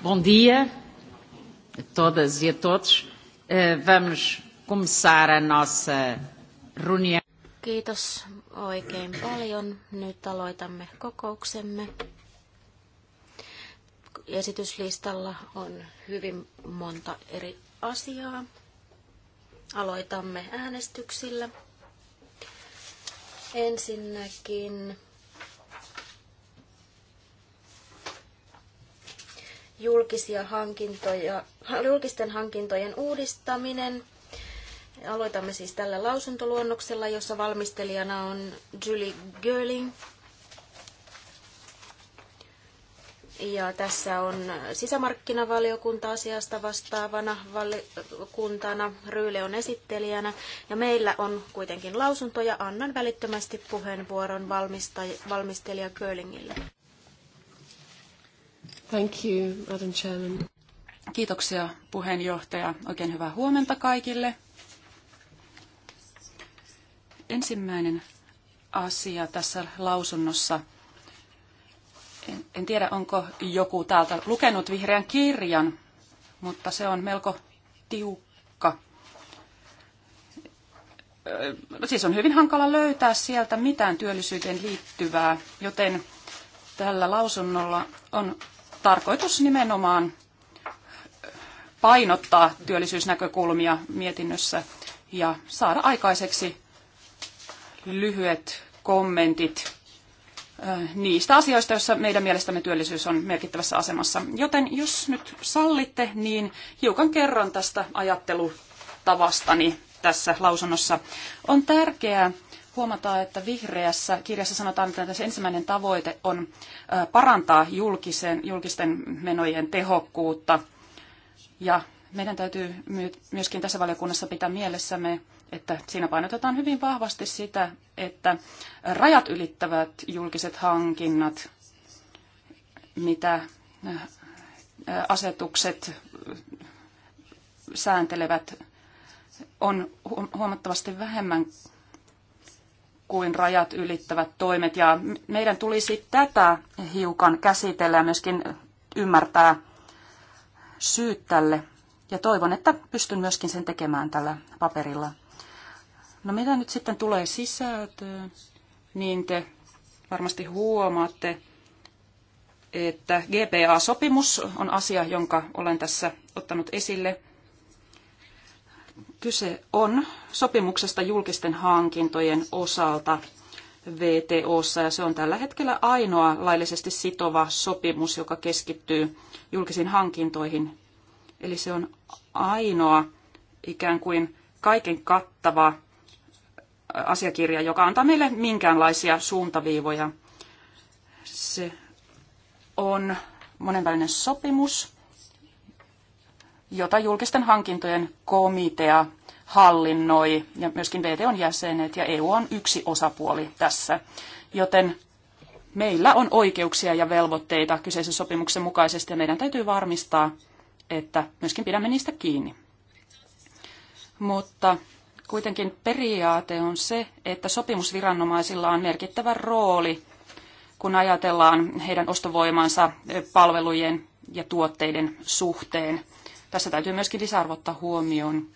Bom dia a todas e a todos. Eh, vamos começar a nossa reunião. Kiitos oikein paljon. Nyt aloitamme kokouksemme. Esityslistalla on hyvin monta eri asiaa. Aloitamme äänestyksillä. Ensinnäkin julkisia hankintoja, julkisten hankintojen uudistaminen. Aloitamme siis tällä lausuntoluonnoksella, jossa valmistelijana on Julie Görling. Ja tässä on sisämarkkinavaliokunta asiasta vastaavana valiokuntana, Ryyle on esittelijänä ja meillä on kuitenkin lausuntoja. Annan välittömästi puheenvuoron valmistelija Görlingille. Thank you, Madam Chairman. Kiitoksia puheenjohtaja. Oikein hyvää huomenta kaikille. Ensimmäinen asia tässä lausunnossa. En, en tiedä, onko joku täältä lukenut vihreän kirjan, mutta se on melko tiukka. Siis on hyvin hankala löytää sieltä mitään työllisyyteen liittyvää, joten tällä lausunnolla on tarkoitus nimenomaan painottaa työllisyysnäkökulmia mietinnössä ja saada aikaiseksi lyhyet kommentit niistä asioista, joissa meidän mielestämme työllisyys on merkittävässä asemassa. Joten jos nyt sallitte, niin hiukan kerron tästä ajattelutavastani tässä lausunnossa. On tärkeää, huomata, että vihreässä kirjassa sanotaan, että tässä ensimmäinen tavoite on parantaa julkisen, julkisten menojen tehokkuutta. Ja meidän täytyy myöskin tässä valiokunnassa pitää mielessämme, että siinä painotetaan hyvin vahvasti sitä, että rajat ylittävät julkiset hankinnat, mitä asetukset sääntelevät, on huomattavasti vähemmän kuin rajat ylittävät toimet. Ja meidän tulisi tätä hiukan käsitellä ja myöskin ymmärtää syyt tälle. Ja toivon, että pystyn myöskin sen tekemään tällä paperilla. No mitä nyt sitten tulee sisältöön, niin te varmasti huomaatte, että GPA-sopimus on asia, jonka olen tässä ottanut esille. Kyse on sopimuksesta julkisten hankintojen osalta VTOssa ja se on tällä hetkellä ainoa laillisesti sitova sopimus, joka keskittyy julkisiin hankintoihin. Eli se on ainoa ikään kuin kaiken kattava asiakirja, joka antaa meille minkäänlaisia suuntaviivoja. Se on monenvälinen sopimus, jota julkisten hankintojen komitea hallinnoi ja myöskin VT on jäsenet ja EU on yksi osapuoli tässä. Joten meillä on oikeuksia ja velvoitteita kyseisen sopimuksen mukaisesti ja meidän täytyy varmistaa, että myöskin pidämme niistä kiinni. Mutta kuitenkin periaate on se, että sopimusviranomaisilla on merkittävä rooli, kun ajatellaan heidän ostovoimansa palvelujen ja tuotteiden suhteen. Tässä täytyy myöskin lisäarvottaa huomioon.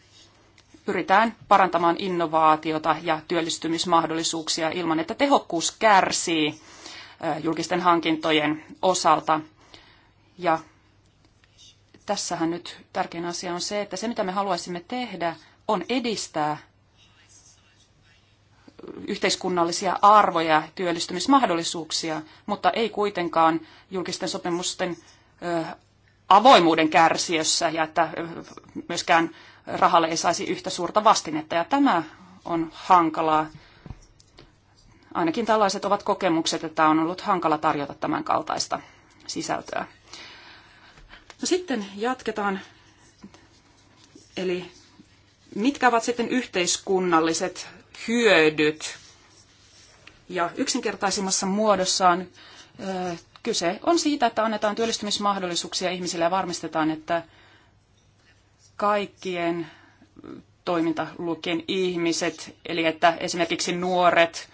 Pyritään parantamaan innovaatiota ja työllistymismahdollisuuksia ilman, että tehokkuus kärsii julkisten hankintojen osalta. Ja tässähän nyt tärkein asia on se, että se mitä me haluaisimme tehdä on edistää yhteiskunnallisia arvoja ja työllistymismahdollisuuksia, mutta ei kuitenkaan julkisten sopimusten avoimuuden kärsiössä ja että myöskään rahalle ei saisi yhtä suurta vastinetta. Ja tämä on hankalaa. Ainakin tällaiset ovat kokemukset, että on ollut hankala tarjota tämän kaltaista sisältöä. No sitten jatketaan. Eli mitkä ovat sitten yhteiskunnalliset hyödyt? Ja yksinkertaisimmassa muodossaan Kyse on siitä, että annetaan työllistymismahdollisuuksia ihmisille ja varmistetaan, että kaikkien toimintalukien ihmiset, eli että esimerkiksi nuoret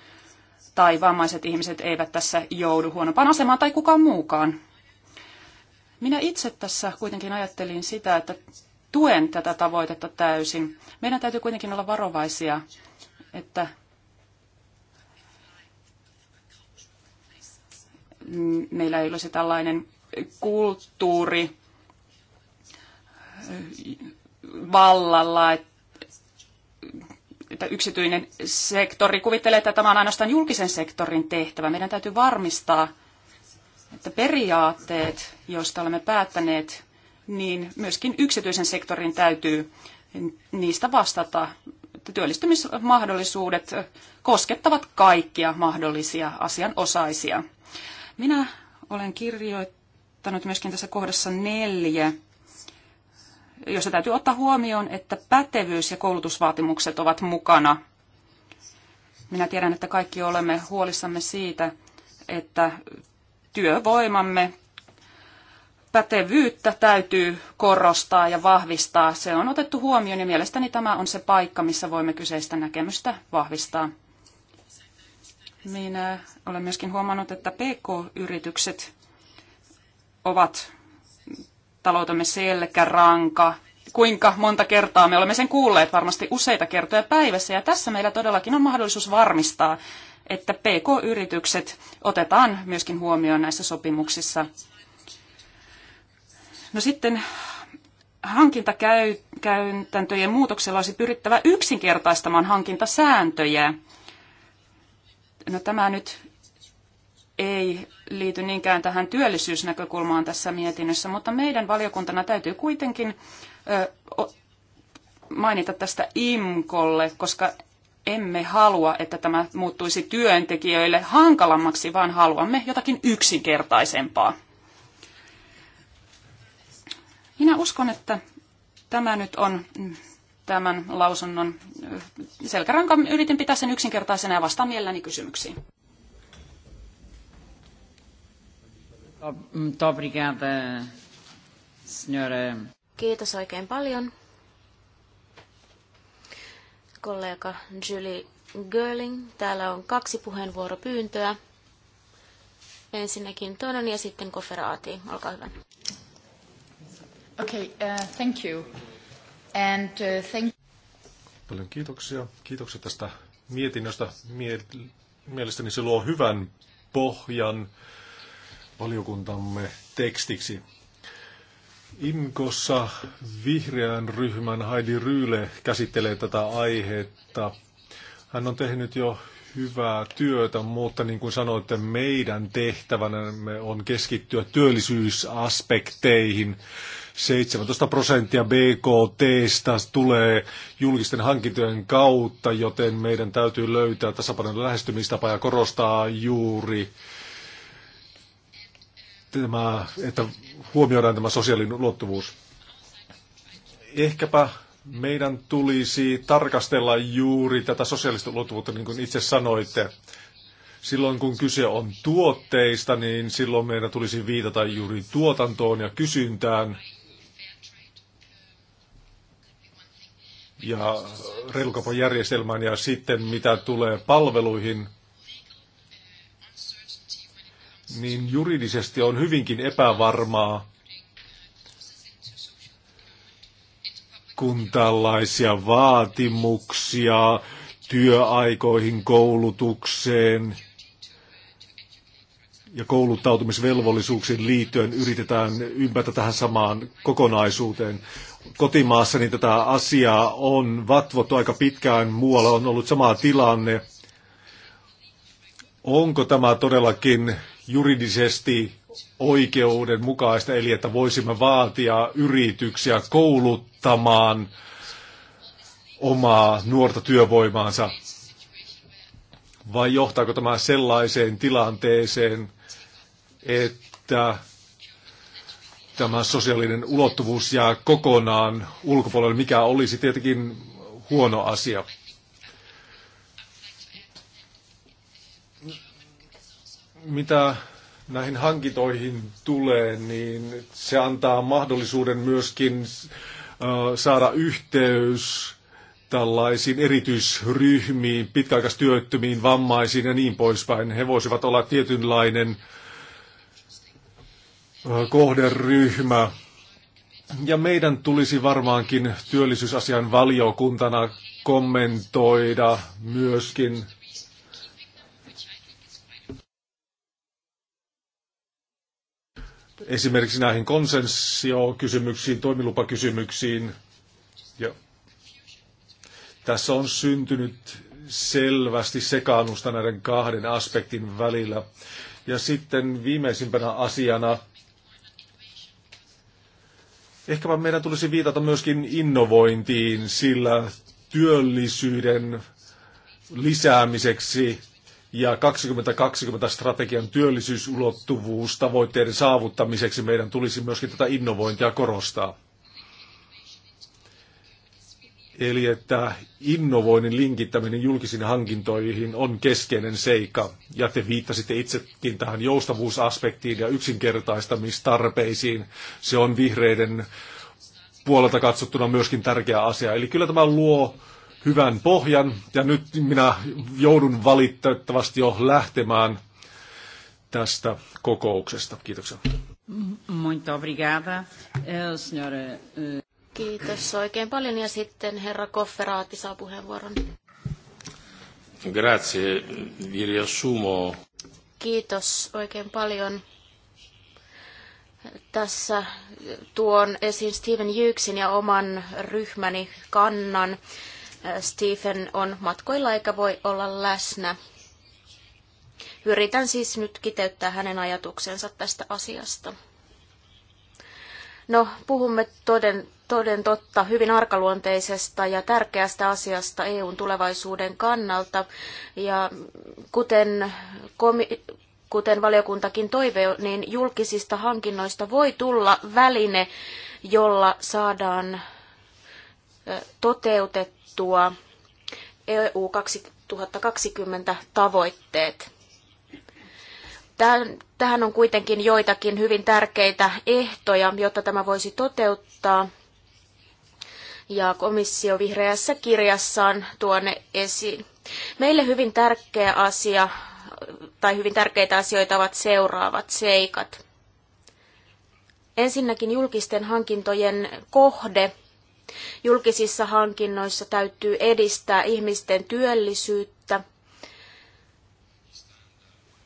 tai vammaiset ihmiset eivät tässä joudu huonompaan asemaan tai kukaan muukaan. Minä itse tässä kuitenkin ajattelin sitä, että tuen tätä tavoitetta täysin. Meidän täytyy kuitenkin olla varovaisia, että meillä ei olisi tällainen kulttuuri vallalla, että yksityinen sektori kuvittelee, että tämä on ainoastaan julkisen sektorin tehtävä. Meidän täytyy varmistaa, että periaatteet, joista olemme päättäneet, niin myöskin yksityisen sektorin täytyy niistä vastata. Työllistymismahdollisuudet koskettavat kaikkia mahdollisia asianosaisia. Minä olen kirjoittanut myöskin tässä kohdassa neljä, jossa täytyy ottaa huomioon, että pätevyys- ja koulutusvaatimukset ovat mukana. Minä tiedän, että kaikki olemme huolissamme siitä, että työvoimamme pätevyyttä täytyy korostaa ja vahvistaa. Se on otettu huomioon ja mielestäni tämä on se paikka, missä voimme kyseistä näkemystä vahvistaa. Minä olen myöskin huomannut, että PK-yritykset ovat taloutemme selkäranka. Kuinka monta kertaa me olemme sen kuulleet varmasti useita kertoja päivässä. Ja tässä meillä todellakin on mahdollisuus varmistaa, että PK-yritykset otetaan myöskin huomioon näissä sopimuksissa. No sitten hankintakäytäntöjen muutoksella olisi pyrittävä yksinkertaistamaan hankintasääntöjä No tämä nyt ei liity niinkään tähän työllisyysnäkökulmaan tässä mietinnössä, mutta meidän valiokuntana täytyy kuitenkin mainita tästä IMKOlle, koska emme halua, että tämä muuttuisi työntekijöille hankalammaksi, vaan haluamme jotakin yksinkertaisempaa. Minä uskon, että tämä nyt on tämän lausunnon selkärankan. Yritin pitää sen yksinkertaisena ja vastaan mielelläni kysymyksiin. Kiitos oikein paljon. Kollega Julie Görling, täällä on kaksi puheenvuoropyyntöä. Ensinnäkin toinen ja sitten koferaati. Olkaa hyvä. Okay, uh, thank you. And, uh, thank... Paljon kiitoksia. Kiitoksia tästä mietinnöstä. Mie- mielestäni se luo hyvän pohjan valiokuntamme tekstiksi. Imkossa vihreän ryhmän Heidi Ryyle käsittelee tätä aihetta. Hän on tehnyt jo hyvää työtä, mutta niin kuin sanoitte, meidän tehtävänämme on keskittyä työllisyysaspekteihin 17 prosenttia BKTstä tulee julkisten hankintojen kautta, joten meidän täytyy löytää tasapainoinen lähestymistapa ja korostaa juuri tämä, että huomioidaan tämä sosiaalinen luottuvuus Ehkäpä meidän tulisi tarkastella juuri tätä sosiaalista luottuvuutta niin kuin itse sanoitte. Silloin kun kyse on tuotteista, niin silloin meidän tulisi viitata juuri tuotantoon ja kysyntään. ja järjestelmään ja sitten mitä tulee palveluihin, niin juridisesti on hyvinkin epävarmaa, kun tällaisia vaatimuksia työaikoihin, koulutukseen ja kouluttautumisvelvollisuuksiin liittyen yritetään ympätä tähän samaan kokonaisuuteen kotimaassani tätä asiaa on vatvottu aika pitkään, muualla on ollut sama tilanne. Onko tämä todellakin juridisesti oikeudenmukaista, eli että voisimme vaatia yrityksiä kouluttamaan omaa nuorta työvoimaansa? Vai johtaako tämä sellaiseen tilanteeseen, että tämä sosiaalinen ulottuvuus jää kokonaan ulkopuolelle, mikä olisi tietenkin huono asia. Mitä näihin hankintoihin tulee, niin se antaa mahdollisuuden myöskin äh, saada yhteys tällaisiin erityisryhmiin, pitkäaikaistyöttömiin, vammaisiin ja niin poispäin. He voisivat olla tietynlainen äh, Äh, kohderyhmä. Ja meidän tulisi varmaankin työllisyysasian valiokuntana kommentoida myöskin esimerkiksi näihin konsenssio-kysymyksiin, toimilupakysymyksiin. Ja tässä on syntynyt selvästi sekaannusta näiden kahden aspektin välillä. Ja sitten viimeisimpänä asiana Ehkäpä meidän tulisi viitata myöskin innovointiin, sillä työllisyyden lisäämiseksi ja 2020 strategian työllisyysulottuvuustavoitteiden saavuttamiseksi meidän tulisi myöskin tätä innovointia korostaa. Eli että innovoinnin linkittäminen julkisiin hankintoihin on keskeinen seikka. Ja te viittasitte itsekin tähän joustavuusaspektiin ja yksinkertaistamistarpeisiin. Se on vihreiden puolelta katsottuna myöskin tärkeä asia. Eli kyllä tämä luo hyvän pohjan ja nyt minä joudun valitettavasti jo lähtemään tästä kokouksesta. Kiitoksia. Muito obrigada, eh, senhora eh, Kiitos oikein paljon ja sitten herra Kofferaati saa puheenvuoron. Grazie, riassumo. Kiitos oikein paljon. Tässä tuon esiin Steven Jyksin ja oman ryhmäni kannan. Stephen on matkoilla eikä voi olla läsnä. Yritän siis nyt kiteyttää hänen ajatuksensa tästä asiasta. No, puhumme toden, toden totta hyvin arkaluonteisesta ja tärkeästä asiasta EUn tulevaisuuden kannalta. Ja kuten, komi- kuten valiokuntakin toive, niin julkisista hankinnoista voi tulla väline, jolla saadaan toteutettua EU 2020 tavoitteet. Tähän on kuitenkin joitakin hyvin tärkeitä ehtoja, jotta tämä voisi toteuttaa. Ja komissio vihreässä kirjassaan tuonne esiin. Meille hyvin tärkeä asia tai hyvin tärkeitä asioita ovat seuraavat seikat. Ensinnäkin julkisten hankintojen kohde. Julkisissa hankinnoissa täytyy edistää ihmisten työllisyyttä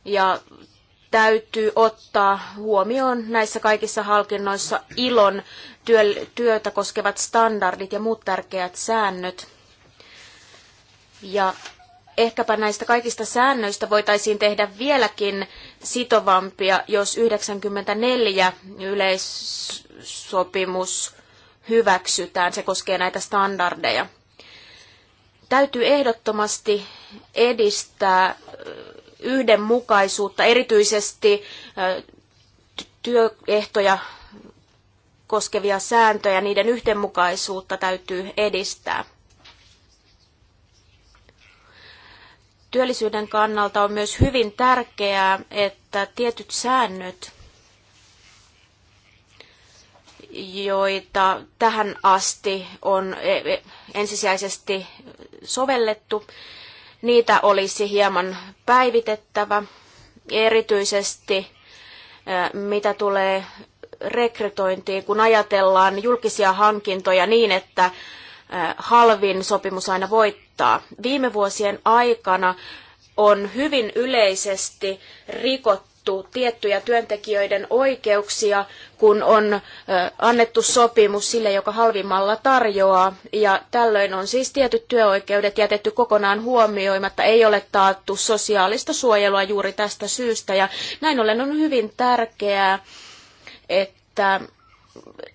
ja täytyy ottaa huomioon näissä kaikissa halkinnoissa ilon työtä koskevat standardit ja muut tärkeät säännöt. Ja ehkäpä näistä kaikista säännöistä voitaisiin tehdä vieläkin sitovampia, jos 94 yleissopimus hyväksytään. Se koskee näitä standardeja. Täytyy ehdottomasti edistää yhdenmukaisuutta, erityisesti työehtoja koskevia sääntöjä, niiden yhdenmukaisuutta täytyy edistää. Työllisyyden kannalta on myös hyvin tärkeää, että tietyt säännöt, joita tähän asti on e-, e-, ensisijaisesti sovellettu, Niitä olisi hieman päivitettävä, erityisesti mitä tulee rekrytointiin, kun ajatellaan julkisia hankintoja niin, että halvin sopimus aina voittaa. Viime vuosien aikana on hyvin yleisesti rikottu rikottu tiettyjä työntekijöiden oikeuksia, kun on annettu sopimus sille, joka halvimmalla tarjoaa. Ja tällöin on siis tietyt työoikeudet jätetty kokonaan huomioimatta, ei ole taattu sosiaalista suojelua juuri tästä syystä. Ja näin ollen on hyvin tärkeää, että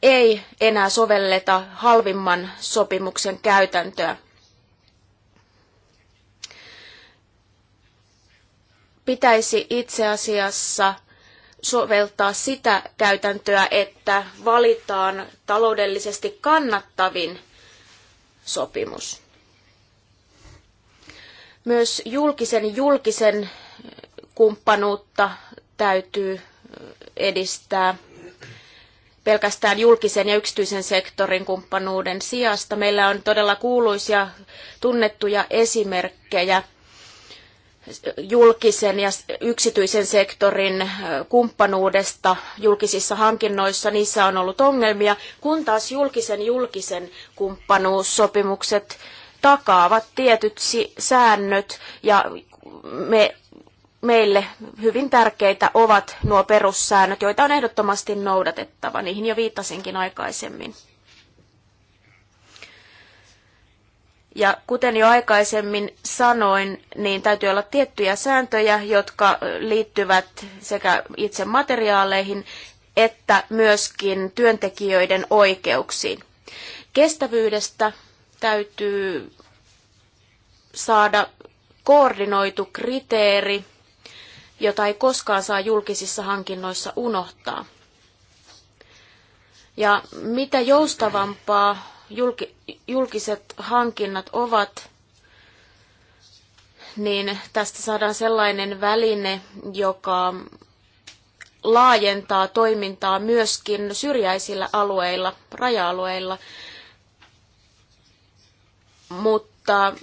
ei enää sovelleta halvimman sopimuksen käytäntöä. pitäisi itse asiassa soveltaa sitä käytäntöä, että valitaan taloudellisesti kannattavin sopimus. Myös julkisen julkisen kumppanuutta täytyy edistää pelkästään julkisen ja yksityisen sektorin kumppanuuden sijasta. Meillä on todella kuuluisia tunnettuja esimerkkejä – julkisen ja yksityisen sektorin kumppanuudesta julkisissa hankinnoissa, niissä on ollut ongelmia, kun taas julkisen julkisen kumppanuussopimukset takaavat tietyt säännöt ja me, meille hyvin tärkeitä ovat nuo perussäännöt, joita on ehdottomasti noudatettava. Niihin jo viittasinkin aikaisemmin. Ja kuten jo aikaisemmin sanoin, niin täytyy olla tiettyjä sääntöjä, jotka liittyvät sekä itse materiaaleihin että myöskin työntekijöiden oikeuksiin. Kestävyydestä täytyy saada koordinoitu kriteeri, jota ei koskaan saa julkisissa hankinnoissa unohtaa. Ja mitä joustavampaa julkiset hankinnat ovat, niin tästä saadaan sellainen väline, joka laajentaa toimintaa myöskin syrjäisillä alueilla, raja-alueilla. Mutta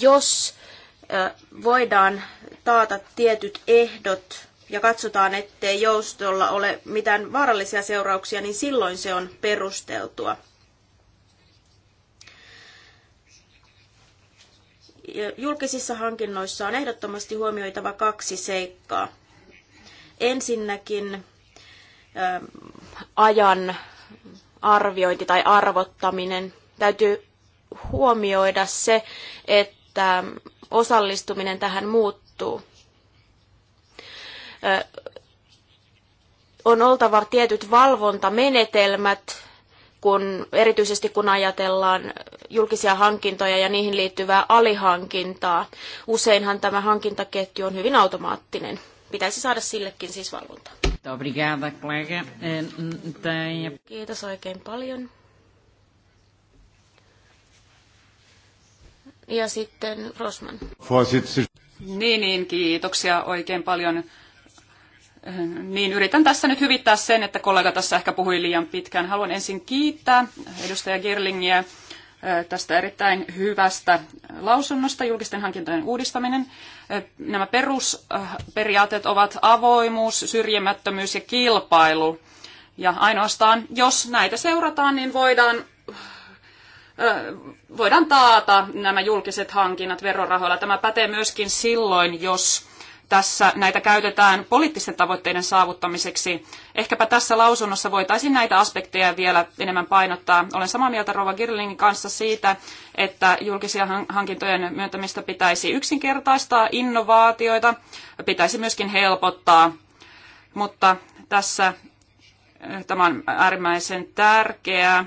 jos voidaan taata tietyt ehdot ja katsotaan, ettei joustolla ole mitään vaarallisia seurauksia, niin silloin se on perusteltua. Julkisissa hankinnoissa on ehdottomasti huomioitava kaksi seikkaa. Ensinnäkin ähm, ajan arviointi tai arvottaminen. Täytyy huomioida se, että osallistuminen tähän muuttuu on oltava tietyt valvontamenetelmät, kun, erityisesti kun ajatellaan julkisia hankintoja ja niihin liittyvää alihankintaa. Useinhan tämä hankintaketju on hyvin automaattinen. Pitäisi saada sillekin siis valvontaa. Eh, Kiitos oikein paljon. Ja sitten Rosman. Niin, niin, kiitoksia oikein paljon Öö, niin, yritän tässä nyt hyvittää sen, että kollega tässä ehkä puhui liian pitkään. Haluan ensin kiittää edustaja Girlingiä öö, tästä erittäin hyvästä lausunnosta, julkisten hankintojen uudistaminen. Öö, nämä perusperiaatteet ovat avoimuus, syrjimättömyys ja kilpailu. Ja ainoastaan, jos näitä seurataan, niin voidaan, voidaan taata nämä julkiset hankinnat verorahoilla. Tämä pätee myöskin silloin, jos tässä näitä käytetään poliittisten tavoitteiden saavuttamiseksi. Ehkäpä tässä lausunnossa voitaisiin näitä aspekteja vielä enemmän painottaa. Olen samaa mieltä Rova Girlingin kanssa siitä, että julkisia hankintojen myöntämistä pitäisi yksinkertaistaa, innovaatioita pitäisi myöskin helpottaa, mutta tässä eh, Tämä on äärimmäisen tärkeää,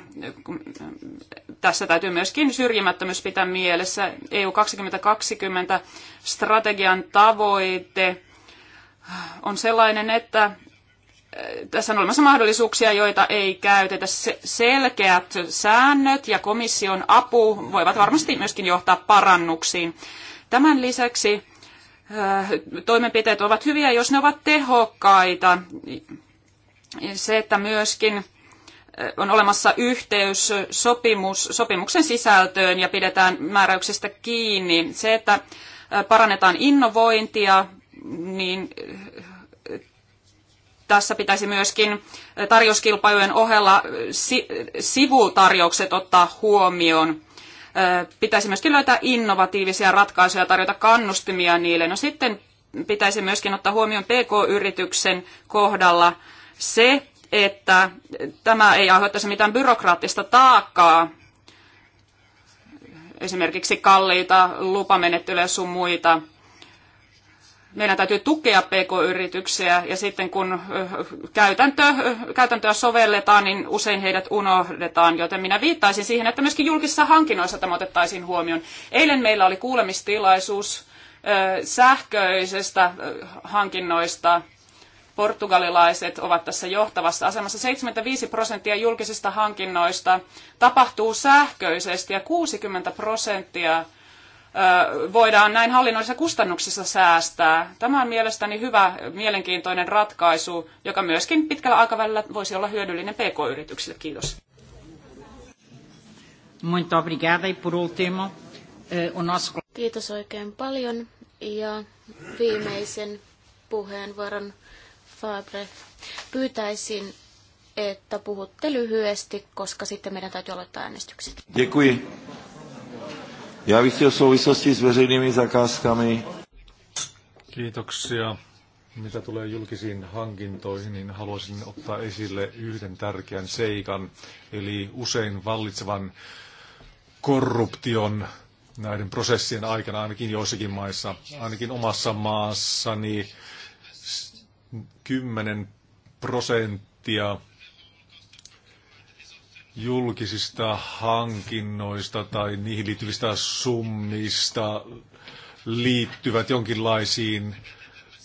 tässä täytyy myöskin syrjimättömyys pitää mielessä. EU 2020 strategian tavoite on sellainen, että eh, tässä on olemassa mahdollisuuksia, joita ei käytetä. Selkeät säännöt ja komission apu voivat varmasti myöskin johtaa parannuksiin. Tämän lisäksi eh, toimenpiteet ovat hyviä, jos ne ovat tehokkaita. Se, että myöskin on olemassa yhteys sopimus, sopimuksen sisältöön ja pidetään määräyksestä kiinni. Se, että parannetaan innovointia, niin tässä pitäisi myöskin tarjouskilpailujen ohella sivutarjoukset ottaa huomioon. Pitäisi myöskin löytää innovatiivisia ratkaisuja, tarjota kannustimia niille. No sitten pitäisi myöskin ottaa huomioon PK-yrityksen kohdalla se, että tämä ei aiheuttaisi mitään byrokraattista taakkaa, esimerkiksi kalliita lupamenettelyjä sun muita. Meidän täytyy tukea pk-yrityksiä ja sitten kun käytäntö, käytäntöä sovelletaan, niin usein heidät unohdetaan, joten minä viittaisin siihen, että myöskin julkisissa hankinnoissa tämä otettaisiin huomioon. Eilen meillä oli kuulemistilaisuus sähköisestä hankinnoista portugalilaiset ovat tässä johtavassa asemassa. 75 prosenttia julkisista hankinnoista tapahtuu sähköisesti ja 60 prosenttia voidaan näin hallinnollisissa kustannuksissa säästää. Tämä on mielestäni hyvä, mielenkiintoinen ratkaisu, joka myöskin pitkällä aikavälillä voisi olla hyödyllinen PK-yrityksille. Kiitos. Muito obrigada e por último, eh, o nosso... Kiitos oikein paljon ja viimeisen puheenvuoron Fabre, pyytäisin, että puhutte lyhyesti, koska sitten meidän täytyy aloittaa äänestykset. Děkuji. Já bych chtěl souvislosti s veřejnými zakázkami. Kiitoksia. Mitä tulee julkisiin hankintoihin, niin haluaisin ottaa esille yhden tärkeän seikan, eli usein vallitsevan korruption näiden prosessien aikana, ainakin joissakin maissa, ainakin omassa maassani. 10 prosenttia julkisista hankinnoista tai niihin liittyvistä summista liittyvät jonkinlaisiin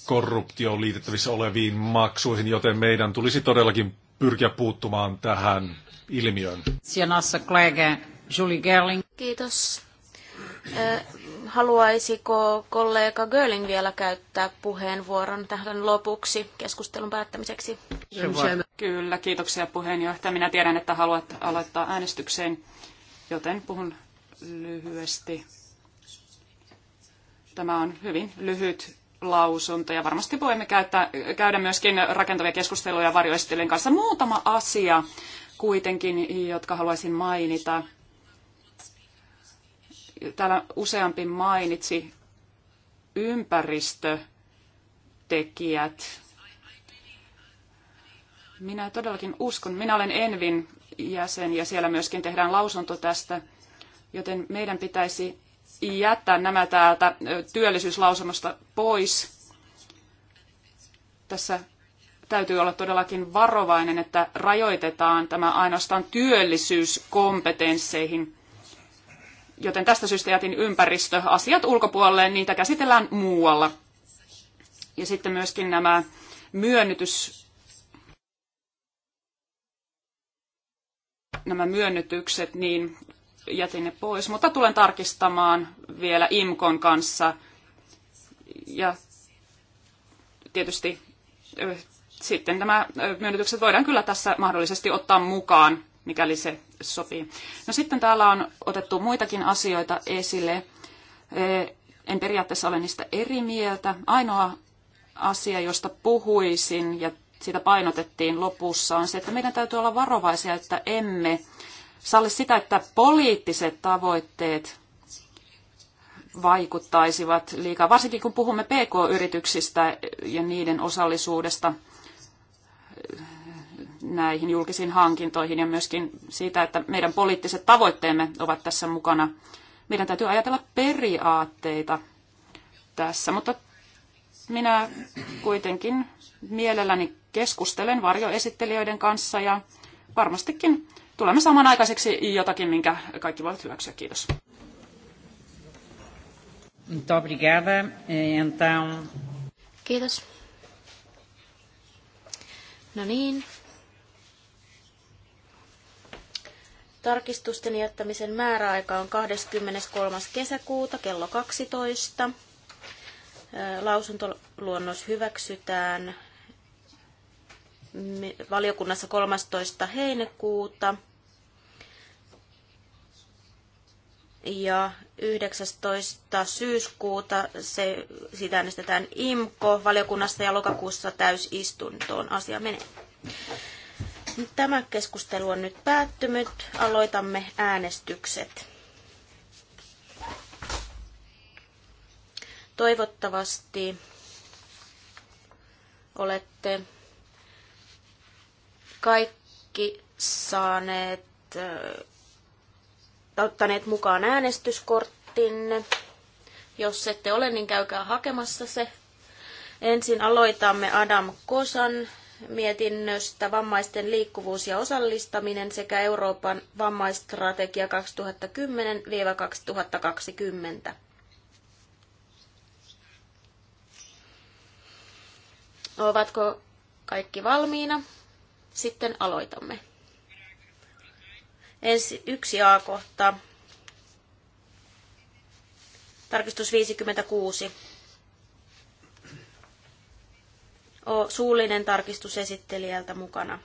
korruptioon liitettävissä oleviin maksuihin, joten meidän tulisi todellakin pyrkiä puuttumaan tähän ilmiöön. Kiitos. Haluaisiko kollega Görling vielä käyttää puheenvuoron tähän lopuksi keskustelun päättämiseksi? Kyllä, kiitoksia puheenjohtaja. Minä tiedän, että haluat aloittaa äänestykseen, joten puhun lyhyesti. Tämä on hyvin lyhyt lausunto ja varmasti voimme käyttää, käydä myöskin rakentavia keskusteluja varjoesittelijän kanssa. Muutama asia kuitenkin, jotka haluaisin mainita Täällä useampi mainitsi ympäristötekijät. Minä todellakin uskon. Minä olen Envin jäsen ja siellä myöskin tehdään lausunto tästä, joten meidän pitäisi jättää nämä täältä työllisyyslausunnosta pois. Tässä täytyy olla todellakin varovainen, että rajoitetaan tämä ainoastaan työllisyyskompetensseihin joten tästä syystä jätin ympäristöasiat ulkopuolelle, niitä käsitellään muualla. Ja sitten myöskin nämä myönnytys, nämä myönnytykset, niin jätin ne pois, mutta tulen tarkistamaan vielä IMKon kanssa. Ja tietysti sitten nämä myönnytykset voidaan kyllä tässä mahdollisesti ottaa mukaan, mikäli se sopii. No sitten täällä on otettu muitakin asioita esille. Eh, en periaatteessa ole niistä eri mieltä. Ainoa asia, josta puhuisin ja sitä painotettiin lopussa, on se, että meidän täytyy olla varovaisia, että emme salli sitä, että poliittiset tavoitteet vaikuttaisivat liikaa, varsinkin kun puhumme PK-yrityksistä ja niiden osallisuudesta näihin julkisiin hankintoihin ja myöskin siitä, että meidän poliittiset tavoitteemme ovat tässä mukana. Meidän täytyy ajatella periaatteita tässä, mutta minä kuitenkin mielelläni keskustelen varjoesittelijöiden kanssa ja varmastikin tulemme saamaan aikaiseksi jotakin, minkä kaikki voivat hyväksyä. Kiitos. E, Kiitos. No niin, Tarkistusten jättämisen määräaika on 23. kesäkuuta kello 12. Lausuntoluonnos hyväksytään valiokunnassa 13. heinäkuuta ja 19. syyskuuta se, sitä äänestetään IMKO valiokunnassa ja lokakuussa täysistuntoon asia menee. Tämä keskustelu on nyt päättynyt. Aloitamme äänestykset. Toivottavasti olette kaikki saaneet, äh, ottaneet mukaan äänestyskorttinne. Jos ette ole, niin käykää hakemassa se. Ensin aloitamme Adam Kosan mietinnöstä vammaisten liikkuvuus ja osallistaminen sekä Euroopan vammaistrategia 2010-2020. Ovatko kaikki valmiina? Sitten aloitamme. Ensi yksi A-kohta. Tarkistus 56 suullinen tarkistus esittelijältä mukana.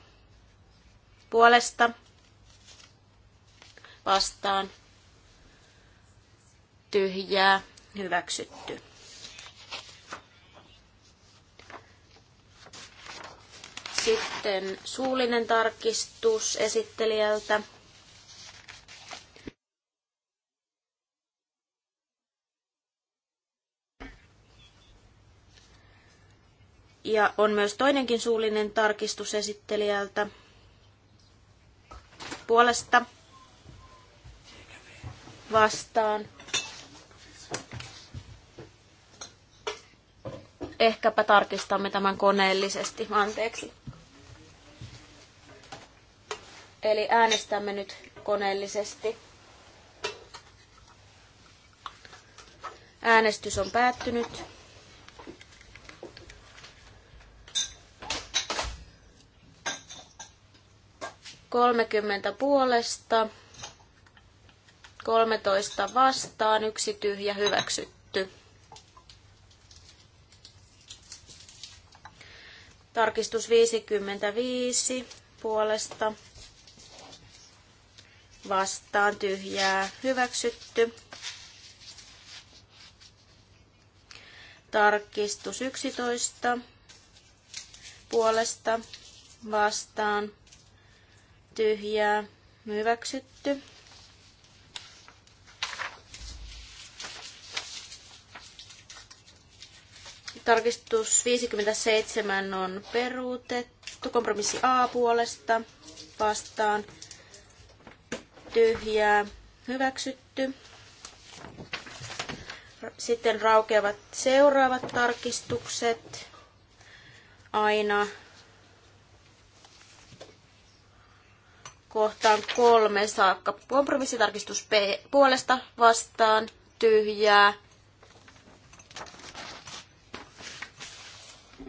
Puolesta vastaan tyhjää hyväksytty. Sitten suullinen tarkistus esittelijältä Ja on myös toinenkin suullinen tarkistus esittelijältä puolesta vastaan. Ehkäpä tarkistamme tämän koneellisesti. Anteeksi. Eli äänestämme nyt koneellisesti. Äänestys on päättynyt. 30 puolesta, 13 vastaan, yksi tyhjä hyväksytty. Tarkistus 55 puolesta, vastaan tyhjää hyväksytty. Tarkistus 11 puolesta vastaan tyhjää, hyväksytty. Tarkistus 57 on peruutettu. Kompromissi A puolesta vastaan tyhjää, hyväksytty. Sitten raukeavat seuraavat tarkistukset aina kohtaan kolme saakka. Kompromissitarkistus P puolesta vastaan tyhjää.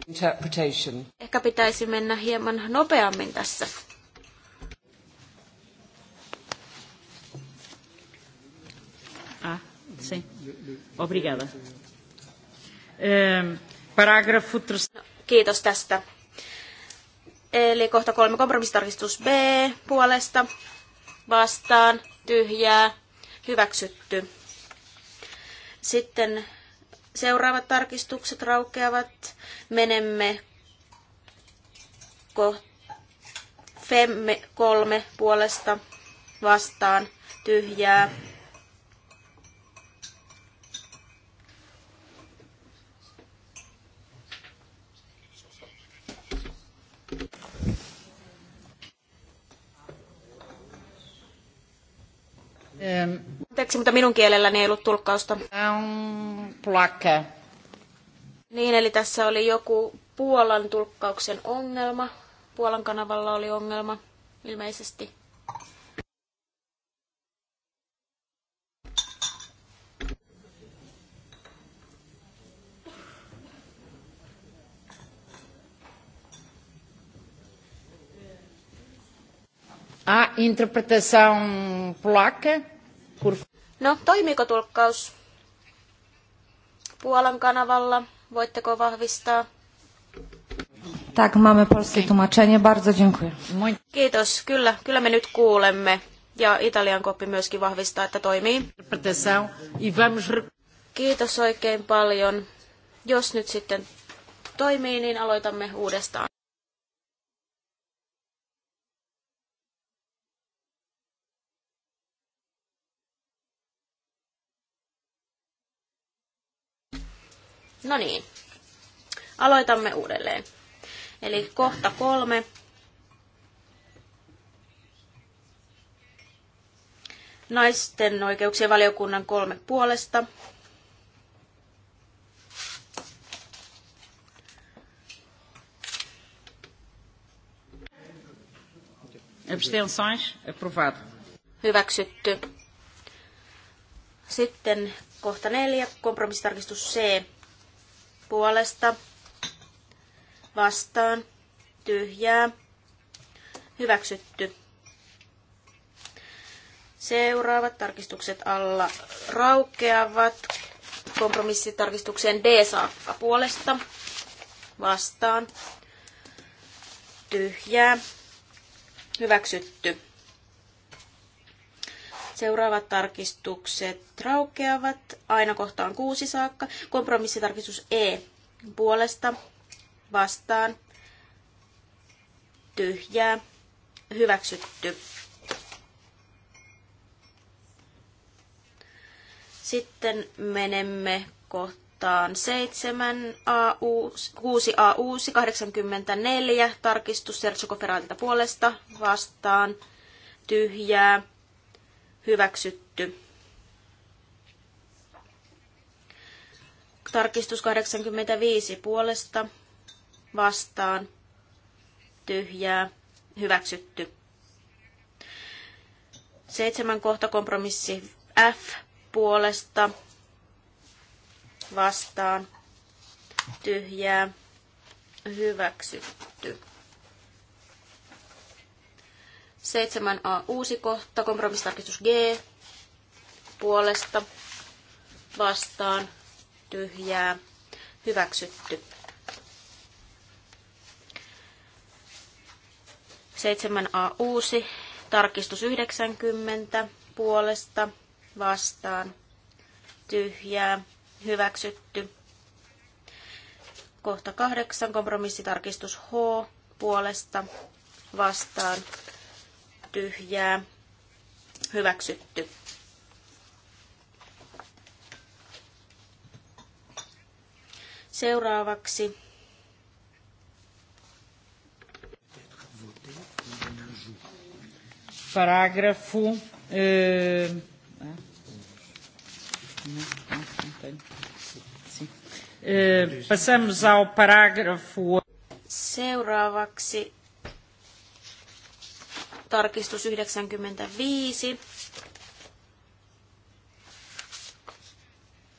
Interpretation. Ehkä pitäisi mennä hieman nopeammin tässä. Ah, sim. Obrigada. Ähm, paragrafo... No, kiitos tästä. Eli kohta kolme kompromissitarkistus B puolesta vastaan tyhjää hyväksytty. Sitten seuraavat tarkistukset raukeavat. Menemme kohta Femme kolme puolesta vastaan tyhjää Anteeksi, mutta minun kielelläni ei ollut tulkkausta. Um Plakka. Niin, eli tässä oli joku Puolan tulkkauksen ongelma. Puolan kanavalla oli ongelma ilmeisesti. A interpretação polaca? No, toimiiko tulkkaus Puolan kanavalla? Voitteko vahvistaa? Tak, mamy polskie tłumaczenie. Bardzo dziękuję. Kiitos. Kyllä, kyllä me nyt kuulemme. Ja Italian koppi myöskin vahvistaa, että toimii. Kiitos oikein paljon. Jos nyt sitten toimii, niin aloitamme uudestaan. No niin, aloitamme uudelleen. Eli kohta kolme. Naisten oikeuksien valiokunnan kolme puolesta. Hyväksytty. Sitten kohta neljä, kompromissitarkistus C puolesta vastaan tyhjää hyväksytty. Seuraavat tarkistukset alla raukeavat kompromissitarkistukseen D saakka puolesta vastaan tyhjää hyväksytty. Seuraavat tarkistukset raukeavat aina kohtaan kuusi saakka. Kompromissitarkistus E puolesta vastaan tyhjää hyväksytty. Sitten menemme kohtaan 7 AU, 6 A uusi 84 tarkistus Sertsokoferaatilta puolesta vastaan tyhjää hyväksytty. Tarkistus 85 puolesta vastaan tyhjää hyväksytty. Seitsemän kohta kompromissi F puolesta vastaan tyhjää hyväksytty. 7a uusi kohta, kompromissitarkistus G puolesta vastaan tyhjää hyväksytty. 7a uusi tarkistus 90 puolesta vastaan tyhjää hyväksytty. Kohta 8 kompromissitarkistus H puolesta vastaan tyhjää hyväksytty. Seuraavaksi Paragrafu. Passamme saa e, passamos ao parágrafo. Seuraavaksi tarkistus 95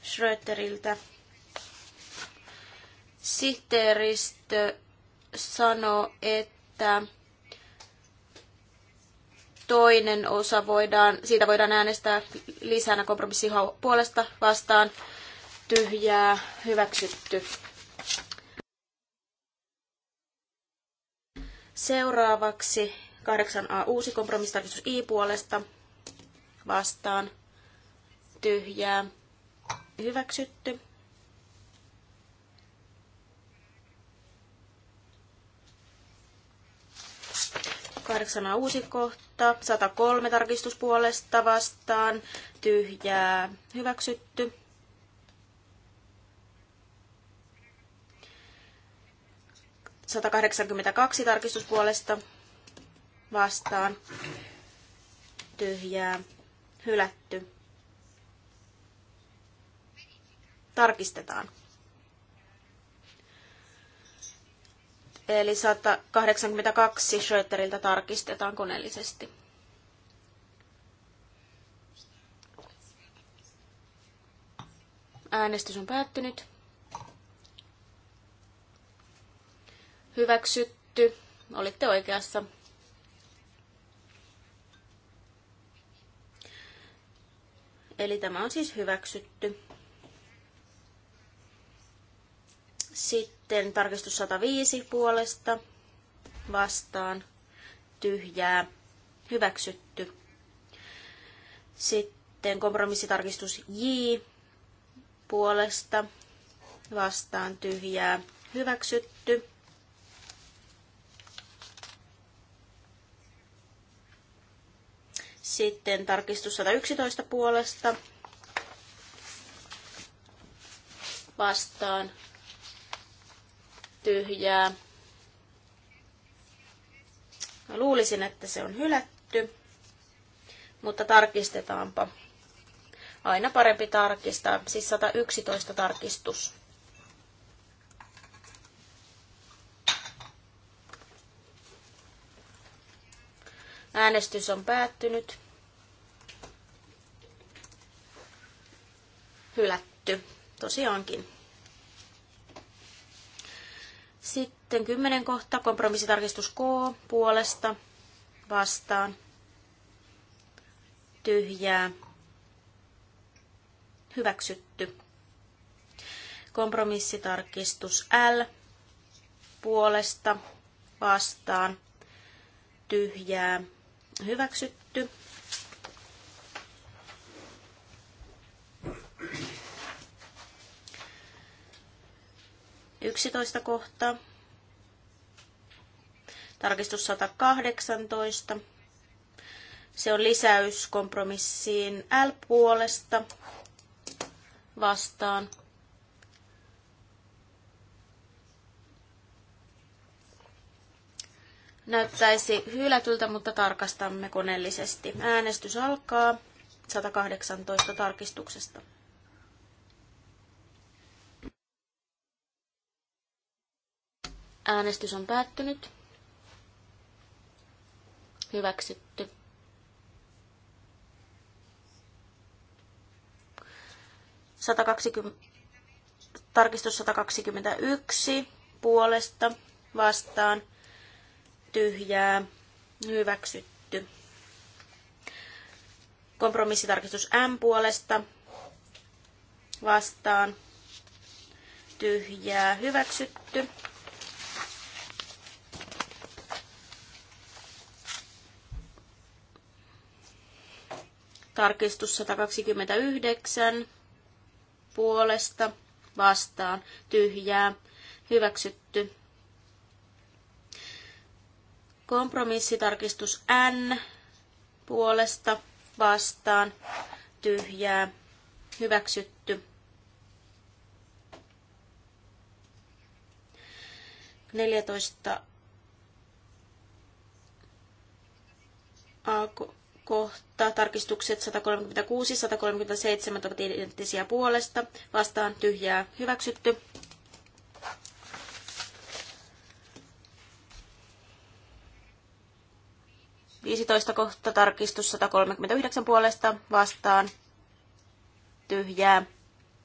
Schröteriltä. Sihteeristö sanoi, että toinen osa voidaan, siitä voidaan äänestää lisänä kompromissi puolesta vastaan tyhjää hyväksytty. Seuraavaksi 8a uusi kompromissitarkistus I puolesta vastaan tyhjää hyväksytty. Kahdeksana uusi kohta, 103 tarkistuspuolesta vastaan, tyhjää, hyväksytty. 182 tarkistuspuolesta vastaan tyhjää hylätty. Tarkistetaan. Eli 182 Schröteriltä tarkistetaan koneellisesti. Äänestys on päättynyt. Hyväksytty. Olitte oikeassa. Eli tämä on siis hyväksytty. Sitten tarkistus 105 puolesta vastaan tyhjää hyväksytty. Sitten kompromissitarkistus J puolesta vastaan tyhjää hyväksytty. Sitten tarkistus 111 puolesta vastaan tyhjää. Mä luulisin, että se on hylätty, mutta tarkistetaanpa. Aina parempi tarkistaa, siis 111 tarkistus. Äänestys on päättynyt. hylätty tosiaankin. Sitten kymmenen kohta, kompromissitarkistus K puolesta vastaan. Tyhjää. Hyväksytty. Kompromissitarkistus L puolesta vastaan. Tyhjää. Hyväksytty. 11 kohta. Tarkistus 118. Se on lisäys kompromissiin L-puolesta vastaan. Näyttäisi hylätyltä, mutta tarkastamme koneellisesti. Äänestys alkaa 118 tarkistuksesta. Äänestys on päättynyt. Hyväksytty. tarkistus 121 puolesta vastaan tyhjää hyväksytty. Kompromissitarkistus M puolesta vastaan tyhjää hyväksytty. Tarkistus 129 puolesta vastaan tyhjää hyväksytty. Kompromissitarkistus N puolesta vastaan tyhjää hyväksytty. 14 alku kohta. Tarkistukset 136, 137 ovat identtisiä puolesta. Vastaan tyhjää hyväksytty. Viisitoista kohta tarkistus 139 puolesta vastaan tyhjää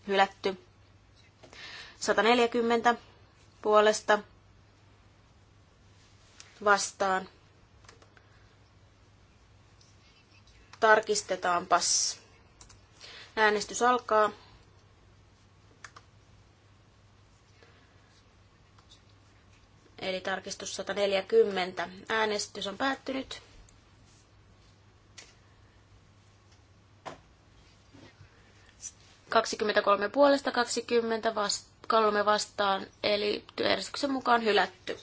hylätty. 140 puolesta vastaan Tarkistetaanpas. Äänestys alkaa. Eli tarkistus 140. Äänestys on päättynyt. kolme puolesta, 20 kolme vastaan, eli työjärjestyksen mukaan hylätty.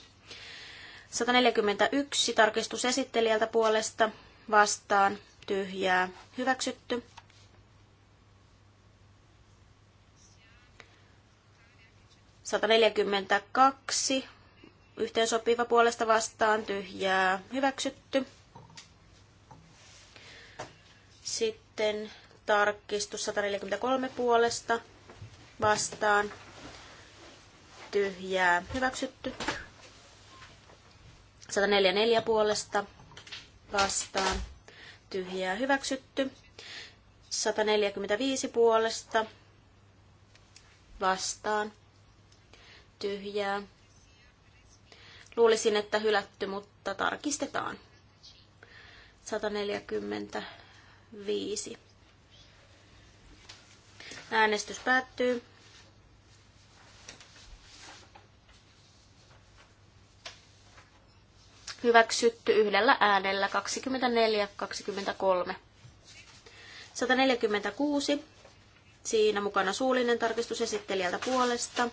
141 tarkistus esittelijältä puolesta vastaan, tyhjää hyväksytty. Sataneljäkymmentäkaksi yhteensopiva puolesta vastaan tyhjää hyväksytty. Sitten tarkistus 143 puolesta vastaan tyhjää hyväksytty. 144 puolesta vastaan tyhjää hyväksytty. 145 puolesta vastaan tyhjää. Luulisin, että hylätty, mutta tarkistetaan. 145. Äänestys päättyy. hyväksytty yhdellä äänellä 24-23. 146. Siinä mukana suullinen tarkistus esittelijältä puolesta.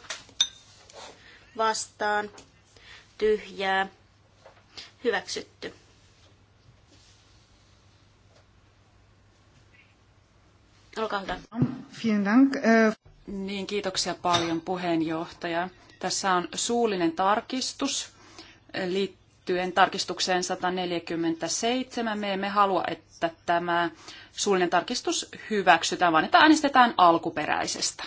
Vastaan. Tyhjää. Hyväksytty. Olkaa hyvä. Äh, niin, kiitoksia paljon puheenjohtaja. Tässä on suullinen tarkistus liittyen tarkistukseen 147. Me emme halua, että tämä suullinen tarkistus hyväksytään, vaan että äänestetään alkuperäisestä.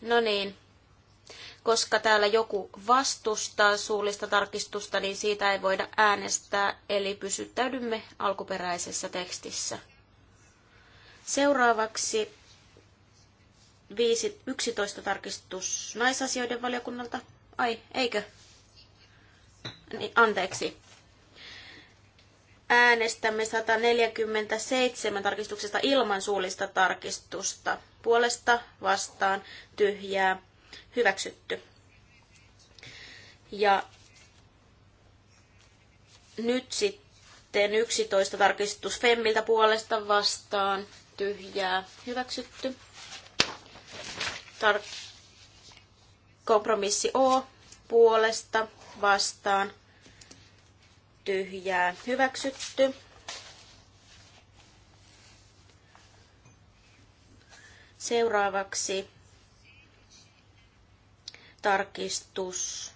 No niin. Koska täällä joku vastustaa suullista tarkistusta, niin siitä ei voida äänestää, eli pysyttäydymme alkuperäisessä tekstissä. Seuraavaksi 5, 11 tarkistus naisasioiden valiokunnalta. Ai, eikö? Niin, anteeksi. Äänestämme 147 tarkistuksesta ilman suullista tarkistusta. Puolesta, vastaan, tyhjää, hyväksytty. Ja nyt sitten 11 tarkistus Femmiltä puolesta vastaan, tyhjää hyväksytty. Tar- kompromissi O puolesta vastaan tyhjää hyväksytty. Seuraavaksi tarkistus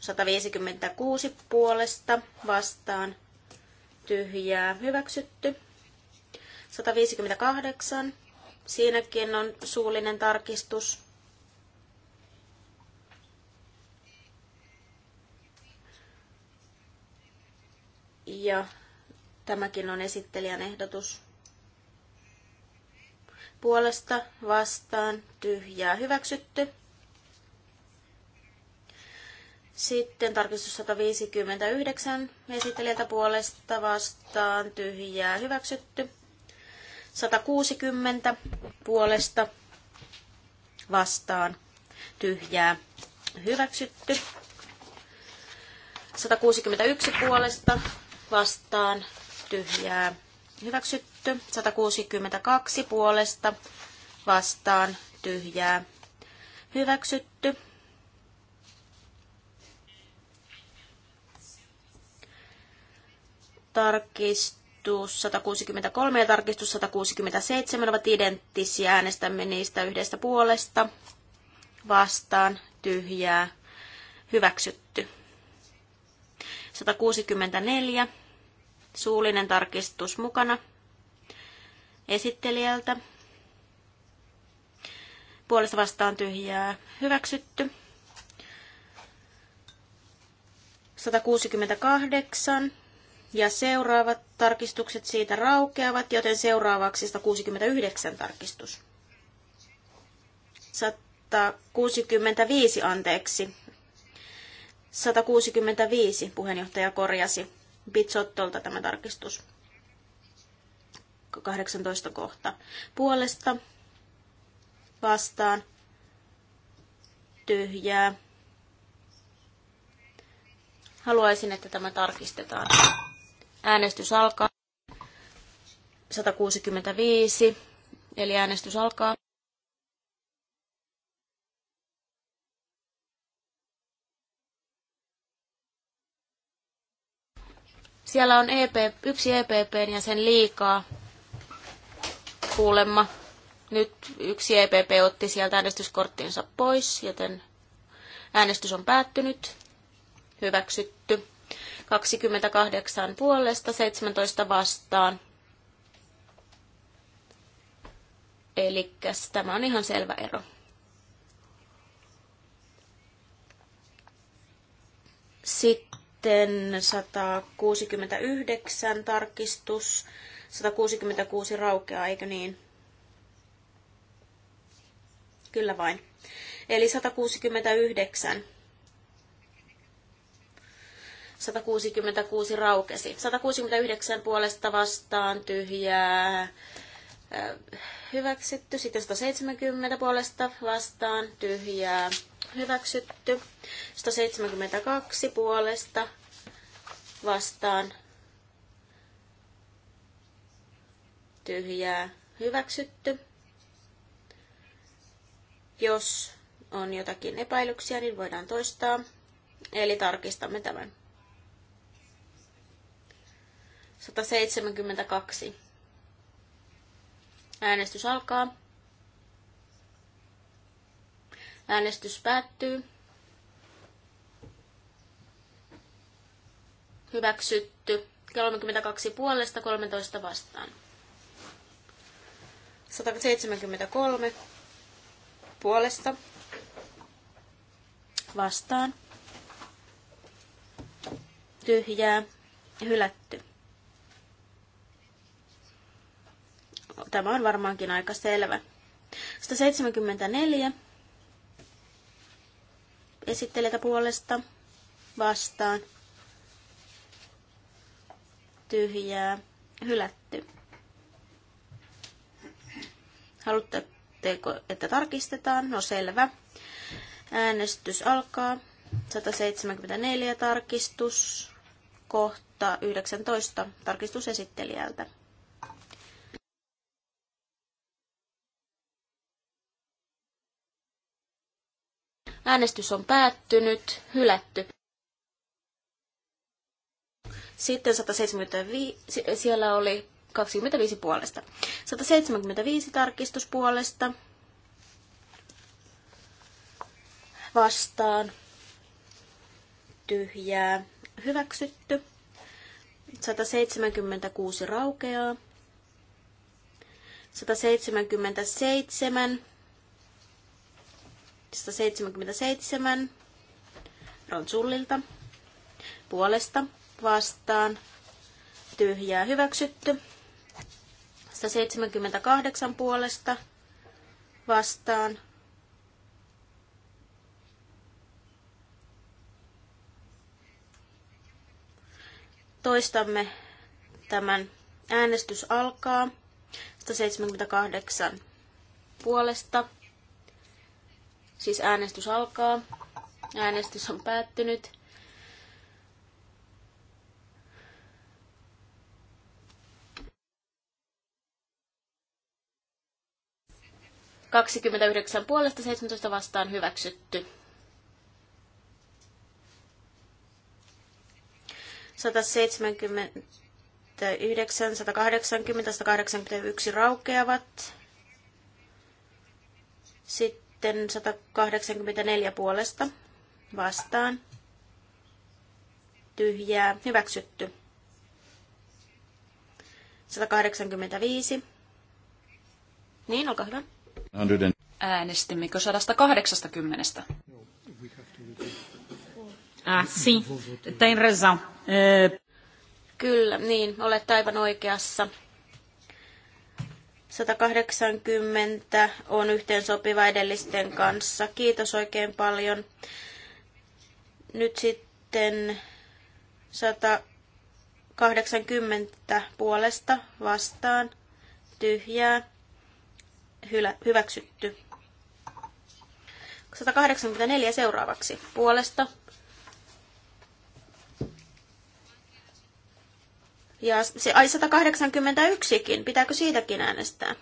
156 puolesta vastaan tyhjää hyväksytty. 158. Siinäkin on suullinen tarkistus. Ja tämäkin on esittelijän ehdotus. Puolesta, vastaan, tyhjää, hyväksytty. Sitten tarkistus 159 esittelijältä puolesta vastaan tyhjää hyväksytty. 160 puolesta vastaan tyhjää hyväksytty. 161 puolesta vastaan tyhjää hyväksytty. 162 puolesta vastaan tyhjää hyväksytty tarkistus 163 ja tarkistus 167 ovat identtisiä. Äänestämme niistä yhdestä puolesta. Vastaan. Tyhjää. Hyväksytty. 164. Suullinen tarkistus mukana esittelijältä. Puolesta vastaan tyhjää hyväksytty. 168 ja seuraavat tarkistukset siitä raukeavat, joten seuraavaksi 169 tarkistus. 165, anteeksi. 165 puheenjohtaja korjasi Bitsottolta tämä tarkistus. 18 kohta. Puolesta vastaan tyhjää. Haluaisin, että tämä tarkistetaan. Äänestys alkaa. 165, eli äänestys alkaa. Siellä on EP, yksi EPP ja sen liikaa kuulemma. Nyt yksi EPP otti sieltä äänestyskorttinsa pois, joten äänestys on päättynyt. Hyväksytty. 28 puolesta, 17 vastaan. Eli tämä on ihan selvä ero. Sitten 169 tarkistus, 166 raukeaa, eikö niin? Kyllä vain. Eli 169 166 raukesi. 169 puolesta vastaan tyhjää hyväksytty. Sitten 170 puolesta vastaan tyhjää hyväksytty. 172 puolesta vastaan tyhjää hyväksytty. Jos on jotakin epäilyksiä, niin voidaan toistaa. Eli tarkistamme tämän. 172. Äänestys alkaa. Äänestys päättyy. Hyväksytty. 32 puolesta, 13 vastaan. 173 puolesta vastaan. Tyhjää, hylätty. Tämä on varmaankin aika selvä. 174 esittelijätä puolesta vastaan. Tyhjää. Hylätty. Haluatteko, että tarkistetaan? No selvä. Äänestys alkaa. 174 tarkistus. Kohta 19 tarkistusesittelijältä. Äänestys on päättynyt, hylätty. Sitten 175, siellä oli 25 puolesta. 175 tarkistuspuolesta Vastaan. Tyhjää. Hyväksytty. 176 raukeaa. 177 177 Ronsullilta puolesta vastaan tyhjää hyväksytty. 178 puolesta vastaan toistamme tämän. Äänestys alkaa. 178 puolesta Siis äänestys alkaa. Äänestys on päättynyt. Kaksikymmentäyhdeksän puolesta 17 vastaan hyväksytty. 179, 180, 181 raukeavat. Sitten sitten 184 puolesta vastaan. Tyhjää. Hyväksytty. 185. Niin, olkaa hyvä. Äänestimmekö 180? Ah, si. Tein Kyllä, niin, olet aivan oikeassa. 180 on sopiva edellisten kanssa. Kiitos oikein paljon. Nyt sitten 180 puolesta vastaan tyhjää hyväksytty. 184 seuraavaksi puolesta Ja se ai 181kin, pitääkö siitäkin äänestää?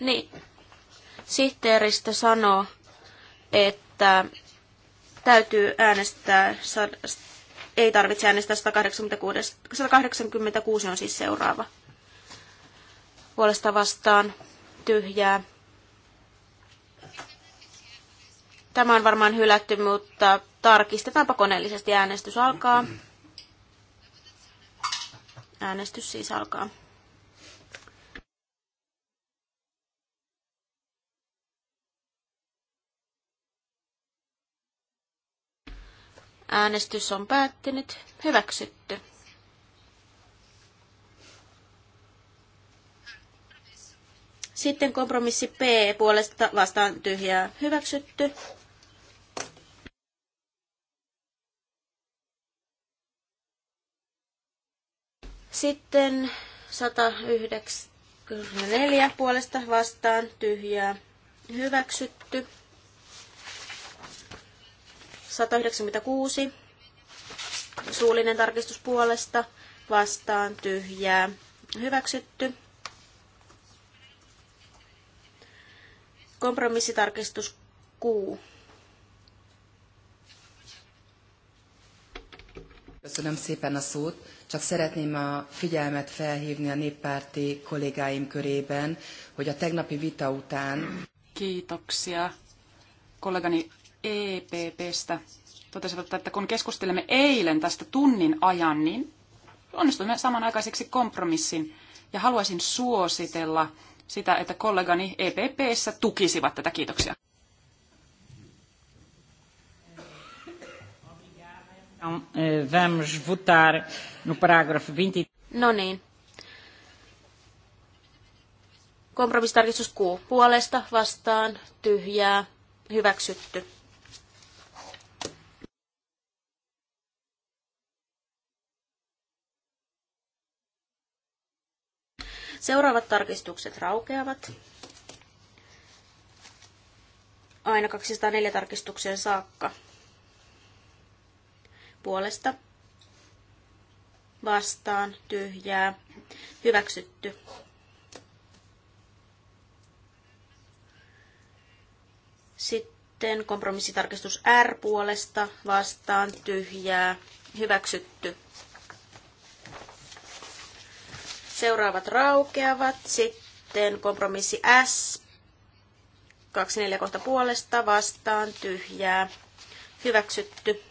Niin. Sihteeristö sanoo, että täytyy äänestää ei tarvitse äänestää 186. 186 on siis seuraava. Puolesta vastaan tyhjää. Tämä on varmaan hylätty, mutta tarkistetaanpa koneellisesti. Äänestys alkaa. Äänestys siis alkaa. Äänestys on päättynyt. Hyväksytty. Sitten kompromissi P puolesta vastaan tyhjää hyväksytty. Sitten 194 puolesta vastaan tyhjää hyväksytty. 196 suullinen tarkistus puolesta vastaan tyhjää hyväksytty. Kompromissitarkistus Q. Köszönöm szépen a szót. Csak szeretném a figyelmet felhívni a néppárti kollégáim körében, hogy a tegnapi vita után... Kiitoksia. Kollegani EPPstä totesivat, että kun keskustelemme eilen tästä tunnin ajan, niin onnistuimme samanaikaiseksi kompromissin. Ja haluaisin suositella sitä, että kollegani EPPssä tukisivat tätä. Kiitoksia. Eh, vamos votar no parágrafo e- No niin. Kompromissitarkistus Q. Puolesta vastaan tyhjää hyväksytty. Seuraavat tarkistukset raukeavat. Aina 204 tarkistukseen saakka. Puolesta. Vastaan. Tyhjää. Hyväksytty. Sitten kompromissitarkistus R puolesta vastaan tyhjää hyväksytty. Seuraavat raukeavat. Sitten kompromissi S. 24 kohta puolesta vastaan tyhjää. Hyväksytty.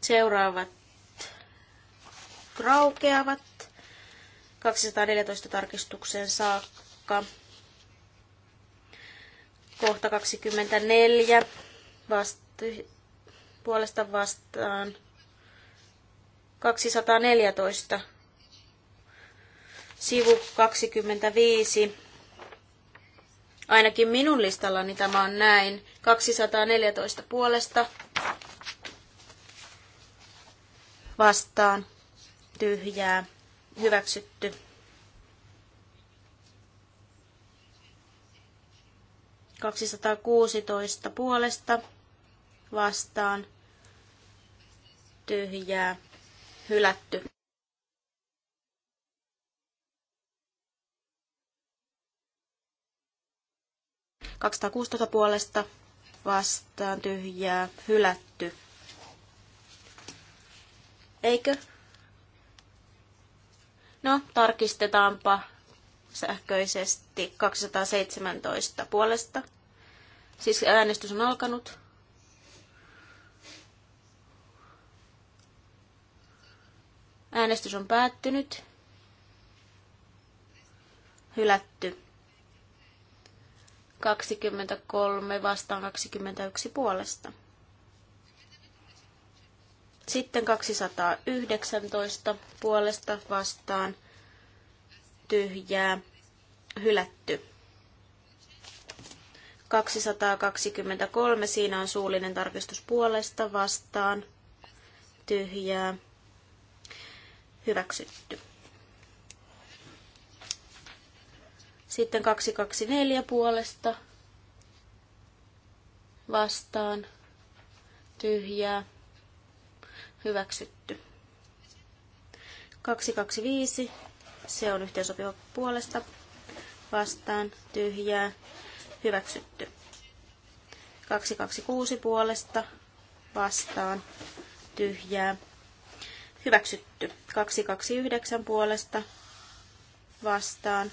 Seuraavat raukeavat 214 tarkistuksen saakka. Kohta 24 vasta puolesta vastaan 214 sivu 25. Ainakin minun listallani tämä on näin. 214 puolesta vastaan tyhjää hyväksytty. Kaksisataakuusitoista puolesta vastaan tyhjää hylätty. Kaksitoista puolesta vastaan tyhjää hylätty. Eikö? No, tarkistetaanpa sähköisesti 217 puolesta. Siis äänestys on alkanut. Äänestys on päättynyt. Hylätty. 23 vastaan 21 puolesta. Sitten 219 puolesta vastaan tyhjää hylätty. 223 siinä on suullinen tarkistus puolesta vastaan tyhjää Hyväksytty. Sitten 224 puolesta vastaan tyhjää hyväksytty. 225 se on yhteensopiva puolesta vastaan tyhjää hyväksytty. 226 puolesta vastaan tyhjää Hyväksytty. 229 puolesta vastaan.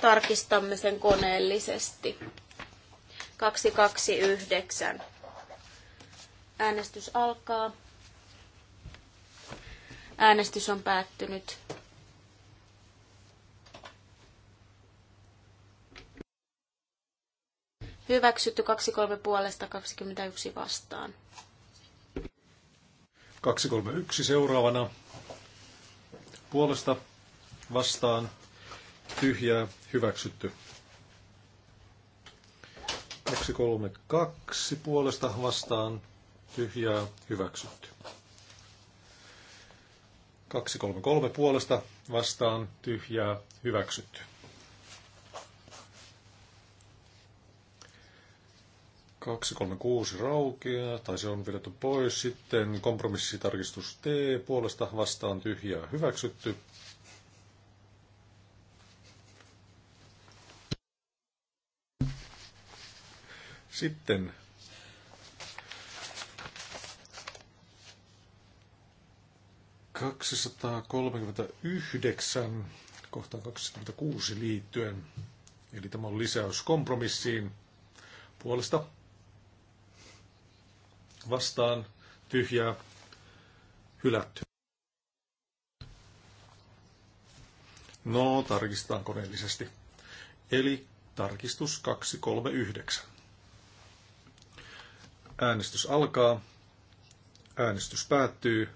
Tarkistamme sen koneellisesti. 229. Äänestys alkaa. Äänestys on päättynyt. Hyväksytty 23 puolesta 21 vastaan. 231 seuraavana. Puolesta vastaan tyhjää hyväksytty. 232 puolesta vastaan tyhjää hyväksytty. 233 puolesta vastaan tyhjää hyväksytty. 236 raukeaa, tai se on vedetty pois. Sitten kompromissitarkistus T, puolesta vastaan tyhjää hyväksytty. Sitten ...239 kohtaan 26 liittyen. Eli tämä on lisäys kompromissiin puolesta vastaan tyhjää hylätty. No, tarkistetaan koneellisesti. Eli tarkistus 239. Äänestys alkaa. Äänestys päättyy.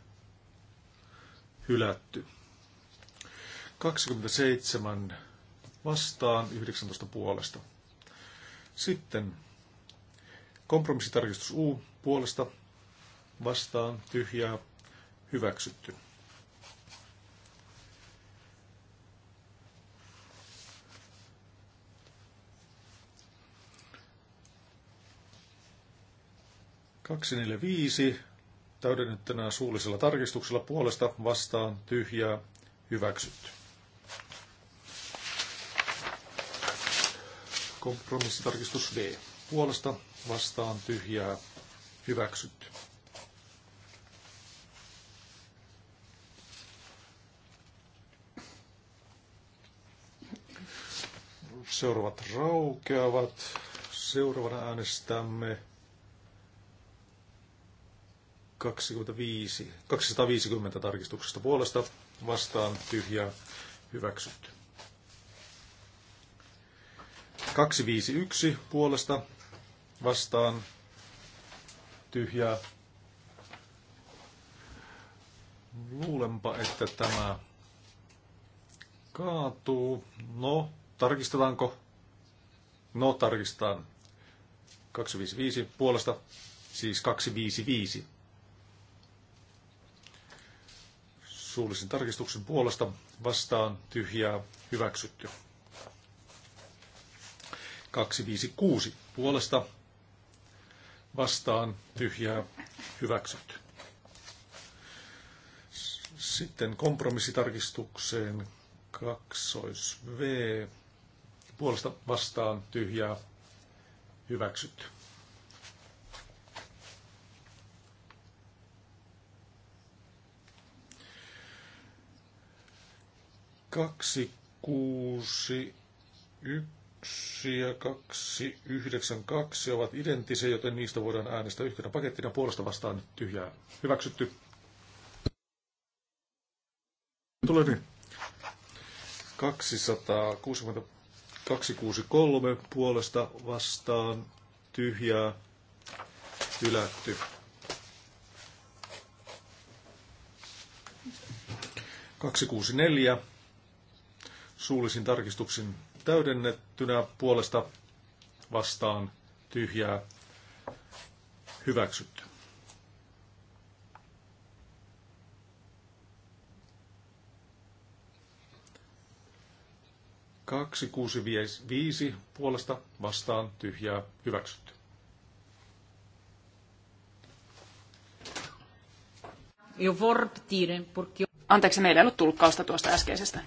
Hylätty. 27 vastaan 19 puolesta. Sitten Kompromissitarkistus U puolesta vastaan tyhjää hyväksytty. Kaksi, neljä, viisi. Täydennettynä suullisella tarkistuksella puolesta vastaan tyhjää hyväksytty. Kompromissitarkistus B. Puolesta vastaan tyhjää hyväksytty. Seuraavat raukeavat. Seuraavana äänestämme 25, 250 tarkistuksesta puolesta vastaan tyhjää hyväksytty. 251 puolesta vastaan tyhjää. Luulenpa, että tämä kaatuu. No, tarkistetaanko? No, tarkistetaan. 255 puolesta, siis 255. Suullisen tarkistuksen puolesta vastaan tyhjää hyväksytty. 256 puolesta vastaan tyhjää hyväksytty. Sitten kompromissitarkistukseen kaksois V puolesta vastaan tyhjää hyväksytty. Kaksi, kuusi, yksi ja 2, 9, 2 ovat identtisiä, joten niistä voidaan äänestää yhtenä pakettina puolesta vastaan tyhjää. Hyväksytty. Tulee niin. 263 puolesta vastaan tyhjää hylätty. 264 Suullisin tarkistuksin täydennettynä puolesta vastaan tyhjää hyväksytty. Kaksi, kuusi, viisi puolesta vastaan tyhjää hyväksytty. Anteeksi, meillä ei ollut tulkkausta tuosta äskeisestä.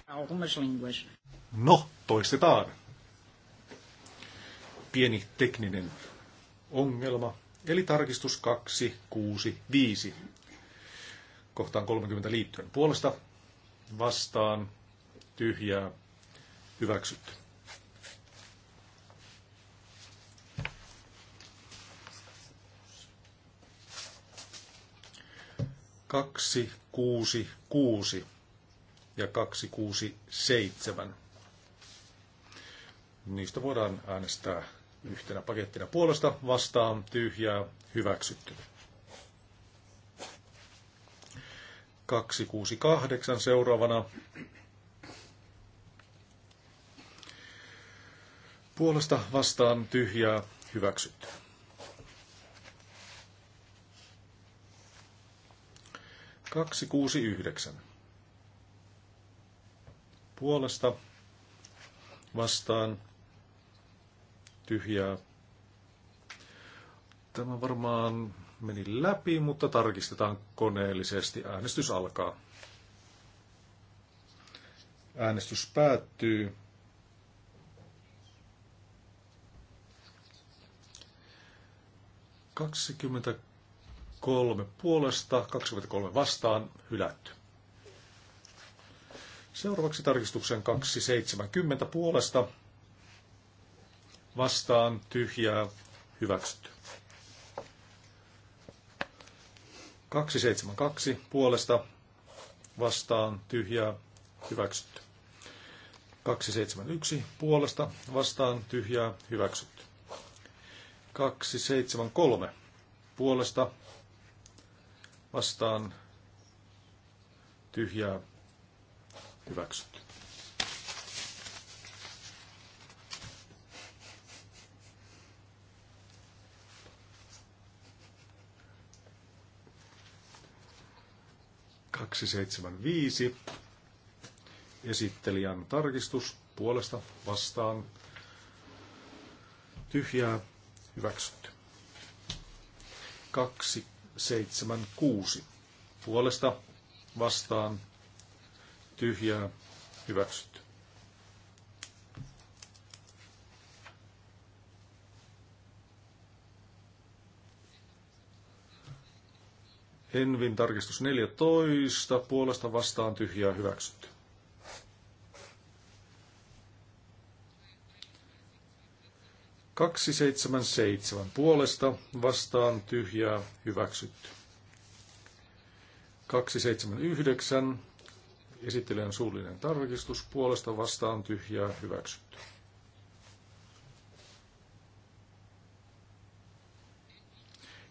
No, toistetaan. Pieni tekninen ongelma. Eli tarkistus 265 kohtaan 30 liittyen puolesta vastaan tyhjää hyväksytty. Kaksi, kuusi, kuusi ja kaksi, kuusi, seitsemän. Niistä voidaan äänestää yhtenä pakettina puolesta vastaan tyhjää hyväksytty. 268 seuraavana. Puolesta vastaan tyhjää hyväksytty. Kaksi kuusi yhdeksän. Puolesta vastaan tyhjää. Tämä varmaan meni läpi, mutta tarkistetaan koneellisesti. Äänestys alkaa. Äänestys päättyy. Kaksikymmentä kolme puolesta, 23 vastaan, hylätty. Seuraavaksi tarkistuksen 270 puolesta vastaan tyhjää hyväksytty. 272 puolesta vastaan tyhjää hyväksytty. 271 puolesta vastaan tyhjää hyväksytty. 273 puolesta vastaan tyhjää hyväksytty. 275. Esittelijän tarkistus puolesta vastaan. Tyhjää hyväksytty. 276. Puolesta vastaan. Tyhjää hyväksytty. Envin tarkistus 14, puolesta vastaan tyhjää hyväksytty. Kaksi seitsemän seitsemän puolesta vastaan tyhjää hyväksytty. Kaksi seitsemän yhdeksän esittelijän suullinen tarkistus puolesta vastaan tyhjää hyväksytty.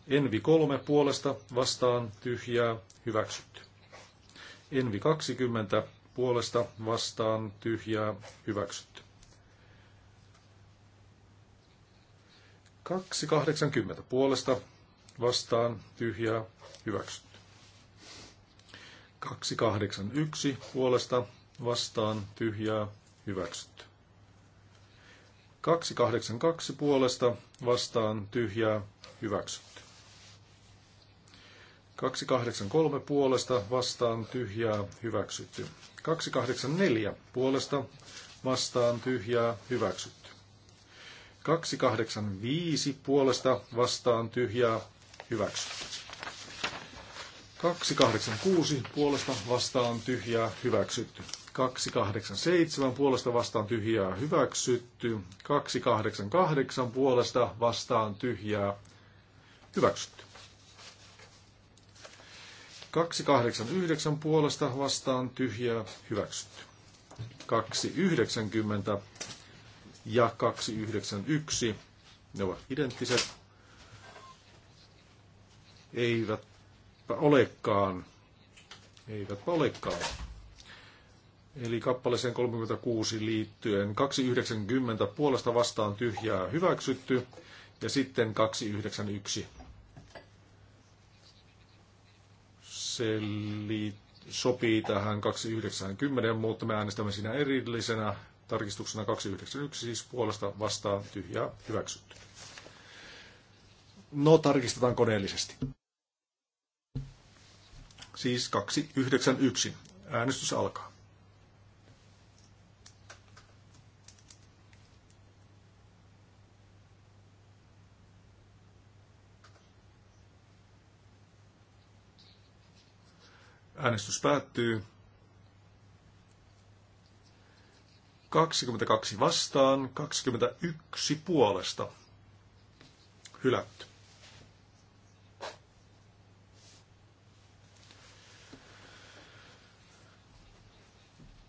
Envi kolme puolesta vastaan tyhjää hyväksytty. Envi 20 puolesta vastaan tyhjää hyväksytty. 280 puolesta vastaan tyhjää hyväksytty. 281 puolesta vastaan tyhjää hyväksytty. 282 puolesta vastaan tyhjää hyväksytty. 283 puolesta vastaan tyhjää hyväksytty. 284 puolesta vastaan tyhjää hyväksytty. 285 puolesta vastaan tyhjää hyväksytty. 286 puolesta vastaan tyhjää hyväksytty. 287 puolesta vastaan tyhjää hyväksytty. 288 puolesta vastaan tyhjää hyväksytty. 289 puolesta vastaan tyhjää hyväksytty. 290 ja 291, ne ovat identtiset, eivätpä olekaan, eivätpä olekaan. Eli kappaleeseen 36 liittyen 290 puolesta vastaan tyhjää hyväksytty ja sitten 291 se sopii tähän 290, mutta me äänestämme siinä erillisenä tarkistuksena 291, siis puolesta vastaan tyhjää hyväksytty. No, tarkistetaan koneellisesti. Siis 291. Äänestys alkaa. Äänestys päättyy. 22 vastaan, 21 puolesta. Hylätty.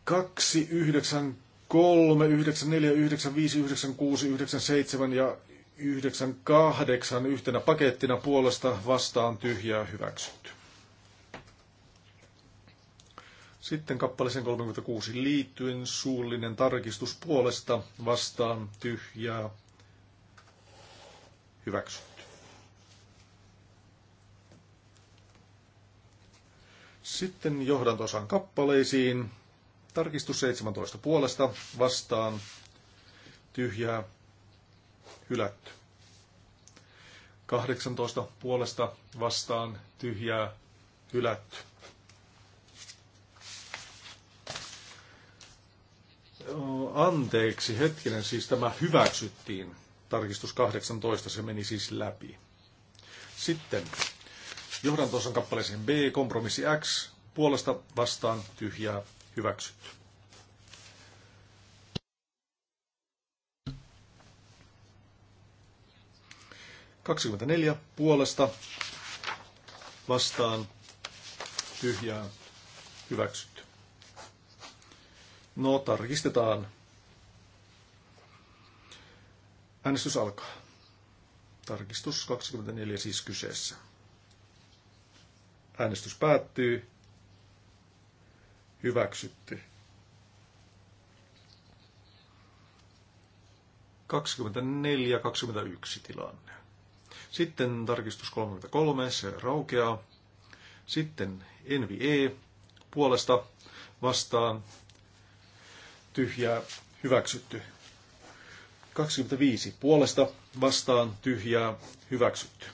Kaksi, yhdeksän, kolme, yhdeksän, neljä, yhdeksän, viisi, yhdeksän, kuusi, yhdeksän, seitsemän ja yhdeksän, kahdeksan yhtenä pakettina puolesta vastaan tyhjää hyväksytty. Sitten kappaleeseen 36 liittyen suullinen tarkistus puolesta vastaan tyhjää hyväksytty. Sitten johdantosan kappaleisiin. Tarkistus 17 puolesta vastaan tyhjää hylätty. 18 puolesta vastaan tyhjää hylätty. anteeksi, hetkinen, siis tämä hyväksyttiin. Tarkistus 18, se meni siis läpi. Sitten johdantosan kappaleeseen B, kompromissi X, puolesta vastaan tyhjää hyväksytty. Kaksikymmentäneljä puolesta vastaan tyhjää hyväksytty. No, tarkistetaan. Äänestys alkaa. Tarkistus 24 siis kyseessä. Äänestys päättyy. Hyväksytty. 24-21 tilanne. Sitten tarkistus 33, se raukeaa. Sitten NVE puolesta vastaan tyhjää hyväksytty. 25 puolesta vastaan tyhjää hyväksytty.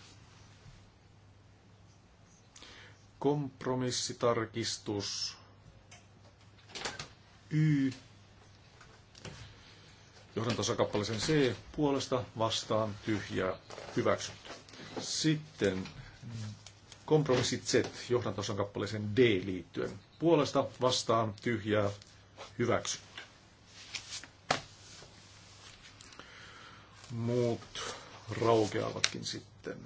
Kompromissitarkistus Y. Johdantosakappalisen C puolesta vastaan tyhjää hyväksytty. Sitten kompromissi Z Johdantosakappalisen D liittyen. Puolesta vastaan tyhjää hyväksytty. muut raukeavatkin sitten.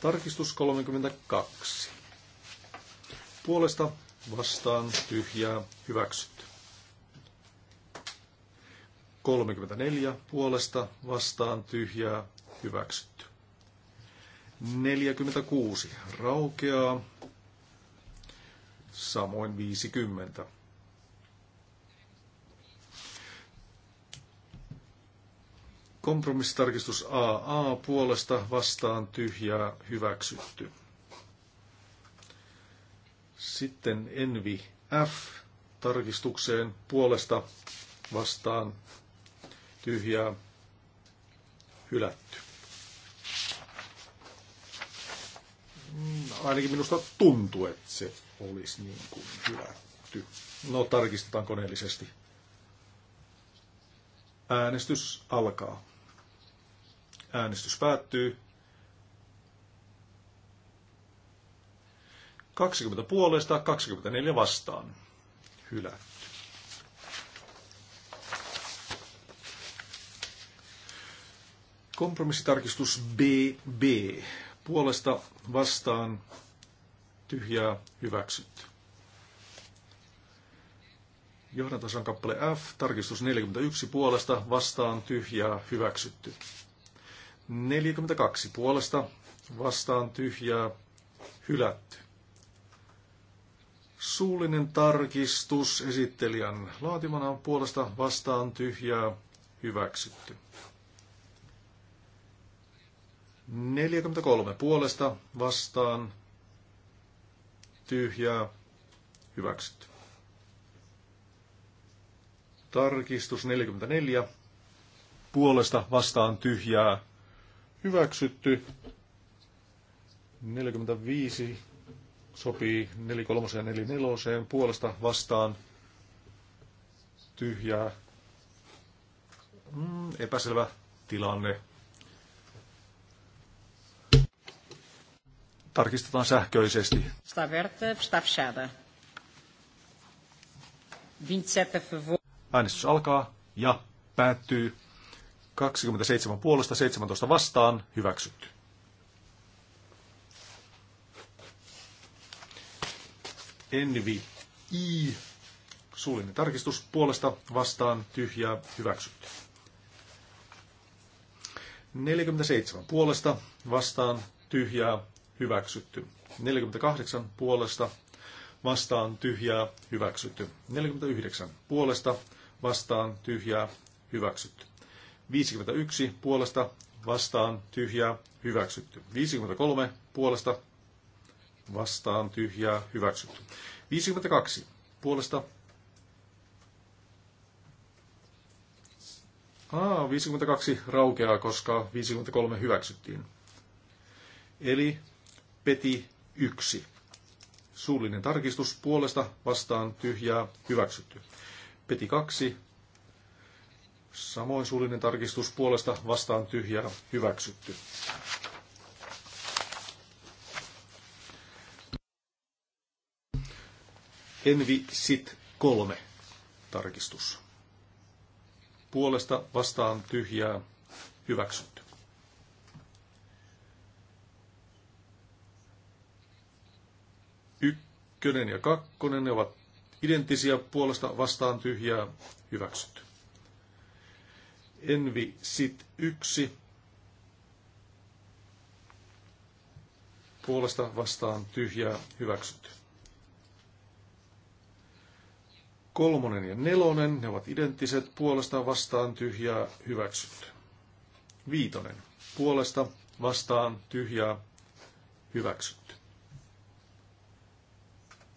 Tarkistus 32. Puolesta vastaan tyhjää hyväksytty. 34 puolesta vastaan tyhjää hyväksytty. 46 raukeaa, samoin 50 Kompromissitarkistus AA puolesta vastaan tyhjää hyväksytty. Sitten Envi F tarkistukseen puolesta vastaan tyhjää hylätty. Mm, ainakin minusta tuntuu, että se olisi niin kuin hylätty. No tarkistetaan koneellisesti. Äänestys alkaa. Äänestys päättyy. 20 puolesta, 24 vastaan. Hylätty. Kompromissitarkistus BB. Puolesta vastaan tyhjää hyväksytty. Johdantason kappale F, tarkistus 41 puolesta vastaan tyhjää hyväksytty. 42 puolesta vastaan tyhjää hylätty. Suullinen tarkistus esittelijän laatimana puolesta vastaan tyhjää hyväksytty. 43 puolesta vastaan tyhjää hyväksytty. Tarkistus 44 puolesta vastaan tyhjää hyväksytty. 45 sopii 43 ja 44 puolesta vastaan tyhjää. Mm, epäselvä tilanne. Tarkistetaan sähköisesti. 27 Äänestys alkaa ja päättyy. 27 puolesta, 17 vastaan, hyväksytty. Envi I, suullinen tarkistus, puolesta, vastaan, tyhjää, hyväksytty. 47 puolesta, vastaan, tyhjää, hyväksytty. 48 puolesta, vastaan, tyhjää, hyväksytty. 49 puolesta, vastaan, tyhjää, hyväksytty. 51 puolesta vastaan tyhjää hyväksytty. 53 puolesta vastaan tyhjää hyväksytty. 52 puolesta Aa, 52 raukeaa, koska 53 hyväksyttiin. Eli peti 1. Suullinen tarkistus puolesta vastaan tyhjää hyväksytty. Peti 2 Samoin suullinen tarkistus puolesta vastaan tyhjä hyväksytty. Envi Sit 3 tarkistus. Puolesta vastaan tyhjää hyväksytty. Ykkönen ja kakkonen ne ovat identtisiä puolesta vastaan tyhjää hyväksytty. Envi Sit 1 puolesta vastaan tyhjää hyväksytty. Kolmonen ja nelonen, ne ovat identtiset, puolesta vastaan tyhjää hyväksytty. Viitonen, puolesta vastaan tyhjää hyväksytty.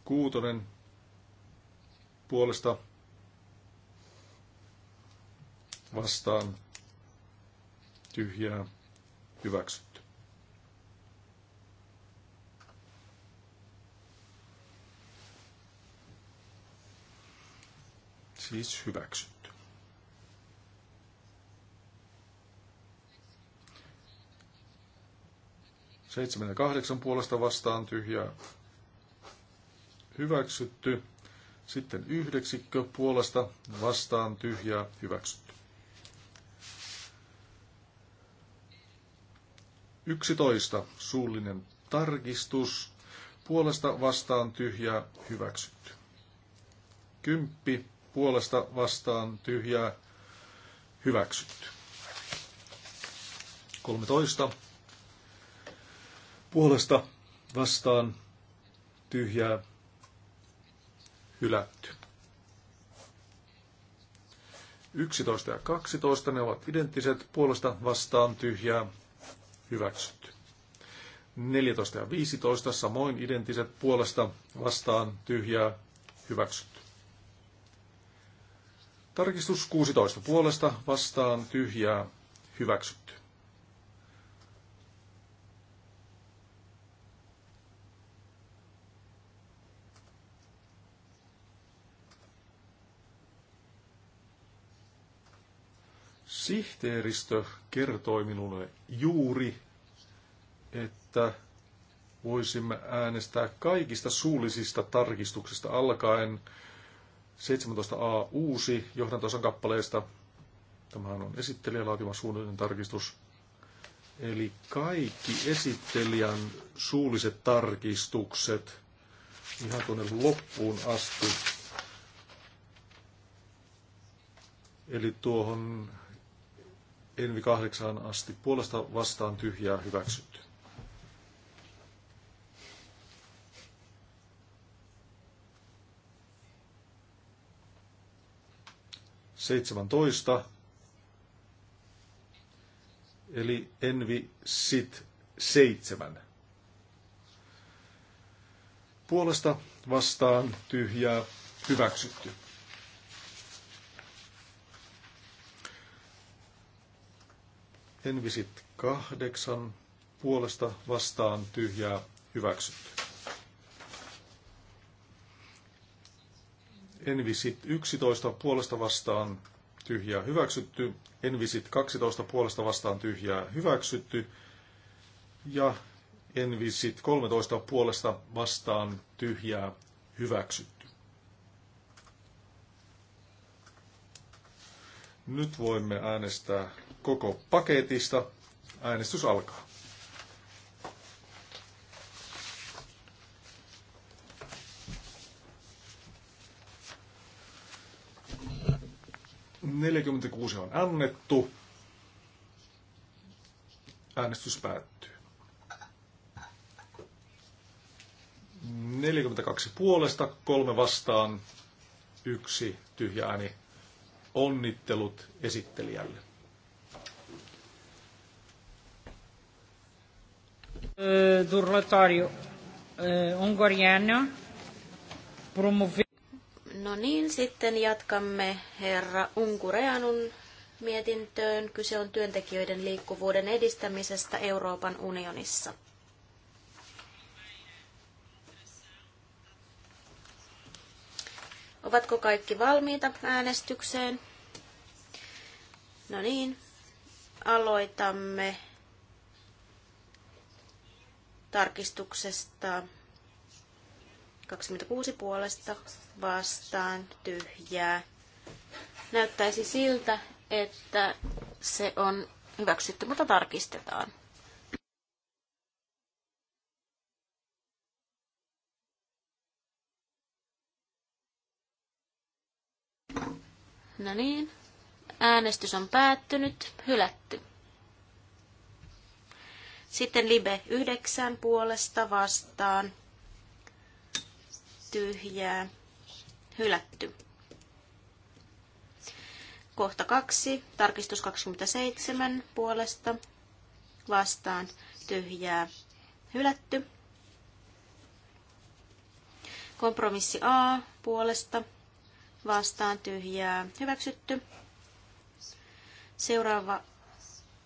Kuutonen, puolesta vastaan tyhjää hyväksytty. Siis hyväksytty. Seitsemän ja kahdeksan puolesta vastaan tyhjää hyväksytty. Sitten yhdeksikkö puolesta vastaan tyhjää hyväksytty. 11. Suullinen tarkistus. Puolesta vastaan tyhjää hyväksytty. 10. Puolesta vastaan tyhjää hyväksytty. 13. Puolesta vastaan tyhjää hylätty. 11 ja 12, ne ovat identtiset, puolesta vastaan tyhjää hyväksytty. 14 ja 15 samoin identiset puolesta vastaan tyhjää hyväksytty. Tarkistus 16 puolesta vastaan tyhjää hyväksytty. Sihteeristö kertoi minulle juuri, että voisimme äänestää kaikista suullisista tarkistuksista alkaen 17a uusi johdantosan kappaleesta. Tämähän on esittelijä laatima suullinen tarkistus. Eli kaikki esittelijän suulliset tarkistukset ihan tuonne loppuun asti. Eli tuohon Envi kahdeksaan asti puolesta vastaan tyhjää hyväksytty. Seitsemäntoista. Eli Envi Sit seitsemän. Puolesta vastaan tyhjää hyväksytty. Envisit kahdeksan puolesta vastaan tyhjää hyväksytty. Envisit 11 puolesta vastaan tyhjää hyväksytty. Envisit 12 puolesta vastaan tyhjää hyväksytty. Ja Envisit 13 puolesta vastaan tyhjää hyväksytty. Nyt voimme äänestää koko paketista. Äänestys alkaa. kuusi on annettu. Äänestys päättyy. kaksi puolesta, kolme vastaan, yksi tyhjä ääni. Onnittelut esittelijälle. Eh, do relatório eh, hungariano promover... No niin, sitten jatkamme herra Unkureanun mietintöön. Kyse on työntekijöiden liikkuvuuden edistämisestä Euroopan unionissa. Ovatko kaikki valmiita äänestykseen? No niin, aloitamme tarkistuksesta. 26 puolesta vastaan tyhjää. Näyttäisi siltä, että se on hyväksytty, mutta tarkistetaan. No niin, äänestys on päättynyt, hylätty. Sitten Libe 9 puolesta vastaan. Tyhjää. Hylätty. Kohta 2. Tarkistus 27 puolesta vastaan. Tyhjää. Hylätty. Kompromissi A puolesta vastaan tyhjää hyväksytty. Seuraava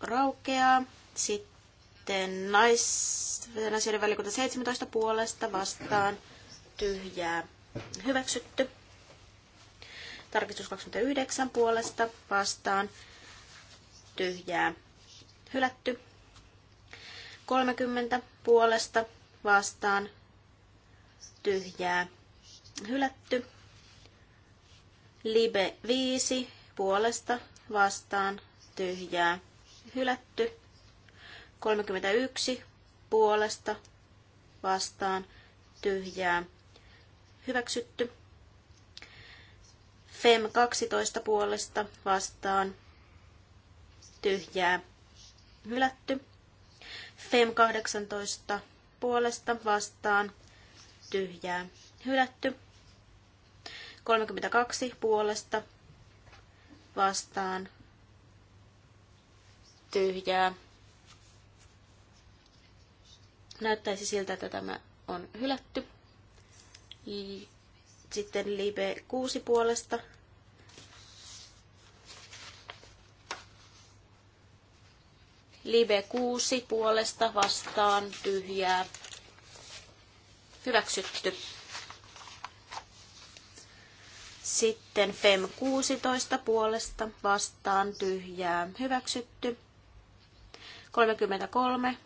raukeaa. Sitten sitten naisasioiden välikunta 17 puolesta vastaan tyhjää hyväksytty. Tarkistus 29 puolesta vastaan tyhjää hylätty. 30 puolesta vastaan tyhjää hylätty. Libe 5 puolesta vastaan tyhjää hylätty. 31 puolesta vastaan tyhjää hyväksytty. FEM 12 puolesta vastaan tyhjää hylätty. FEM 18 puolesta vastaan tyhjää hylätty. 32 puolesta vastaan tyhjää Näyttäisi siltä, että tämä on hylätty. Sitten Libe 6 puolesta. Libe 6 puolesta vastaan tyhjää. Hyväksytty. Sitten FEM 16 puolesta vastaan tyhjää. Hyväksytty. 33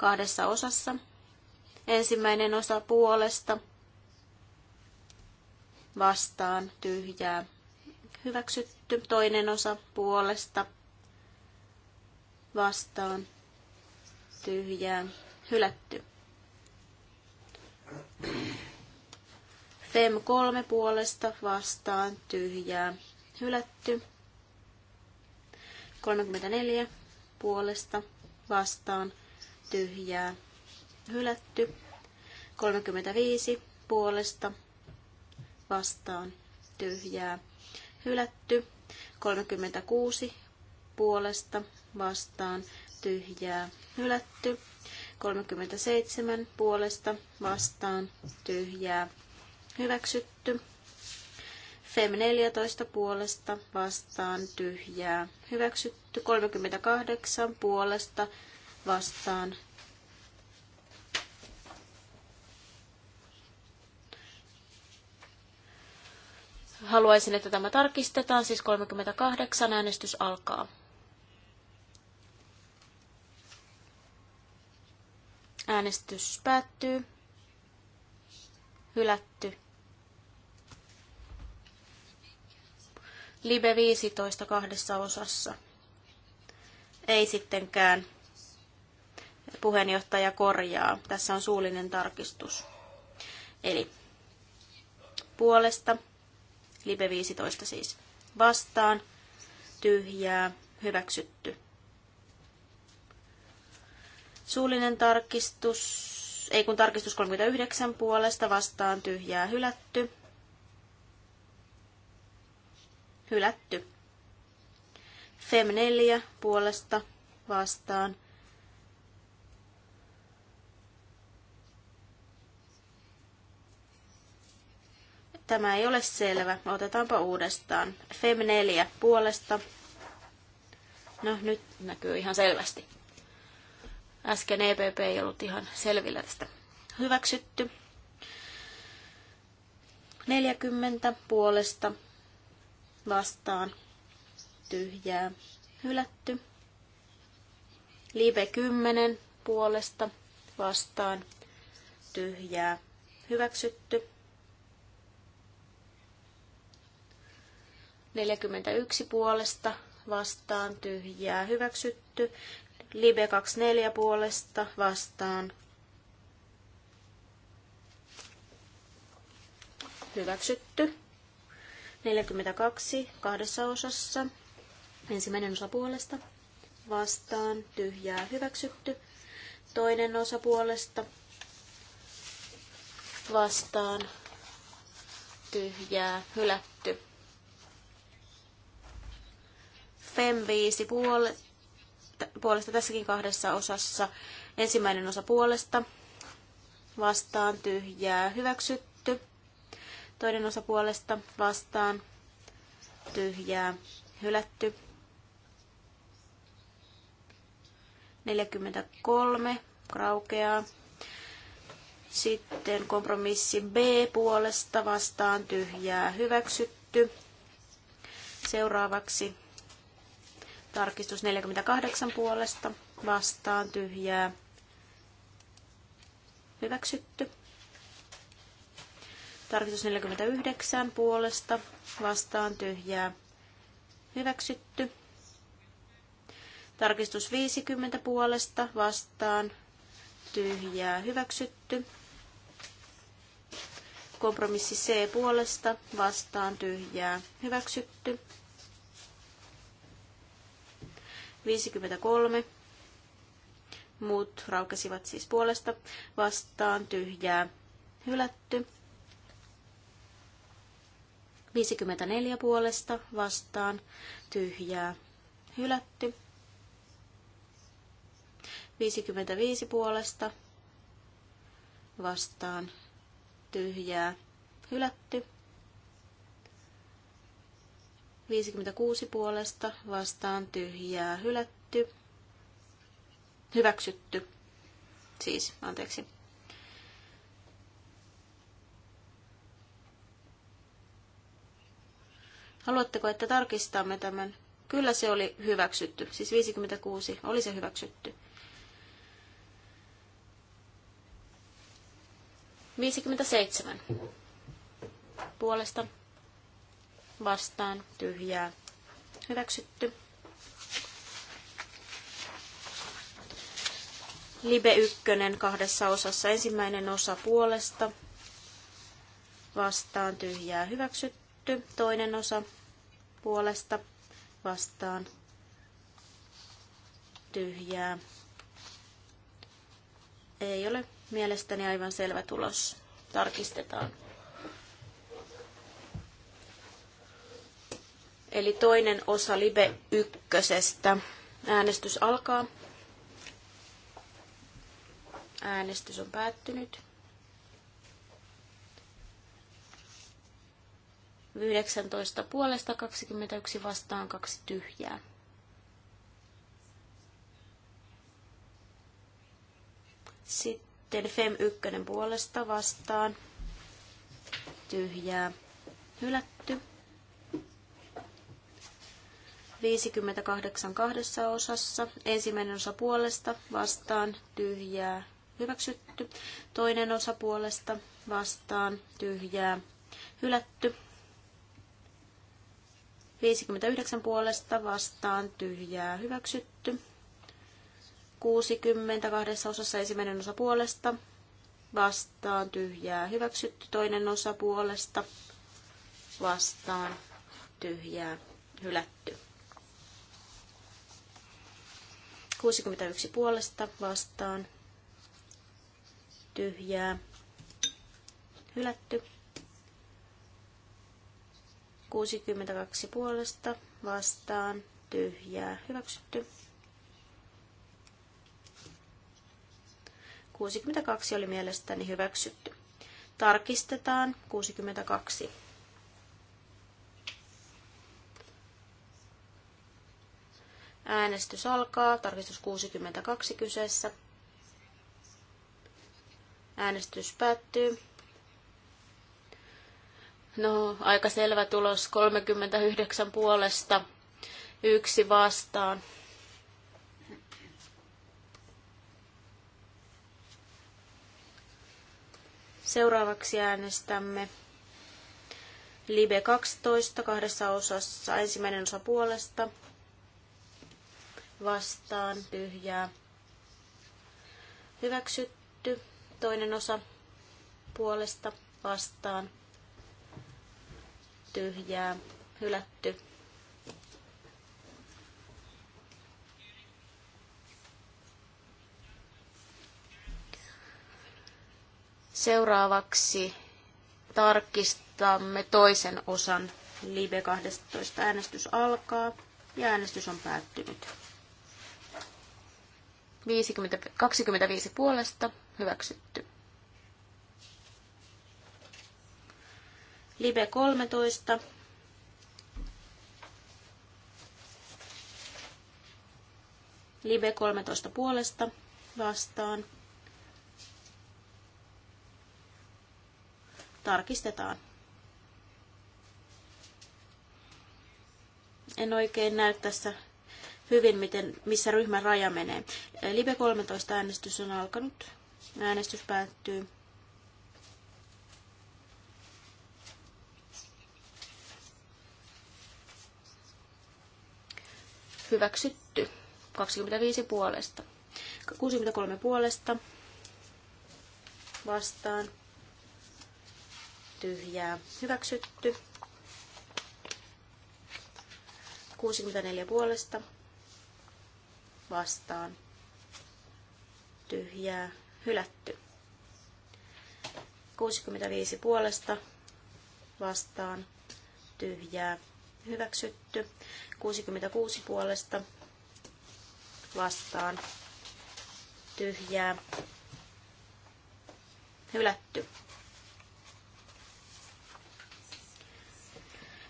kahdessa osassa. Ensimmäinen osa puolesta vastaan tyhjää hyväksytty. Toinen osa puolesta vastaan tyhjää hylätty. Fem kolme puolesta vastaan tyhjää hylätty. 34 puolesta vastaan tyhjää hylätty. 35 puolesta vastaan tyhjää hylätty. 36 puolesta vastaan tyhjää hylätty. 37 puolesta vastaan tyhjää hyväksytty. Fem 14 puolesta vastaan tyhjää hyväksytty. 38 puolesta vastaan. Haluaisin, että tämä tarkistetaan, siis 38 äänestys alkaa. Äänestys päättyy. Hylätty. Libe 15 kahdessa osassa. Ei sittenkään. Puheenjohtaja korjaa. Tässä on suullinen tarkistus. Eli puolesta, live 15 siis, vastaan, tyhjää, hyväksytty. Suullinen tarkistus, ei kun tarkistus 39 puolesta vastaan tyhjää hylätty. Hylätty. Fem 4 puolesta vastaan Tämä ei ole selvä. Otetaanpa uudestaan. Fem 4 puolesta. No nyt näkyy ihan selvästi. Äsken EPP ei ollut ihan selvillä tästä. Hyväksytty. 40 puolesta vastaan tyhjää hylätty. Live 10 puolesta vastaan tyhjää hyväksytty. 41 puolesta vastaan tyhjää hyväksytty. Libe 24 puolesta vastaan hyväksytty. 42 kahdessa osassa. Ensimmäinen osa puolesta vastaan tyhjää hyväksytty. Toinen osa puolesta vastaan tyhjää hylätty FEM viisi puole, puolesta tässäkin kahdessa osassa. Ensimmäinen osa puolesta vastaan tyhjää hyväksytty. Toinen osa puolesta vastaan tyhjää hylätty. 43 raukeaa. Sitten kompromissi B puolesta vastaan tyhjää hyväksytty. Seuraavaksi Tarkistus 48 puolesta vastaan tyhjää. Hyväksytty. Tarkistus 49 puolesta vastaan tyhjää. Hyväksytty. Tarkistus 50 puolesta vastaan tyhjää. Hyväksytty. Kompromissi C puolesta vastaan tyhjää. Hyväksytty. 53. Muut raukesivat siis puolesta vastaan tyhjää hylätty. 54 puolesta vastaan tyhjää hylätty. 55 puolesta vastaan tyhjää hylätty. 56 puolesta vastaan tyhjää hylätty. Hyväksytty. Siis, anteeksi. Haluatteko, että tarkistamme tämän? Kyllä se oli hyväksytty. Siis 56 oli se hyväksytty. 57. Puolesta vastaan tyhjää hyväksytty. Libe 1 kahdessa osassa. Ensimmäinen osa puolesta vastaan tyhjää hyväksytty. Toinen osa puolesta vastaan tyhjää. Ei ole mielestäni aivan selvä tulos. Tarkistetaan. Eli toinen osa Libe ykkösestä. Äänestys alkaa. Äänestys on päättynyt. 19 puolesta 21 vastaan kaksi tyhjää. Sitten Fem 1 puolesta vastaan tyhjää hylätty. 58 kahdessa osassa. Ensimmäinen osa puolesta vastaan tyhjää hyväksytty. Toinen osa puolesta vastaan tyhjää hylätty. 59 puolesta vastaan tyhjää hyväksytty. 60 kahdessa osassa ensimmäinen osa puolesta vastaan tyhjää hyväksytty. Toinen osa puolesta vastaan tyhjää hylätty. 61 puolesta vastaan tyhjää hylätty. 62 puolesta vastaan tyhjää hyväksytty. 62 oli mielestäni hyväksytty. Tarkistetaan 62. Äänestys alkaa. Tarkistus 62 kyseessä. Äänestys päättyy. No, aika selvä tulos. 39 puolesta, yksi vastaan. Seuraavaksi äänestämme Libe 12 kahdessa osassa. Ensimmäinen osa puolesta, vastaan tyhjää hyväksytty. Toinen osa puolesta vastaan tyhjää hylätty. Seuraavaksi tarkistamme toisen osan Libe 12. Äänestys alkaa ja äänestys on päättynyt. 50, 25 puolesta hyväksytty. Live 13. Live 13 puolesta vastaan. Tarkistetaan. En oikein näy tässä hyvin, miten, missä ryhmän raja menee. Live 13 äänestys on alkanut. Äänestys päättyy. Hyväksytty. 25 puolesta. 63 puolesta. Vastaan. Tyhjää. Hyväksytty. 64 puolesta vastaan tyhjää hylätty. 65 puolesta vastaan tyhjää hyväksytty. 66 puolesta vastaan tyhjää hylätty.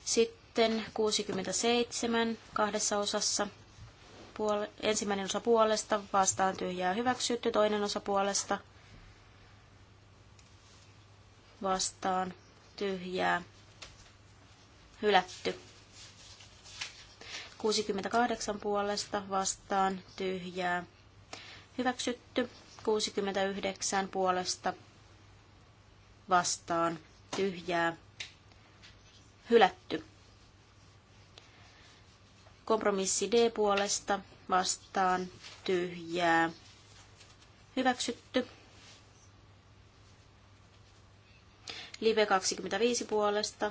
Sitten 67 kahdessa osassa puole- ensimmäinen osa puolesta, vastaan tyhjää hyväksytty, toinen osa puolesta, vastaan tyhjää hylätty. 68 puolesta vastaan tyhjää hyväksytty, 69 puolesta vastaan tyhjää hylätty. Kompromissi D puolesta vastaan tyhjää. Hyväksytty. Live 25 puolesta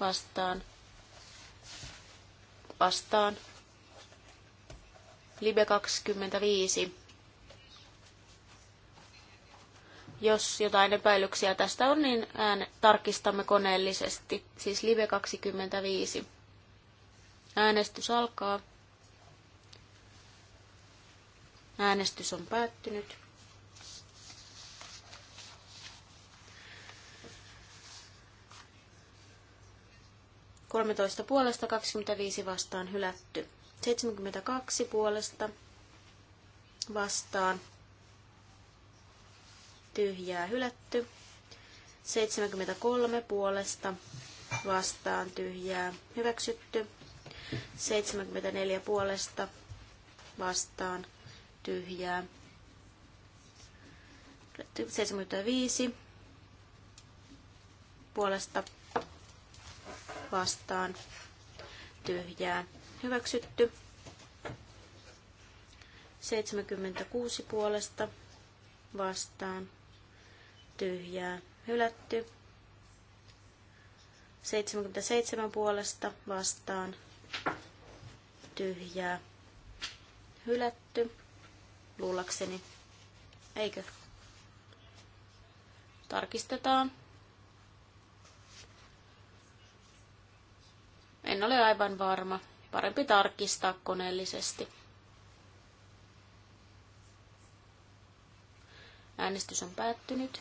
vastaan. Vastaan. Live 25. Jos jotain epäilyksiä tästä on, niin ään, tarkistamme koneellisesti. Siis Live 25. Äänestys alkaa. Äänestys on päättynyt. Kolmetoista puolesta, 25 vastaan hylätty. 72 puolesta vastaan tyhjää hylätty. 73 puolesta vastaan tyhjää hyväksytty. 74 puolesta vastaan tyhjää. 75 puolesta vastaan tyhjää. Hyväksytty. 76 puolesta vastaan tyhjää. Hylätty. 77 puolesta vastaan tyhjää, hylätty, luullakseni, eikö? Tarkistetaan. En ole aivan varma. Parempi tarkistaa koneellisesti. Äänestys on päättynyt.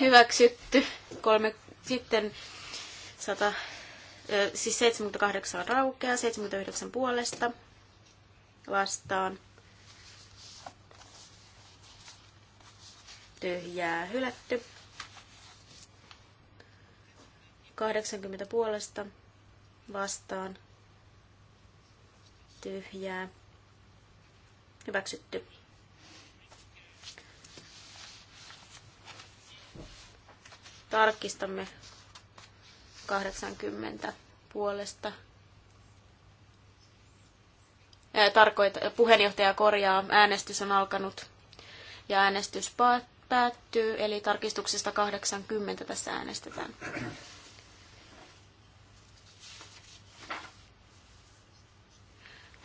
Hyväksytty. kolme. Sitten 100, siis 78 raukeaa, 79 puolesta vastaan. Tyhjää hylätty. 80 puolesta vastaan. Tyhjää. Hyväksytty. Tarkistamme 80 puolesta. Tarkoita, puheenjohtaja korjaa, äänestys on alkanut ja äänestys päättyy, eli tarkistuksesta 80 tässä äänestetään.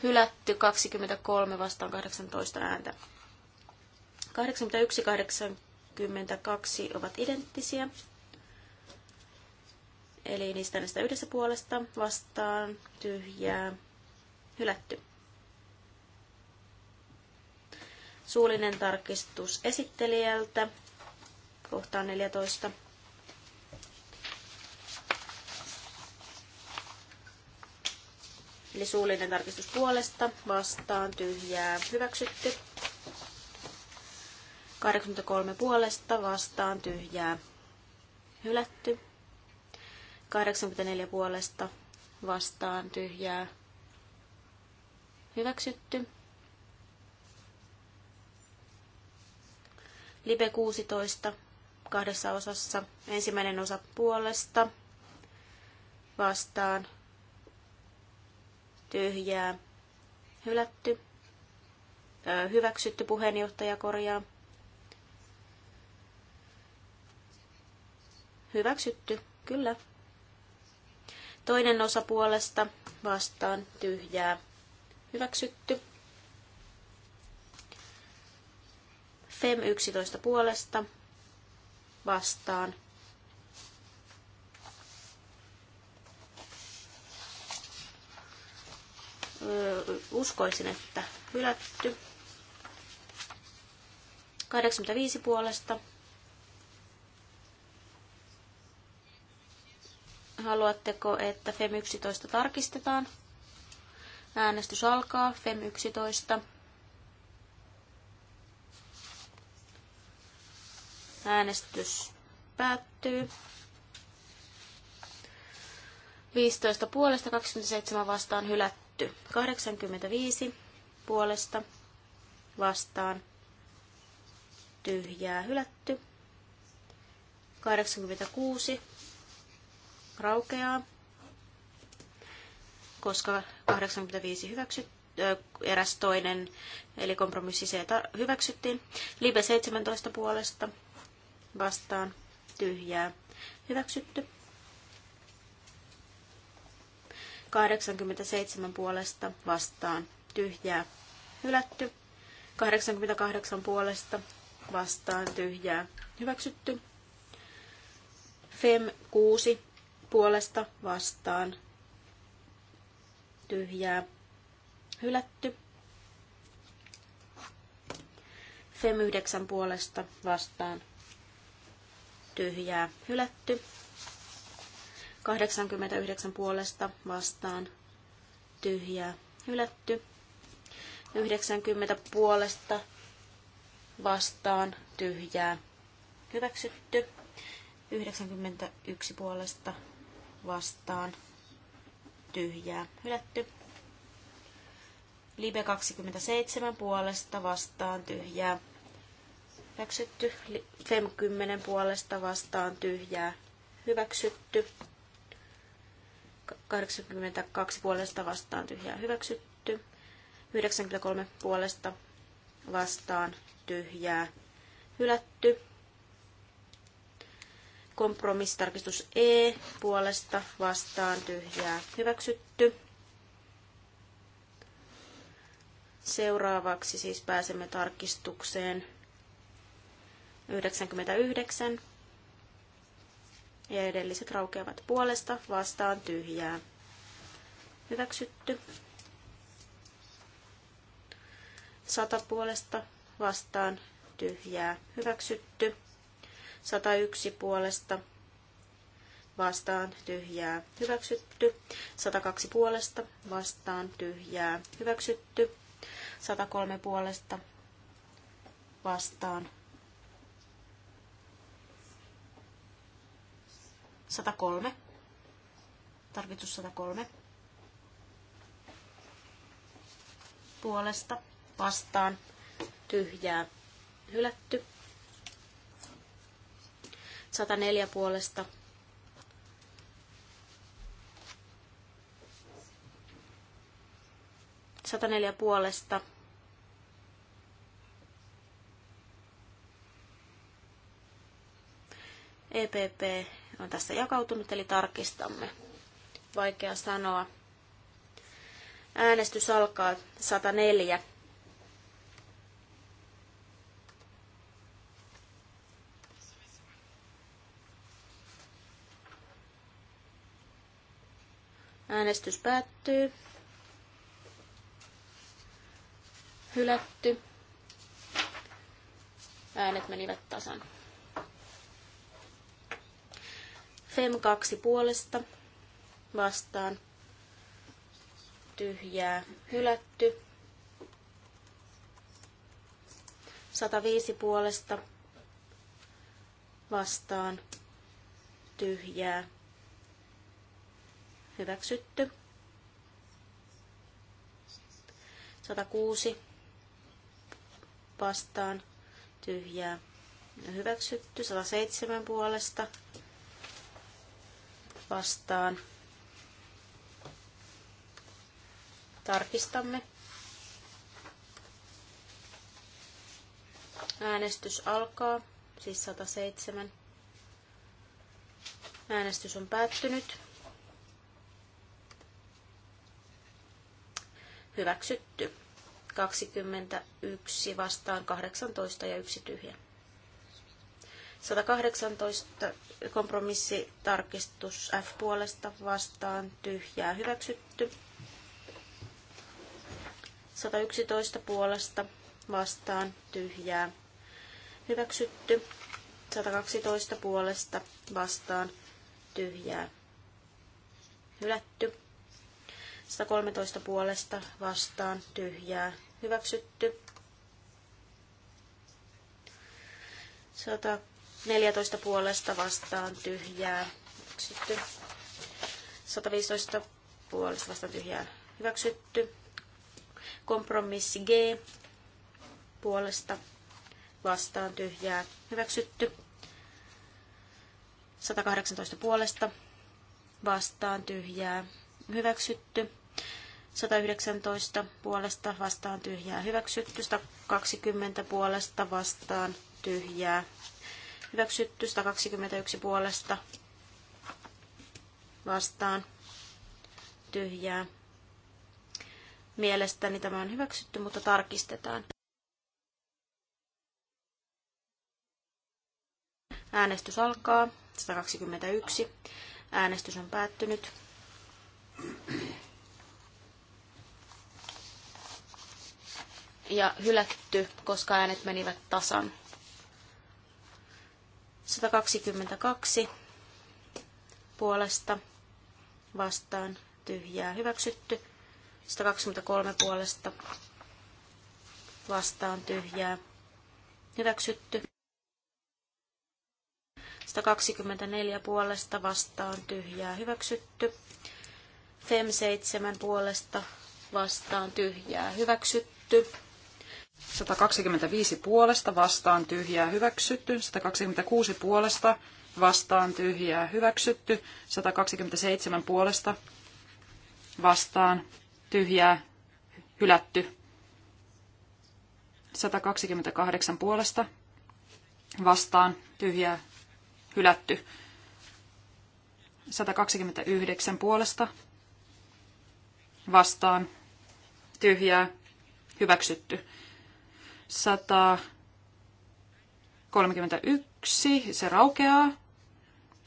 Hylätty 23 vastaan 18 ääntä. 81-82 ovat identtisiä. Eli niistä näistä yhdessä puolesta vastaan tyhjää hylätty. Suullinen tarkistus esittelijältä kohtaan 14. Eli suullinen tarkistus puolesta vastaan tyhjää hyväksytty. 83 puolesta vastaan tyhjää hylätty. 84 puolesta vastaan tyhjää hyväksytty. Libe 16 kahdessa osassa. Ensimmäinen osa puolesta vastaan tyhjää hylätty. Hyväksytty puheenjohtaja korjaa. Hyväksytty, kyllä. Toinen osa puolesta vastaan tyhjää. Hyväksytty. FEM 11 puolesta vastaan. Uskoisin, että hylätty. 85 puolesta Haluatteko, että FEM 11 tarkistetaan? Äänestys alkaa. FEM 11. Äänestys päättyy. 15 puolesta, 27 vastaan hylätty. 85 puolesta vastaan tyhjää hylätty. 86 raukeaa, koska 85 hyväksyttiin eräs toinen, eli kompromissi C hyväksyttiin. Libe 17 puolesta vastaan tyhjää hyväksytty. 87 puolesta vastaan tyhjää hylätty. 88 puolesta vastaan tyhjää hyväksytty. FEM 6 puolesta vastaan tyhjää hylätty. Fem 9 puolesta vastaan tyhjää hylätty. 89 puolesta vastaan tyhjää hylätty. 90 puolesta vastaan tyhjää hyväksytty. 91 puolesta vastaan tyhjää hylätty. Libe 27 puolesta vastaan tyhjää hyväksytty. Fem 10 puolesta vastaan tyhjää hyväksytty. 82 puolesta vastaan tyhjää hyväksytty. 93 puolesta vastaan tyhjää hylätty. Kompromissitarkistus E puolesta vastaan tyhjää hyväksytty. Seuraavaksi siis pääsemme tarkistukseen 99. Ja edelliset raukeavat puolesta vastaan tyhjää. Hyväksytty. 100 puolesta vastaan tyhjää. Hyväksytty. 101 puolesta vastaan tyhjää hyväksytty. 102 puolesta vastaan tyhjää hyväksytty. 103 puolesta vastaan 103. Tarkistus 103. Puolesta vastaan tyhjää hylätty. 104 puolesta Sata neljä puolesta. EPP on tässä jakautunut, eli tarkistamme. Vaikea sanoa. Äänestys alkaa 104. Äänestys päättyy. Hylätty. Äänet menivät tasan. FEM 2 puolesta vastaan. Tyhjää. Hylätty. 105 puolesta vastaan tyhjää, hyväksytty. 106 vastaan tyhjää hyväksytty. 107 puolesta vastaan. Tarkistamme. Äänestys alkaa, siis 107. Äänestys on päättynyt. Hyväksytty. 21 vastaan 18 ja yksi tyhjä. 118 kompromissitarkistus F puolesta vastaan tyhjää hyväksytty. 111 puolesta vastaan tyhjää hyväksytty. 112 puolesta vastaan tyhjää hylätty. 113 puolesta vastaan tyhjää hyväksytty. 114 puolesta vastaan tyhjää hyväksytty. 115 puolesta vastaan tyhjää hyväksytty. Kompromissi G puolesta vastaan tyhjää hyväksytty. 118 puolesta vastaan tyhjää hyväksytty. 119 puolesta vastaan tyhjää hyväksytty, 120 puolesta vastaan tyhjää hyväksytty, 121 puolesta vastaan tyhjää. Mielestäni tämä on hyväksytty, mutta tarkistetaan. Äänestys alkaa. 121. Äänestys on päättynyt. ja hylätty, koska äänet menivät tasan. 122 puolesta vastaan tyhjää hyväksytty. 123 puolesta vastaan tyhjää hyväksytty. 124 puolesta vastaan tyhjää hyväksytty. Fem 7 puolesta vastaan tyhjää hyväksytty. 125 puolesta vastaan tyhjää hyväksytty, 126 puolesta vastaan tyhjää hyväksytty, 127 puolesta vastaan tyhjää hylätty, 128 puolesta vastaan tyhjää hylätty, 129 puolesta vastaan tyhjää hyväksytty. 131, se raukeaa.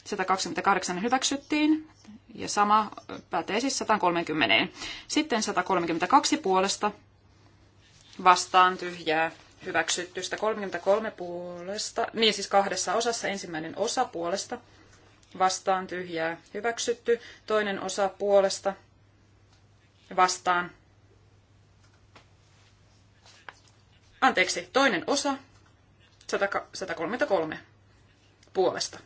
128 hyväksyttiin ja sama pätee siis 130. Sitten 132 puolesta vastaan tyhjää hyväksytty. 133 puolesta, niin siis kahdessa osassa ensimmäinen osa puolesta vastaan tyhjää hyväksytty, toinen osa puolesta vastaan Anteeksi, toinen osa 133 puolesta.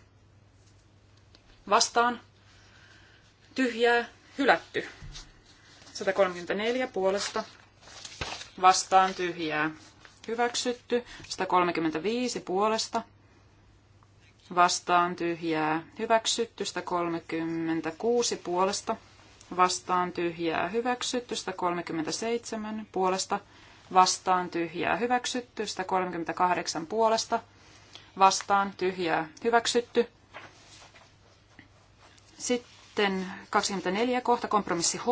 Vastaan tyhjää hylätty. 134 puolesta vastaan tyhjää hyväksytty. 135 puolesta vastaan tyhjää hyväksytty. 136 puolesta vastaan tyhjää hyväksytty. 137 puolesta vastaan tyhjää hyväksytty, 138 puolesta vastaan tyhjää hyväksytty. Sitten 24 kohta kompromissi H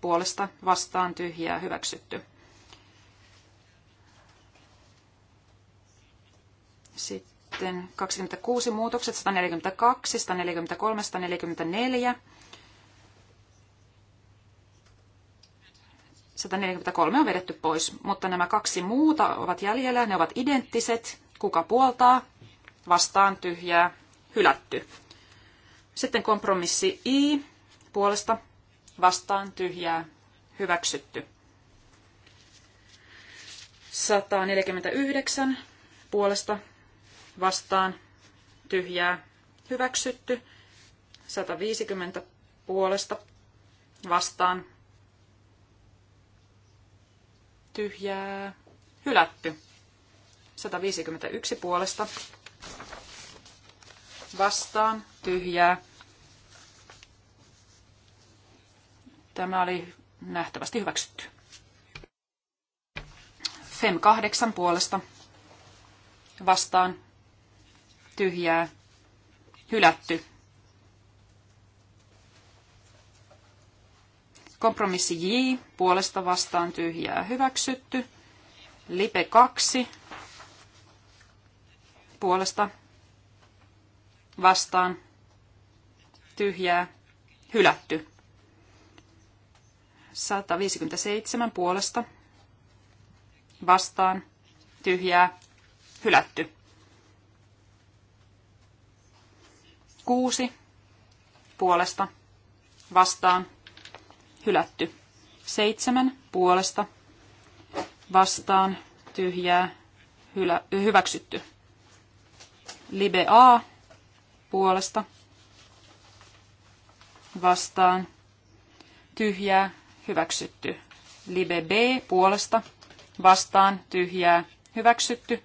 puolesta vastaan tyhjää hyväksytty. Sitten 26 muutokset 142, 143, 144 143 on vedetty pois, mutta nämä kaksi muuta ovat jäljellä, ne ovat identtiset, kuka puoltaa, vastaan tyhjää, hylätty. Sitten kompromissi I puolesta, vastaan tyhjää, hyväksytty. 149 puolesta, vastaan tyhjää, hyväksytty. 150 puolesta, vastaan tyhjää, hylätty. 151 puolesta vastaan, tyhjää. Tämä oli nähtävästi hyväksytty. FEM 8 puolesta vastaan, tyhjää, hylätty. Kompromissi J puolesta vastaan tyhjää hyväksytty. Lipe 2 puolesta vastaan tyhjää hylätty. 157 puolesta vastaan tyhjää hylätty. 6 puolesta vastaan hylätty. Seitsemän puolesta vastaan tyhjää hylä, hyväksytty. Libe A puolesta vastaan tyhjää hyväksytty. Libe B puolesta vastaan tyhjää hyväksytty.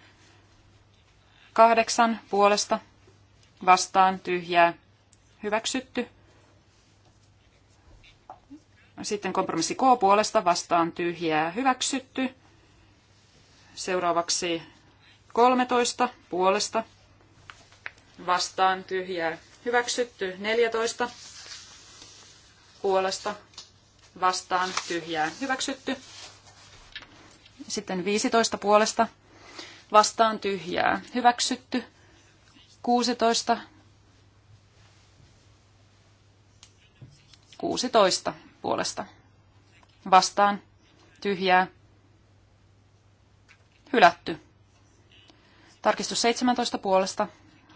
Kahdeksan puolesta vastaan tyhjää hyväksytty. Sitten kompromissi K puolesta vastaan tyhjää hyväksytty. Seuraavaksi 13 puolesta vastaan tyhjää hyväksytty. 14 puolesta vastaan tyhjää hyväksytty. Sitten 15 puolesta vastaan tyhjää hyväksytty. 16 16 puolesta. Vastaan. Tyhjää. Hylätty. Tarkistus 17 puolesta.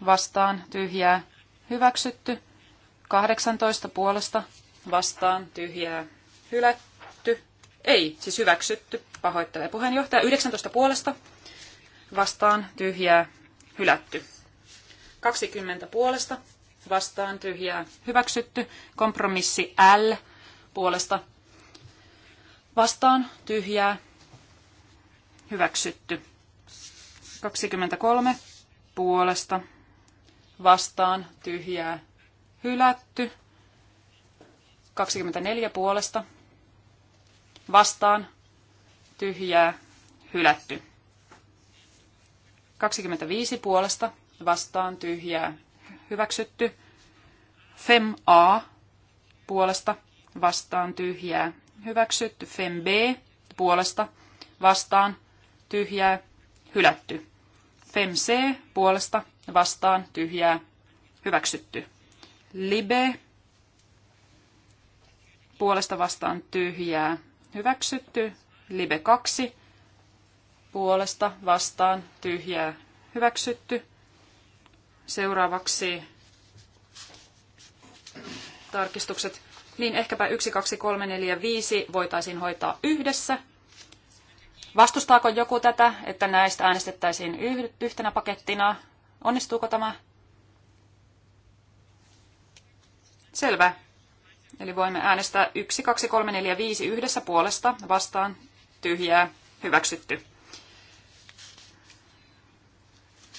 Vastaan. Tyhjää. Hyväksytty. 18 puolesta. Vastaan. Tyhjää. Hylätty. Ei, siis hyväksytty. Pahoittelee puheenjohtaja. 19 puolesta. Vastaan. Tyhjää. Hylätty. 20 puolesta vastaan tyhjää hyväksytty. Kompromissi L puolesta vastaan tyhjää hyväksytty. 23 puolesta vastaan tyhjää hylätty. 24 puolesta vastaan tyhjää hylätty. 25 puolesta vastaan tyhjää hyväksytty. Fem A puolesta vastaan tyhjää. Hyväksytty Fem B puolesta vastaan tyhjää. Hylätty. Fem C puolesta vastaan tyhjää. Hyväksytty. Libe puolesta vastaan tyhjää. Hyväksytty. Libe 2 puolesta vastaan tyhjää. Hyväksytty. Seuraavaksi tarkistukset niin ehkäpä 1, 2, 3, 4, 5 voitaisiin hoitaa yhdessä. Vastustaako joku tätä, että näistä äänestettäisiin yhtenä pakettina? Onnistuuko tämä? Selvä. Eli voimme äänestää 1, 2, 3, 4, 5 yhdessä puolesta vastaan tyhjää hyväksytty.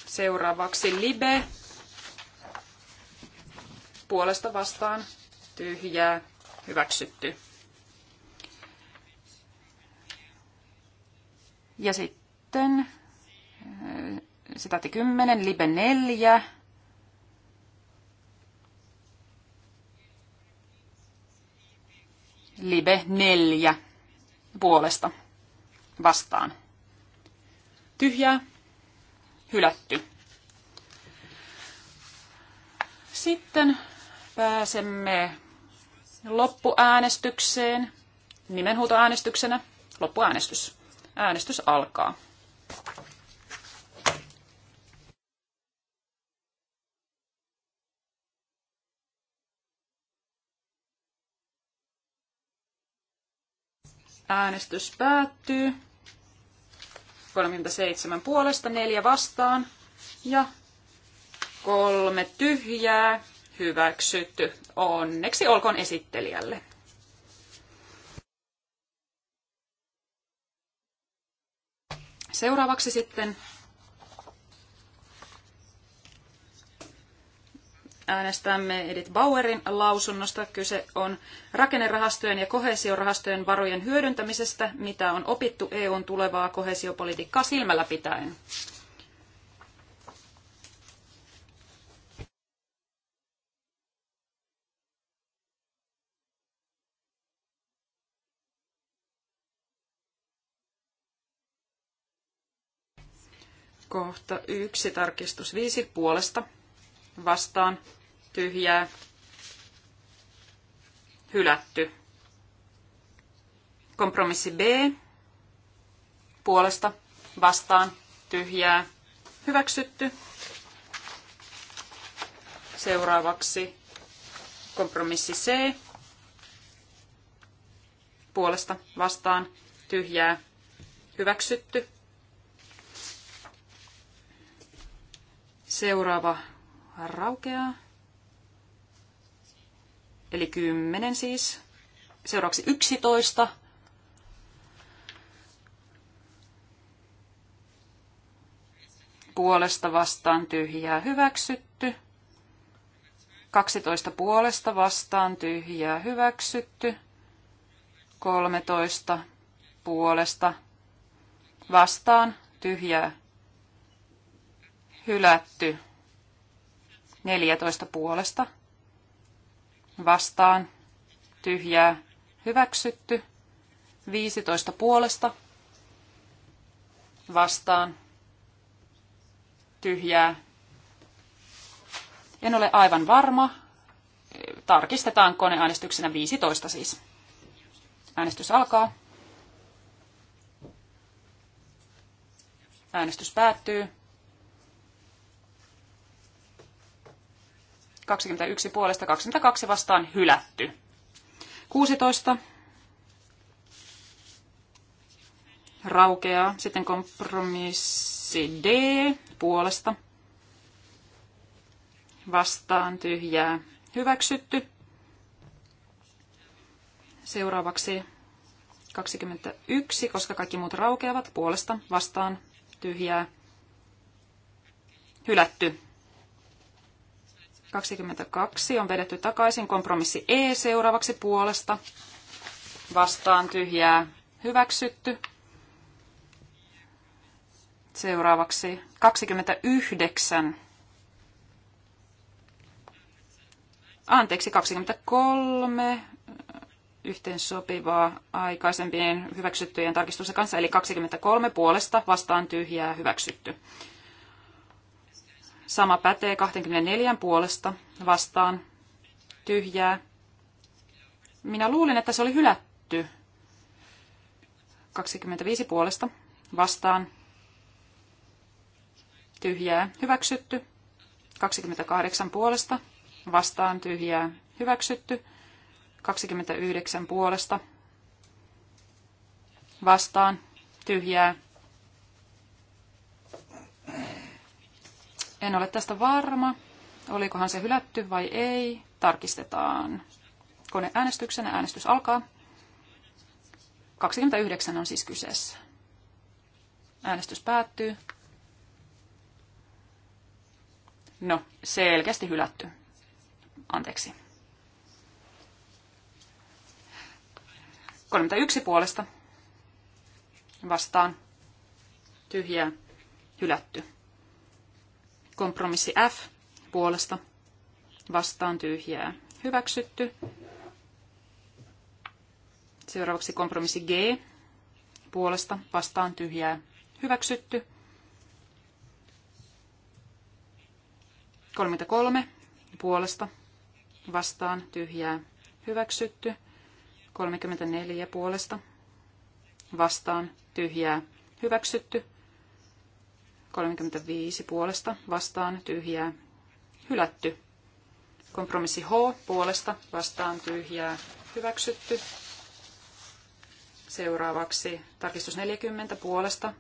Seuraavaksi Libe puolesta vastaan tyhjää hyväksytty. Ja sitten äh, sitaatti 10, libe 4. Libe 4 puolesta vastaan. Tyhjää, hylätty. Sitten pääsemme loppuäänestykseen nimenhuutoäänestyksenä. Loppuäänestys. Äänestys alkaa. Äänestys päättyy. 37 puolesta, 4 vastaan ja kolme tyhjää hyväksytty. Onneksi olkoon esittelijälle. Seuraavaksi sitten äänestämme Edith Bauerin lausunnosta. Kyse on rakennerahastojen ja kohesiorahastojen varojen hyödyntämisestä, mitä on opittu EUn tulevaa kohesiopolitiikkaa silmällä pitäen. Kohta yksi, tarkistus viisi, puolesta, vastaan, tyhjää, hylätty. Kompromissi B, puolesta, vastaan, tyhjää, hyväksytty. Seuraavaksi kompromissi C, puolesta, vastaan, tyhjää, hyväksytty. Seuraava raukeaa. Eli 10 siis. Seuraavaksi 11. Puolesta vastaan tyhjää hyväksytty. 12 puolesta vastaan tyhjää hyväksytty. 13 puolesta vastaan tyhjää hylätty. 14 puolesta vastaan tyhjää hyväksytty. 15 puolesta vastaan tyhjää. En ole aivan varma. Tarkistetaan koneäänestyksenä 15 siis. Äänestys alkaa. Äänestys päättyy. 21 puolesta 22 vastaan hylätty. 16 raukeaa. Sitten kompromissi D puolesta vastaan tyhjää hyväksytty. Seuraavaksi 21, koska kaikki muut raukeavat puolesta vastaan tyhjää hylätty. 22 on vedetty takaisin. Kompromissi E seuraavaksi puolesta. Vastaan tyhjää hyväksytty. Seuraavaksi 29. Anteeksi, 23 yhteensopivaa aikaisempien hyväksyttyjen tarkistusten kanssa, eli 23 puolesta vastaan tyhjää hyväksytty. Sama pätee 24 puolesta vastaan tyhjää. Minä luulin, että se oli hylätty. 25 puolesta vastaan tyhjää hyväksytty. 28 puolesta vastaan tyhjää hyväksytty. 29 puolesta vastaan tyhjää En ole tästä varma, olikohan se hylätty vai ei. Tarkistetaan. Koneäänestyksenä äänestys alkaa. 29 on siis kyseessä. Äänestys päättyy. No, selkeästi hylätty. Anteeksi. 31 puolesta vastaan tyhjää hylätty. Kompromissi F puolesta vastaan tyhjää hyväksytty. Seuraavaksi kompromissi G puolesta vastaan tyhjää hyväksytty. 33 puolesta vastaan tyhjää hyväksytty. 34 puolesta vastaan tyhjää hyväksytty. 35 puolesta vastaan tyhjää hylätty. Kompromissi H puolesta vastaan tyhjää hyväksytty. Seuraavaksi tarkistus 40 puolesta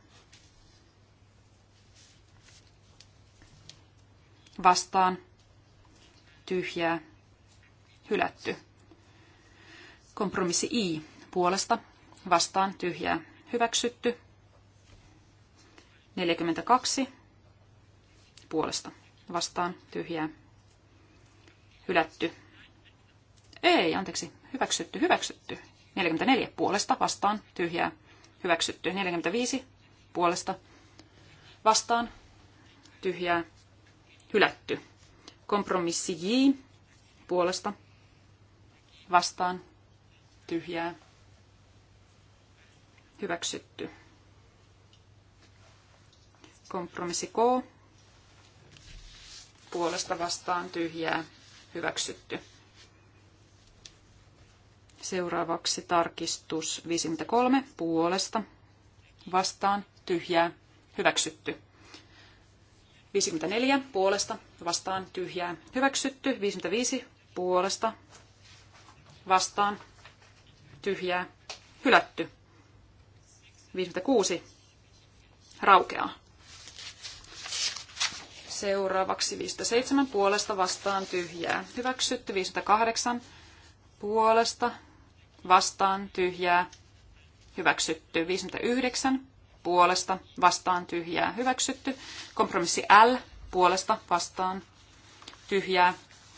vastaan tyhjää hylätty. Kompromissi I puolesta vastaan tyhjää hyväksytty. 42 puolesta vastaan tyhjää hylätty. Ei, anteeksi, hyväksytty, hyväksytty. 44 puolesta vastaan tyhjää hyväksytty. 45 puolesta vastaan tyhjää hylätty. Kompromissi J puolesta vastaan tyhjää hyväksytty. Kompromissi K. Puolesta vastaan tyhjää hyväksytty. Seuraavaksi tarkistus 53 puolesta vastaan tyhjää hyväksytty. 54 puolesta vastaan tyhjää hyväksytty. 55 puolesta vastaan tyhjää hylätty. 56 raukeaa. Seuraavaksi 57 puolesta vastaan tyhjää. Hyväksytty 58 puolesta vastaan tyhjää. Hyväksytty 59 puolesta vastaan tyhjää. Hyväksytty. Kompromissi L puolesta vastaan tyhjää.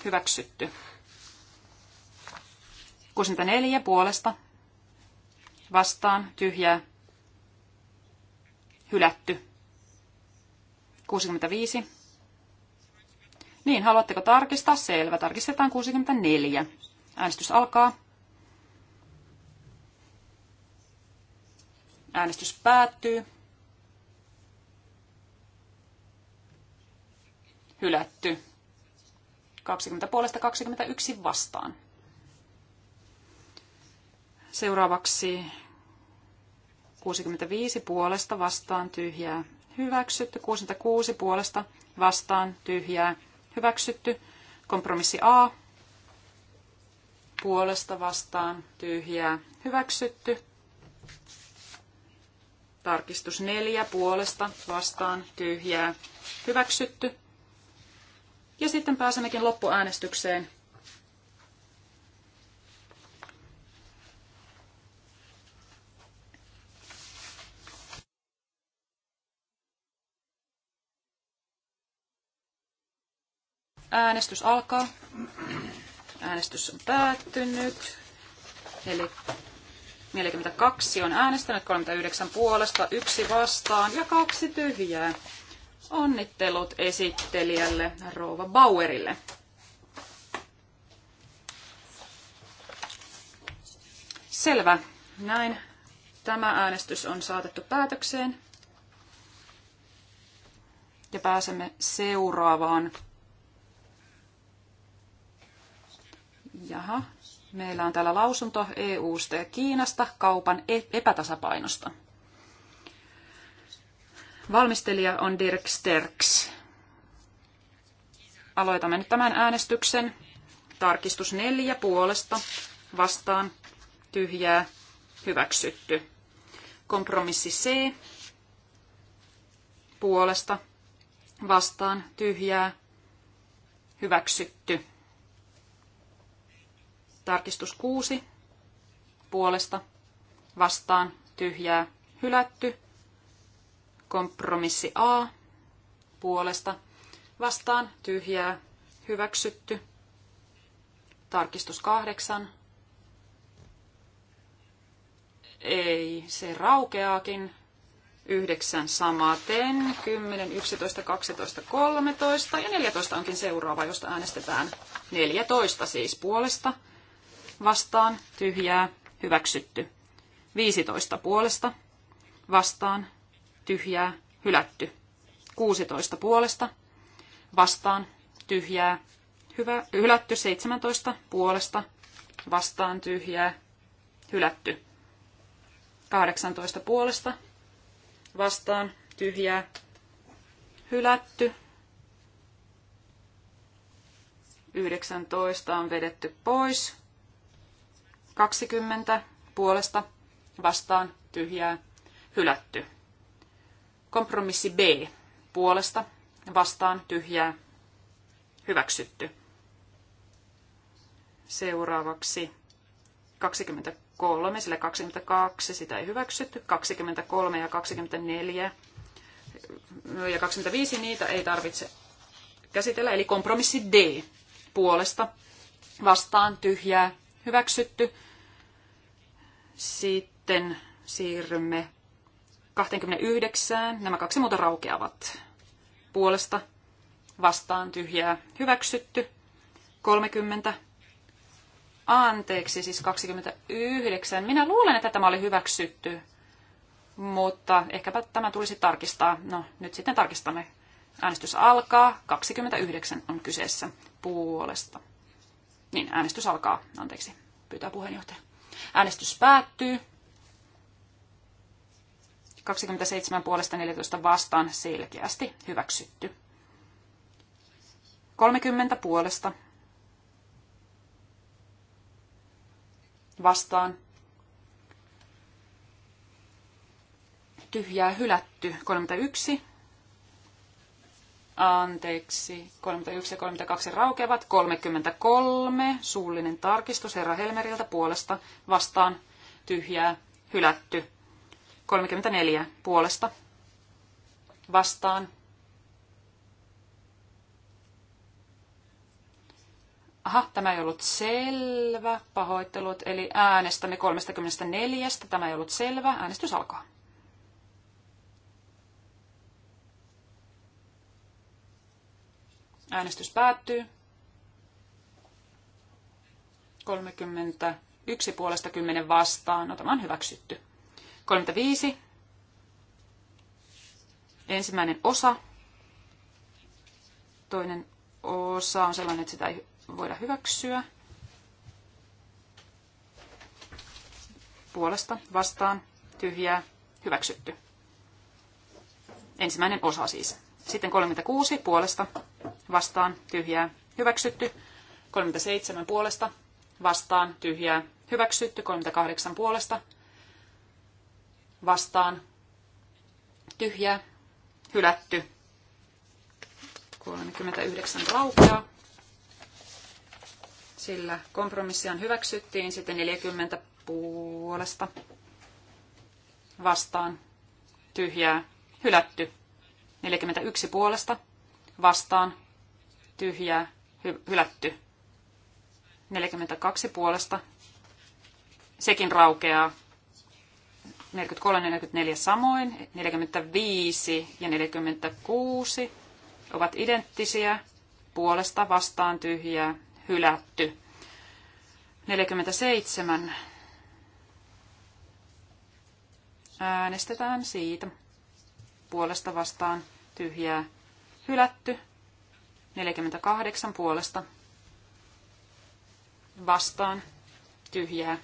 Hyväksytty. 64 puolesta vastaan tyhjää. Hylätty. 65 niin, haluatteko tarkistaa? Selvä. Tarkistetaan 64. Äänestys alkaa. Äänestys päättyy. Hylätty. 20 puolesta 21 vastaan. Seuraavaksi 65 puolesta vastaan tyhjää hyväksytty, 66 puolesta vastaan tyhjää hyväksytty. Kompromissi A puolesta vastaan tyhjää hyväksytty. Tarkistus 4 puolesta vastaan tyhjää hyväksytty. Ja sitten pääsemmekin loppuäänestykseen Äänestys alkaa. Äänestys on päättynyt. Eli 42 on äänestänyt, 39 puolesta, yksi vastaan ja kaksi tyhjää. Onnittelut esittelijälle Rova Bauerille. Selvä. Näin tämä äänestys on saatettu päätökseen. Ja pääsemme seuraavaan Jaha, meillä on täällä lausunto EU-sta ja Kiinasta kaupan e- epätasapainosta. Valmistelija on Dirk Sterks. Aloitamme nyt tämän äänestyksen. Tarkistus neljä puolesta vastaan tyhjää hyväksytty. Kompromissi C puolesta vastaan tyhjää hyväksytty. Tarkistus 6 puolesta vastaan tyhjää hylätty. Kompromissi A puolesta vastaan tyhjää hyväksytty. Tarkistus 8 ei, se raukeakin. 9 samaten, 10, 11, 12, 13 ja 14 onkin seuraava, josta äänestetään 14 siis puolesta vastaan, tyhjää, hyväksytty. 15 puolesta, vastaan, tyhjää, hylätty. 16 puolesta, vastaan, tyhjää, hyvä, hylätty. 17 puolesta, vastaan, tyhjää, hylätty. 18 puolesta, vastaan, tyhjää, hylätty. 19 on vedetty pois. 20 puolesta vastaan tyhjää hylätty. Kompromissi B puolesta vastaan tyhjää hyväksytty. Seuraavaksi 23, sillä 22 sitä ei hyväksytty, 23 ja 24 ja 25 niitä ei tarvitse käsitellä, eli kompromissi D puolesta vastaan tyhjää hyväksytty. Sitten siirrymme 29. Nämä kaksi muuta raukeavat. Puolesta vastaan tyhjää hyväksytty. 30. Anteeksi, siis 29. Minä luulen, että tämä oli hyväksytty, mutta ehkäpä tämä tulisi tarkistaa. No, nyt sitten tarkistamme. Äänestys alkaa. 29 on kyseessä puolesta. Niin, äänestys alkaa. Anteeksi, pyytää puheenjohtaja. Äänestys päättyy. 27 puolesta 14 vastaan selkeästi hyväksytty. 30 puolesta vastaan tyhjää hylätty 31 Anteeksi. 31 ja 32 raukeavat. 33. Suullinen tarkistus herra Helmeriltä puolesta vastaan tyhjää hylätty. 34 puolesta vastaan. Aha, tämä ei ollut selvä. Pahoittelut. Eli äänestämme 34. Tämä ei ollut selvä. Äänestys alkaa. Äänestys päättyy. 31 puolesta 10 vastaan. No tämä on hyväksytty. 35. Ensimmäinen osa. Toinen osa on sellainen, että sitä ei voida hyväksyä. Puolesta, vastaan, tyhjää, hyväksytty. Ensimmäinen osa siis. Sitten 36 puolesta vastaan tyhjää hyväksytty. 37 puolesta vastaan tyhjää hyväksytty. 38 puolesta vastaan tyhjää hylätty. 39 raukeaa. Sillä on hyväksyttiin sitten 40 puolesta vastaan tyhjää hylätty. 41 puolesta vastaan tyhjää, hy- hylätty. 42 puolesta, sekin raukeaa. 43 44 samoin, 45 ja 46 ovat identtisiä, puolesta vastaan tyhjää, hylätty. 47 äänestetään siitä, puolesta vastaan tyhjää, hylätty. 48 puolesta vastaan tyhjää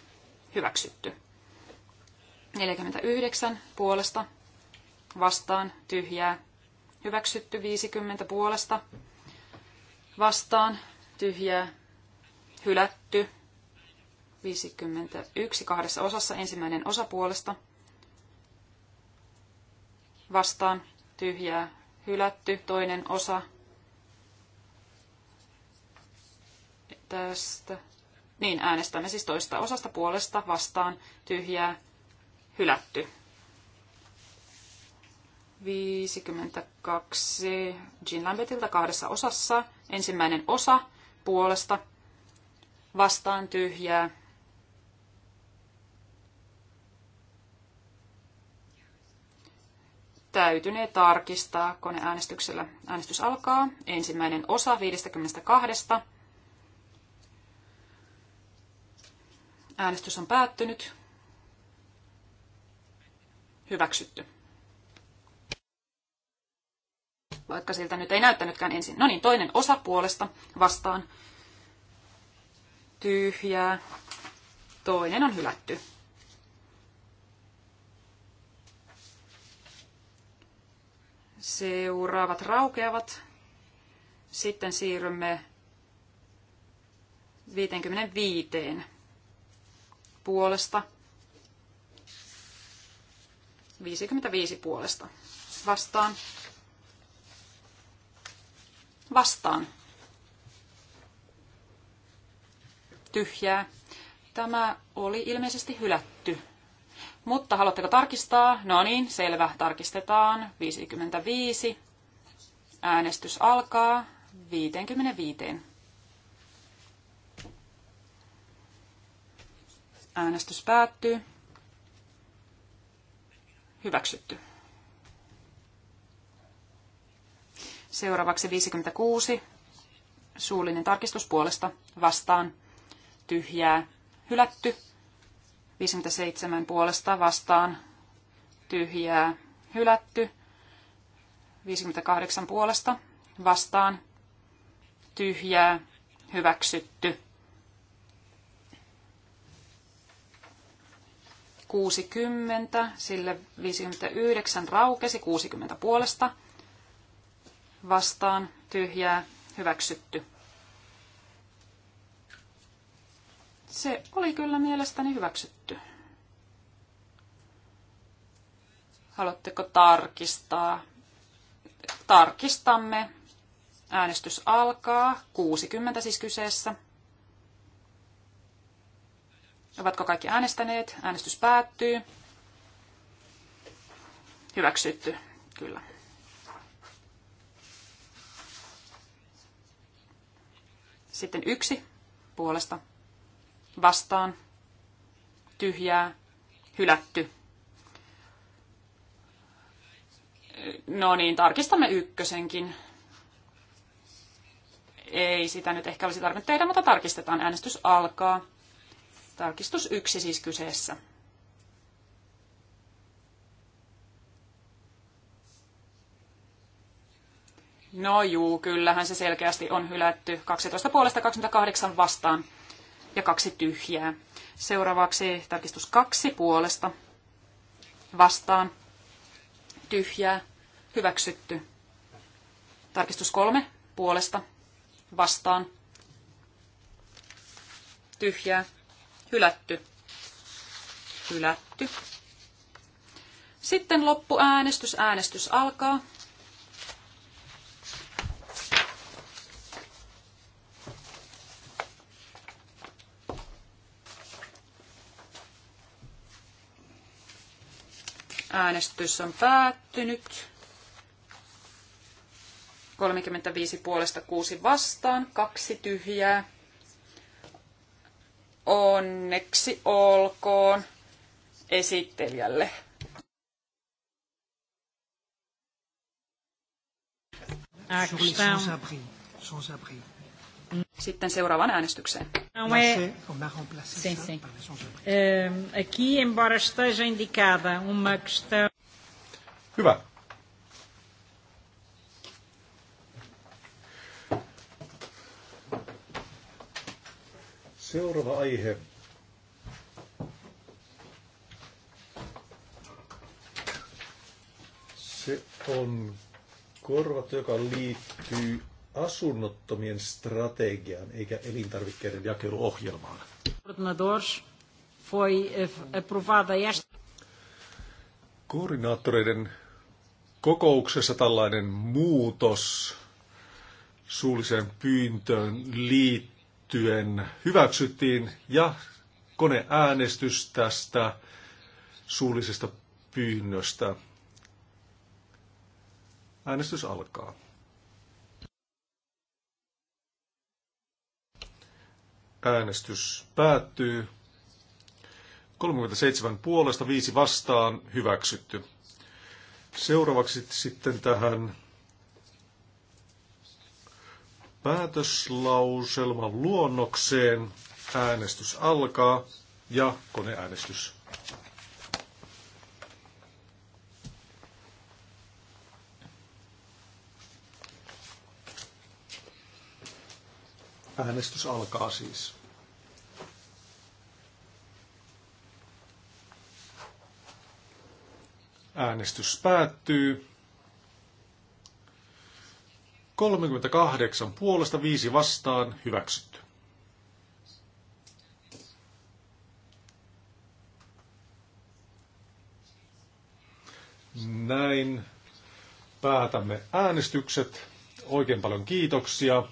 hyväksytty. 49 puolesta vastaan tyhjää hyväksytty. 50 puolesta vastaan tyhjää hylätty. 51 kahdessa osassa ensimmäinen osa puolesta vastaan tyhjää hylätty toinen osa tästä. Niin, äänestämme siis toista osasta puolesta vastaan tyhjää hylätty. 52 Jean Lambertilta kahdessa osassa. Ensimmäinen osa puolesta vastaan tyhjää. Täytynee tarkistaa koneäänestyksellä. Äänestys alkaa. Ensimmäinen osa 52 Äänestys on päättynyt. Hyväksytty. Vaikka siltä nyt ei näyttänytkään ensin. No niin, toinen osa puolesta vastaan. Tyhjää. Toinen on hylätty. Seuraavat raukeavat. Sitten siirrymme 55 puolesta. 55 puolesta. Vastaan. Vastaan. Tyhjää. Tämä oli ilmeisesti hylätty. Mutta haluatteko tarkistaa? No niin, selvä, tarkistetaan. 55. Äänestys alkaa 55. Äänestys päättyy. Hyväksytty. Seuraavaksi 56. Suullinen tarkistus puolesta vastaan. Tyhjää. Hylätty. 57 puolesta vastaan. Tyhjää. Hylätty. 58 puolesta vastaan. Tyhjää. Hyväksytty. 60, sille 59 raukesi 60 puolesta. Vastaan tyhjää hyväksytty. Se oli kyllä mielestäni hyväksytty. Haluatteko tarkistaa? Tarkistamme. Äänestys alkaa. 60 siis kyseessä. Ovatko kaikki äänestäneet? Äänestys päättyy. Hyväksytty, kyllä. Sitten yksi puolesta vastaan tyhjää hylätty. No niin, tarkistamme ykkösenkin. Ei sitä nyt ehkä olisi tarvinnut tehdä, mutta tarkistetaan. Äänestys alkaa. Tarkistus yksi siis kyseessä. No juu, kyllähän se selkeästi on hylätty. 12 puolesta 28 vastaan ja kaksi tyhjää. Seuraavaksi tarkistus kaksi puolesta vastaan tyhjää hyväksytty. Tarkistus kolme puolesta vastaan tyhjää Hylätty. Hylätty. Sitten loppuäänestys. Äänestys alkaa. Äänestys on päättynyt. 35 puolesta 6 vastaan, kaksi tyhjää onneksi olkoon esittelijälle. Sitten seuraavaan äänestykseen. Ehm, Hyvä. Seuraava aihe. Se on korvat, joka liittyy asunnottomien strategiaan eikä elintarvikkeiden jakeluohjelmaan. Eh, Koordinaattoreiden kokouksessa tällainen muutos suulliseen pyyntöön liittyy liittyen hyväksyttiin ja koneäänestys tästä suullisesta pyynnöstä. Äänestys alkaa. Äänestys päättyy. 37 puolesta, 5 vastaan, hyväksytty. Seuraavaksi sitten tähän päätöslauselman luonnokseen. Äänestys alkaa ja koneäänestys. Äänestys alkaa siis. Äänestys päättyy. 38 puolesta, 5 vastaan, hyväksytty. Näin päätämme äänestykset. Oikein paljon kiitoksia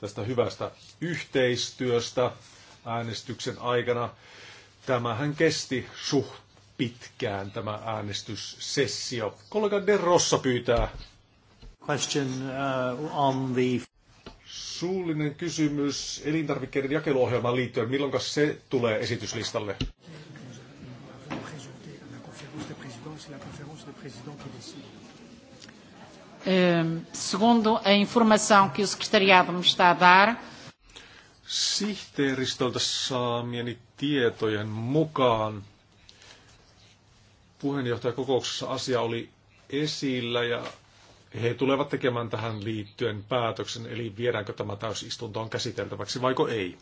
tästä hyvästä yhteistyöstä äänestyksen aikana. Tämähän kesti suht pitkään tämä äänestyssessio. Kollega De Rossa pyytää question uh, on the... Suullinen kysymys elintarvikkeiden jakeluohjelmaan liittyen. Milloin se tulee esityslistalle? Ehm, segundo Sihteeristöltä saamieni tietojen mukaan puheenjohtajakokouksessa asia oli esillä ja he tulevat tekemään tähän liittyen päätöksen, eli viedäänkö tämä täysistuntoon käsiteltäväksi vaiko ei.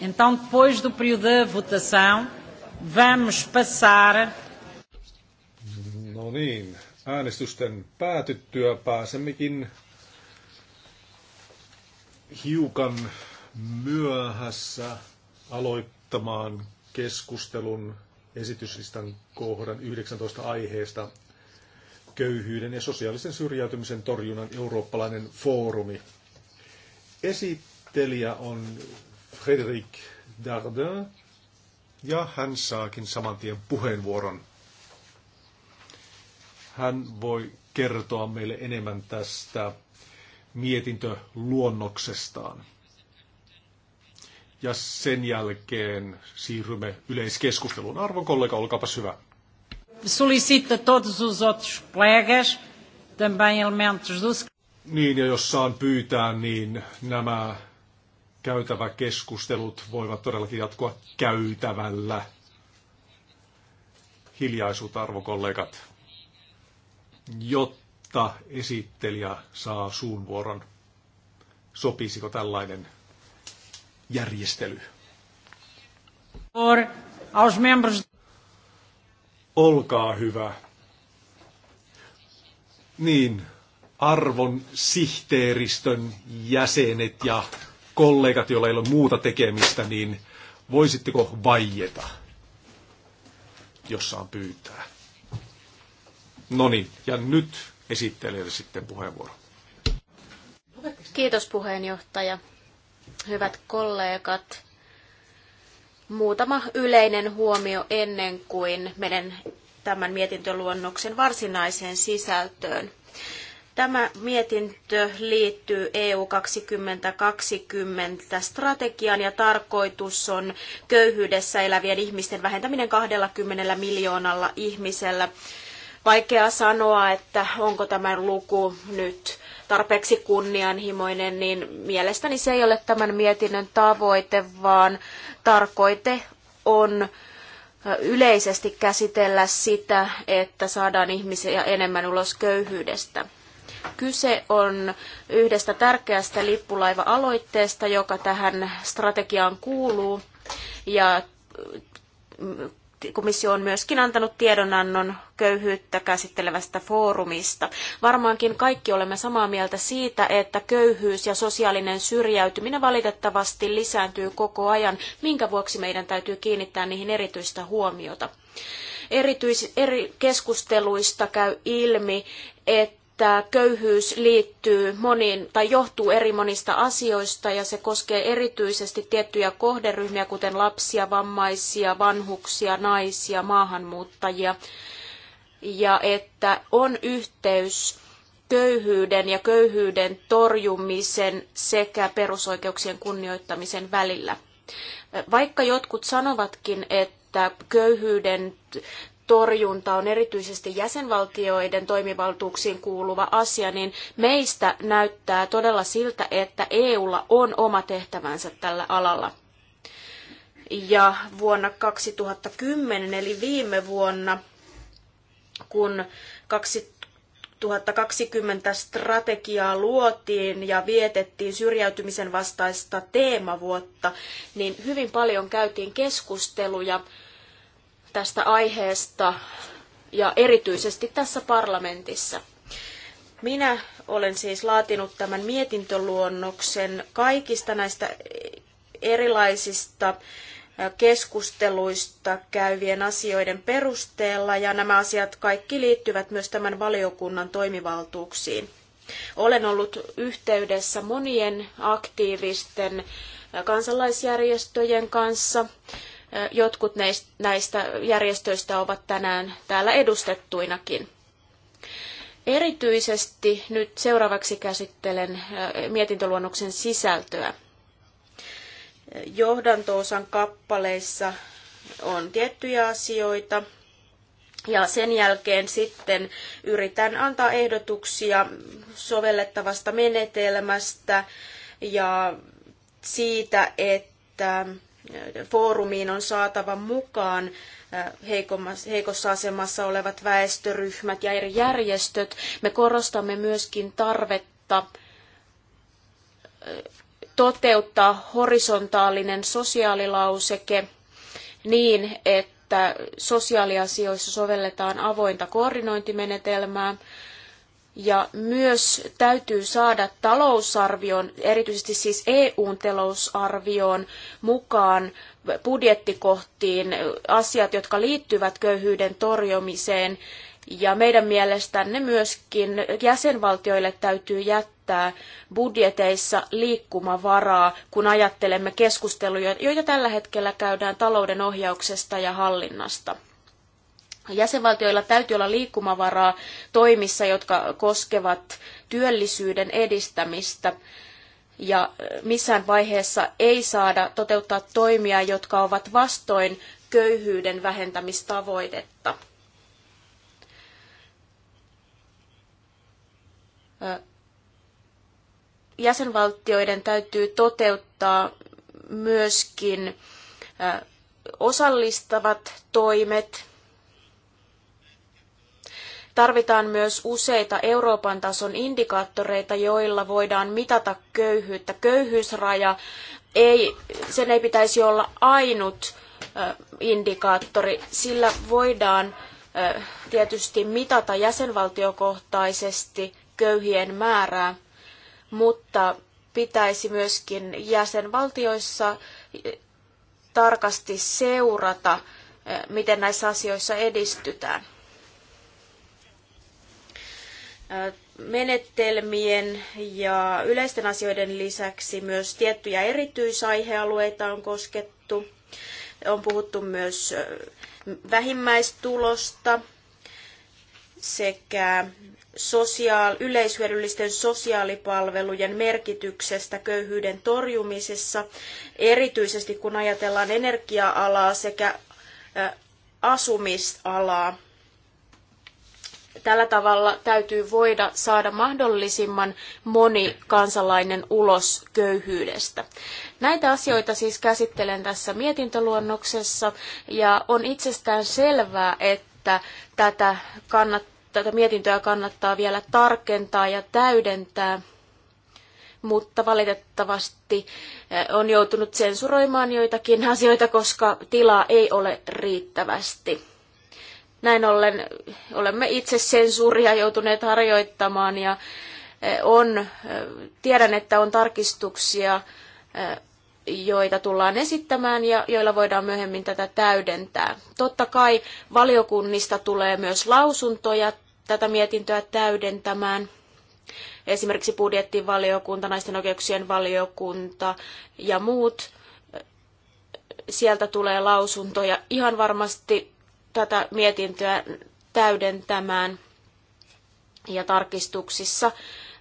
Então, depois do período da votação, vamos passar. No niin, Äänestysten päätyttyä pääsemmekin hiukan myöhässä aloittamaan keskustelun esityslistan kohdan 19 aiheesta köyhyyden ja sosiaalisen syrjäytymisen torjunnan eurooppalainen foorumi. Esittelijä on Frédéric Dardin ja hän saakin saman tien puheenvuoron. Hän voi kertoa meille enemmän tästä mietintöluonnoksestaan. Ja sen jälkeen siirrymme yleiskeskusteluun. Arvon kollega, olkaapa hyvä. Solicita todos os outros colegas, também elementos do... Niin, ja jos saan pyytää, niin nämä käytäväkeskustelut voivat todellakin jatkua käytävällä. Hiljaisuutta, arvokollegat jotta esittelijä saa suunvuoron, Sopisiko tällainen järjestely? Olkaa hyvä. Niin, arvon sihteeristön jäsenet ja kollegat, joilla ei ole muuta tekemistä, niin voisitteko vaieta, jos saan pyytää? No niin, ja nyt esittelijälle sitten puheenvuoro. Kiitos puheenjohtaja. Hyvät kollegat, muutama yleinen huomio ennen kuin menen tämän mietintöluonnoksen varsinaiseen sisältöön. Tämä mietintö liittyy EU 2020 strategiaan ja tarkoitus on köyhyydessä elävien ihmisten vähentäminen 20 miljoonalla ihmisellä Vaikea sanoa, että onko tämä luku nyt tarpeeksi kunnianhimoinen, niin mielestäni se ei ole tämän mietinnön tavoite, vaan tarkoite on yleisesti käsitellä sitä, että saadaan ihmisiä enemmän ulos köyhyydestä. Kyse on yhdestä tärkeästä lippulaiva-aloitteesta, joka tähän strategiaan kuuluu. Ja komissio on myöskin antanut tiedonannon köyhyyttä käsittelevästä foorumista. Varmaankin kaikki olemme samaa mieltä siitä, että köyhyys ja sosiaalinen syrjäytyminen valitettavasti lisääntyy koko ajan, minkä vuoksi meidän täytyy kiinnittää niihin erityistä huomiota. Erityis, eri keskusteluista käy ilmi, että että köyhyys liittyy moniin tai johtuu eri monista asioista ja se koskee erityisesti tiettyjä kohderyhmiä, kuten lapsia, vammaisia, vanhuksia, naisia, maahanmuuttajia. Ja että on yhteys köyhyyden ja köyhyyden torjumisen sekä perusoikeuksien kunnioittamisen välillä. Vaikka jotkut sanovatkin, että köyhyyden torjunta on erityisesti jäsenvaltioiden toimivaltuuksiin kuuluva asia, niin meistä näyttää todella siltä, että EUlla on oma tehtävänsä tällä alalla. Ja vuonna 2010, eli viime vuonna, kun 2020 strategiaa luotiin ja vietettiin syrjäytymisen vastaista teemavuotta, niin hyvin paljon käytiin keskusteluja tästä aiheesta ja erityisesti tässä parlamentissa. Minä olen siis laatinut tämän mietintöluonnoksen kaikista näistä erilaisista keskusteluista käyvien asioiden perusteella ja nämä asiat kaikki liittyvät myös tämän valiokunnan toimivaltuuksiin. Olen ollut yhteydessä monien aktiivisten kansalaisjärjestöjen kanssa Jotkut näistä järjestöistä ovat tänään täällä edustettuinakin. Erityisesti nyt seuraavaksi käsittelen mietintöluonnoksen sisältöä. Johdantoosan kappaleissa on tiettyjä asioita, ja sen jälkeen sitten yritän antaa ehdotuksia sovellettavasta menetelmästä ja siitä, että foorumiin on saatava mukaan äh, heikossa asemassa olevat väestöryhmät ja eri järjestöt. Me korostamme myöskin tarvetta äh, toteuttaa horisontaalinen sosiaalilauseke niin, että sosiaaliasioissa sovelletaan avointa koordinointimenetelmää. Ja myös täytyy saada talousarvion, erityisesti siis eu talousarvioon mukaan budjettikohtiin asiat, jotka liittyvät köyhyyden torjumiseen. Ja meidän mielestämme myöskin jäsenvaltioille täytyy jättää budjeteissa liikkumavaraa, kun ajattelemme keskusteluja, joita tällä hetkellä käydään talouden ohjauksesta ja hallinnasta. Jäsenvaltioilla täytyy olla liikkumavaraa toimissa, jotka koskevat työllisyyden edistämistä. Ja missään vaiheessa ei saada toteuttaa toimia, jotka ovat vastoin köyhyyden vähentämistavoitetta. Jäsenvaltioiden täytyy toteuttaa myöskin osallistavat toimet, Tarvitaan myös useita Euroopan tason indikaattoreita, joilla voidaan mitata köyhyyttä. Köyhyysraja, ei, sen ei pitäisi olla ainut indikaattori, sillä voidaan tietysti mitata jäsenvaltiokohtaisesti köyhien määrää, mutta pitäisi myöskin jäsenvaltioissa tarkasti seurata, miten näissä asioissa edistytään menetelmien ja yleisten asioiden lisäksi myös tiettyjä erityisaihealueita on koskettu. On puhuttu myös vähimmäistulosta sekä sosiaal- yleishyödyllisten sosiaalipalvelujen merkityksestä köyhyyden torjumisessa, erityisesti kun ajatellaan energia-alaa sekä asumisalaa. Tällä tavalla täytyy voida saada mahdollisimman moni kansalainen ulos köyhyydestä. Näitä asioita siis käsittelen tässä mietintöluonnoksessa ja on itsestään selvää, että tätä, kannat, tätä mietintöä kannattaa vielä tarkentaa ja täydentää mutta valitettavasti eh, on joutunut sensuroimaan joitakin asioita, koska tilaa ei ole riittävästi. Näin ollen olemme itse sensuuria joutuneet harjoittamaan ja e, on, e, tiedän, että on tarkistuksia, e, joita tullaan esittämään ja joilla voidaan myöhemmin tätä täydentää. Totta kai valiokunnista tulee myös lausuntoja tätä mietintöä täydentämään. Esimerkiksi budjettivaliokunta, naisten oikeuksien valiokunta ja muut. Sieltä tulee lausuntoja. Ihan varmasti tätä mietintöä täydentämään ja tarkistuksissa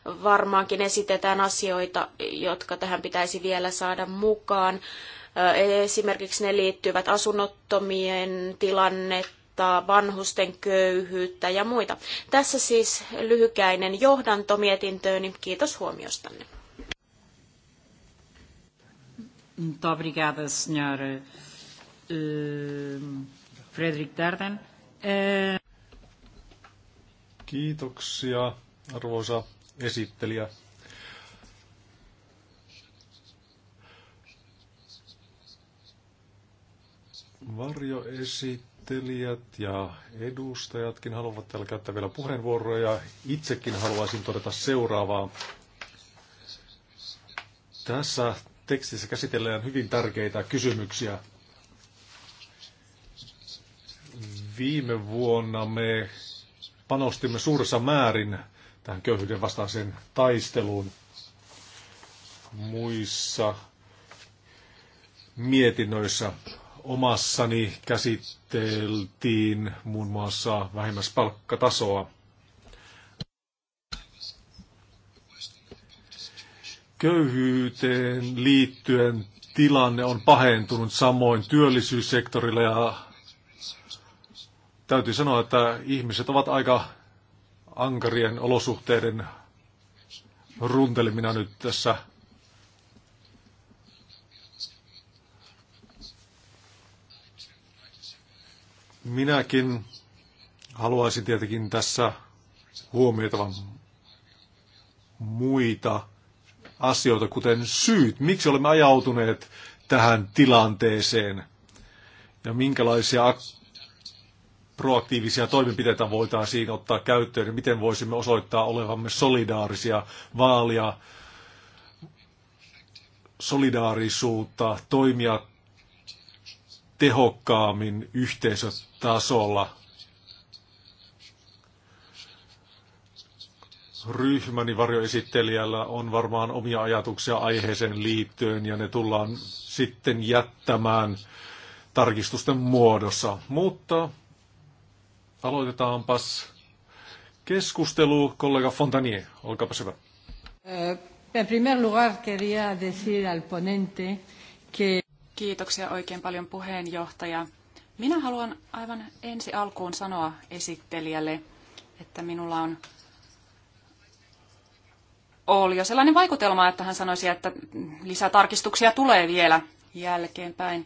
varmaankin esitetään asioita, jotka tähän pitäisi vielä saada mukaan. Esimerkiksi ne liittyvät asunnottomien tilannetta, vanhusten köyhyyttä ja muita. Tässä siis lyhykäinen johdanto mietintööni. Kiitos huomiostanne. Muito obrigada, senhora. Uh... Fredrik Tärten. Eh. Kiitoksia, arvoisa esittelijä. Varjoesittelijät ja edustajatkin haluavat täällä käyttää vielä puheenvuoroja. Itsekin haluaisin todeta seuraavaa. Tässä tekstissä käsitellään hyvin tärkeitä kysymyksiä. Viime vuonna me panostimme suuressa määrin tähän köyhyyden vastaiseen taisteluun muissa mietinnöissä. Omassani käsiteltiin muun muassa vähimmäispalkkatasoa. Köyhyyteen liittyen tilanne on pahentunut samoin työllisyyssektorilla ja Täytyy sanoa, että ihmiset ovat aika ankarien olosuhteiden runtelimina nyt tässä Minäkin haluaisin tietenkin tässä huomioitavan muita asioita, kuten syyt, miksi olemme ajautuneet tähän tilanteeseen ja minkälaisia proaktiivisia toimenpiteitä voitaisiin ottaa käyttöön ja niin miten voisimme osoittaa olevamme solidaarisia vaalia, solidaarisuutta, toimia tehokkaammin yhteisötasolla. Ryhmäni varjoesittelijällä on varmaan omia ajatuksia aiheeseen liittyen ja ne tullaan sitten jättämään tarkistusten muodossa. Mutta Aloitetaanpas keskustelu. Kollega Fontanier, olkaapa hyvä. Eh, en primer lugar quería decir al ponente que... Kiitoksia oikein paljon puheenjohtaja. Minä haluan aivan ensi alkuun sanoa esittelijälle, että minulla on oli jo sellainen vaikutelma, että hän sanoisi, että lisätarkistuksia tulee vielä jälkeenpäin.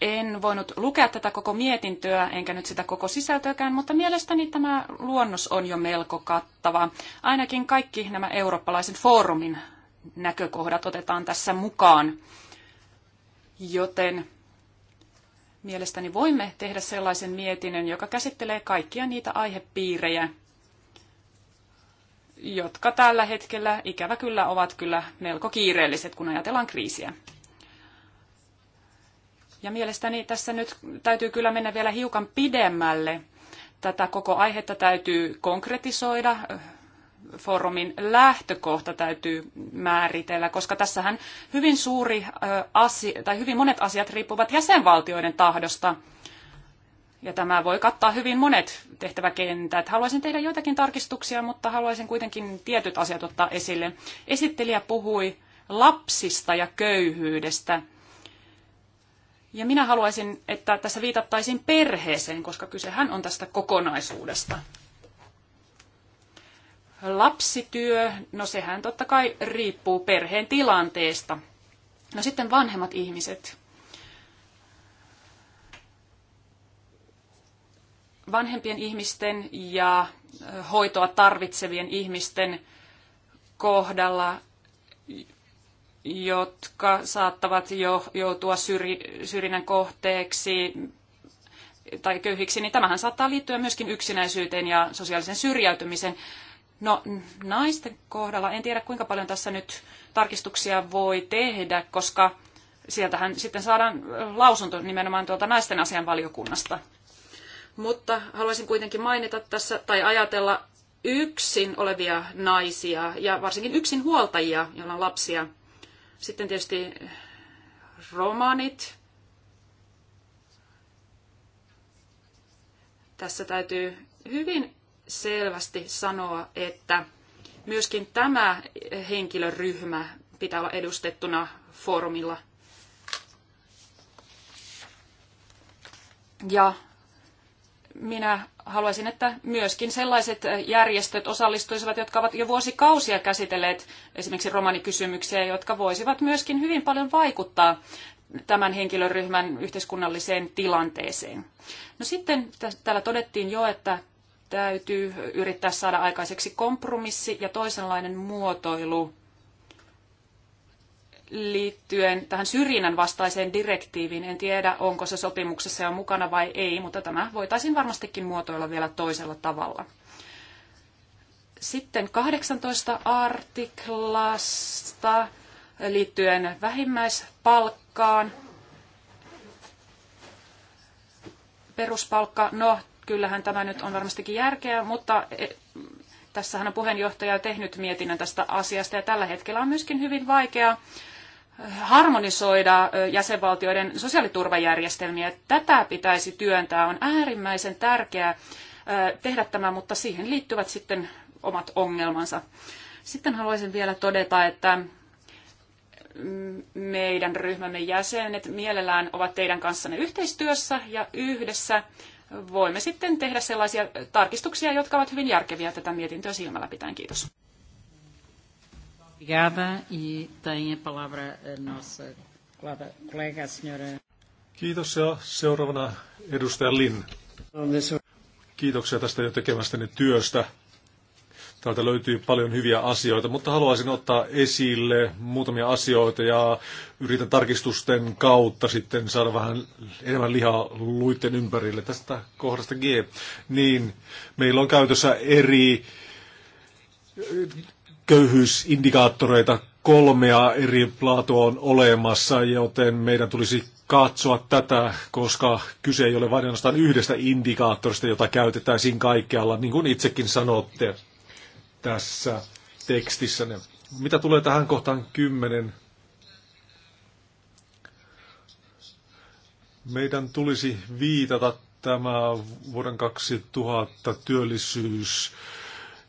En voinut lukea tätä koko mietintöä, enkä nyt sitä koko sisältöäkään, mutta mielestäni tämä luonnos on jo melko kattava. Ainakin kaikki nämä eurooppalaisen foorumin näkökohdat otetaan tässä mukaan. Joten mielestäni voimme tehdä sellaisen mietinnön, joka käsittelee kaikkia niitä aihepiirejä, jotka tällä hetkellä ikävä kyllä ovat kyllä melko kiireelliset, kun ajatellaan kriisiä. Ja mielestäni tässä nyt täytyy kyllä mennä vielä hiukan pidemmälle. Tätä koko aihetta täytyy konkretisoida, foorumin lähtökohta täytyy määritellä, koska tässähän hyvin suuri asia, tai hyvin monet asiat riippuvat jäsenvaltioiden tahdosta. Ja tämä voi kattaa hyvin monet tehtäväkentät. Haluaisin tehdä joitakin tarkistuksia, mutta haluaisin kuitenkin tietyt asiat ottaa esille. Esittelijä puhui lapsista ja köyhyydestä – ja minä haluaisin, että tässä viitattaisiin perheeseen, koska kysehän on tästä kokonaisuudesta. Lapsityö, no sehän totta kai riippuu perheen tilanteesta. No sitten vanhemmat ihmiset. Vanhempien ihmisten ja hoitoa tarvitsevien ihmisten kohdalla jotka saattavat jo, joutua syri, syrjinnän kohteeksi tai köyhiksi, niin tämähän saattaa liittyä myöskin yksinäisyyteen ja sosiaalisen syrjäytymisen. No naisten kohdalla en tiedä kuinka paljon tässä nyt tarkistuksia voi tehdä, koska sieltähän sitten saadaan lausunto nimenomaan tuolta naisten asian valiokunnasta. Mutta haluaisin kuitenkin mainita tässä tai ajatella yksin olevia naisia ja varsinkin yksin huoltajia, joilla on lapsia – sitten tietysti romanit. Tässä täytyy hyvin selvästi sanoa, että myöskin tämä henkilöryhmä pitää olla edustettuna foorumilla. Ja minä haluaisin, että myöskin sellaiset järjestöt osallistuisivat, jotka ovat jo vuosikausia käsitelleet esimerkiksi romanikysymyksiä, jotka voisivat myöskin hyvin paljon vaikuttaa tämän henkilöryhmän yhteiskunnalliseen tilanteeseen. No sitten täällä todettiin jo, että täytyy yrittää saada aikaiseksi kompromissi ja toisenlainen muotoilu liittyen tähän syrjinnän vastaiseen direktiiviin. En tiedä, onko se sopimuksessa jo mukana vai ei, mutta tämä voitaisiin varmastikin muotoilla vielä toisella tavalla. Sitten 18 artiklasta liittyen vähimmäispalkkaan. Peruspalkka, no kyllähän tämä nyt on varmastikin järkeä, mutta e, tässähän on puheenjohtaja tehnyt mietinnän tästä asiasta ja tällä hetkellä on myöskin hyvin vaikea harmonisoida jäsenvaltioiden sosiaaliturvajärjestelmiä. Tätä pitäisi työntää. On äärimmäisen tärkeää tehdä tämä, mutta siihen liittyvät sitten omat ongelmansa. Sitten haluaisin vielä todeta, että mm, meidän ryhmämme jäsenet mielellään ovat teidän kanssanne yhteistyössä ja yhdessä voimme sitten tehdä sellaisia tarkistuksia, jotka ovat hyvin järkeviä tätä mietintöä silmällä pitäen. Kiitos. Obrigada e tem a palavra a nossa colega, a senhora. Kiitos ja seuraavana edustaja Lin. Kiitoksia tästä jo tekemästäni työstä. Täältä löytyy paljon hyviä asioita, mutta haluaisin ottaa esille muutamia asioita ja yritän tarkistusten kautta sitten saada vähän enemmän lihaa luitten ympärille tästä kohdasta G. Niin, meillä on käytössä eri köyhyysindikaattoreita kolmea eri laatua on olemassa, joten meidän tulisi katsoa tätä, koska kyse ei ole vain ainoastaan yhdestä indikaattorista, jota käytetään siinä kaikkialla, niin kuin itsekin sanotte tässä tekstissä. Mitä tulee tähän kohtaan Kymmenen Meidän tulisi viitata tämä vuoden 2000 työllisyys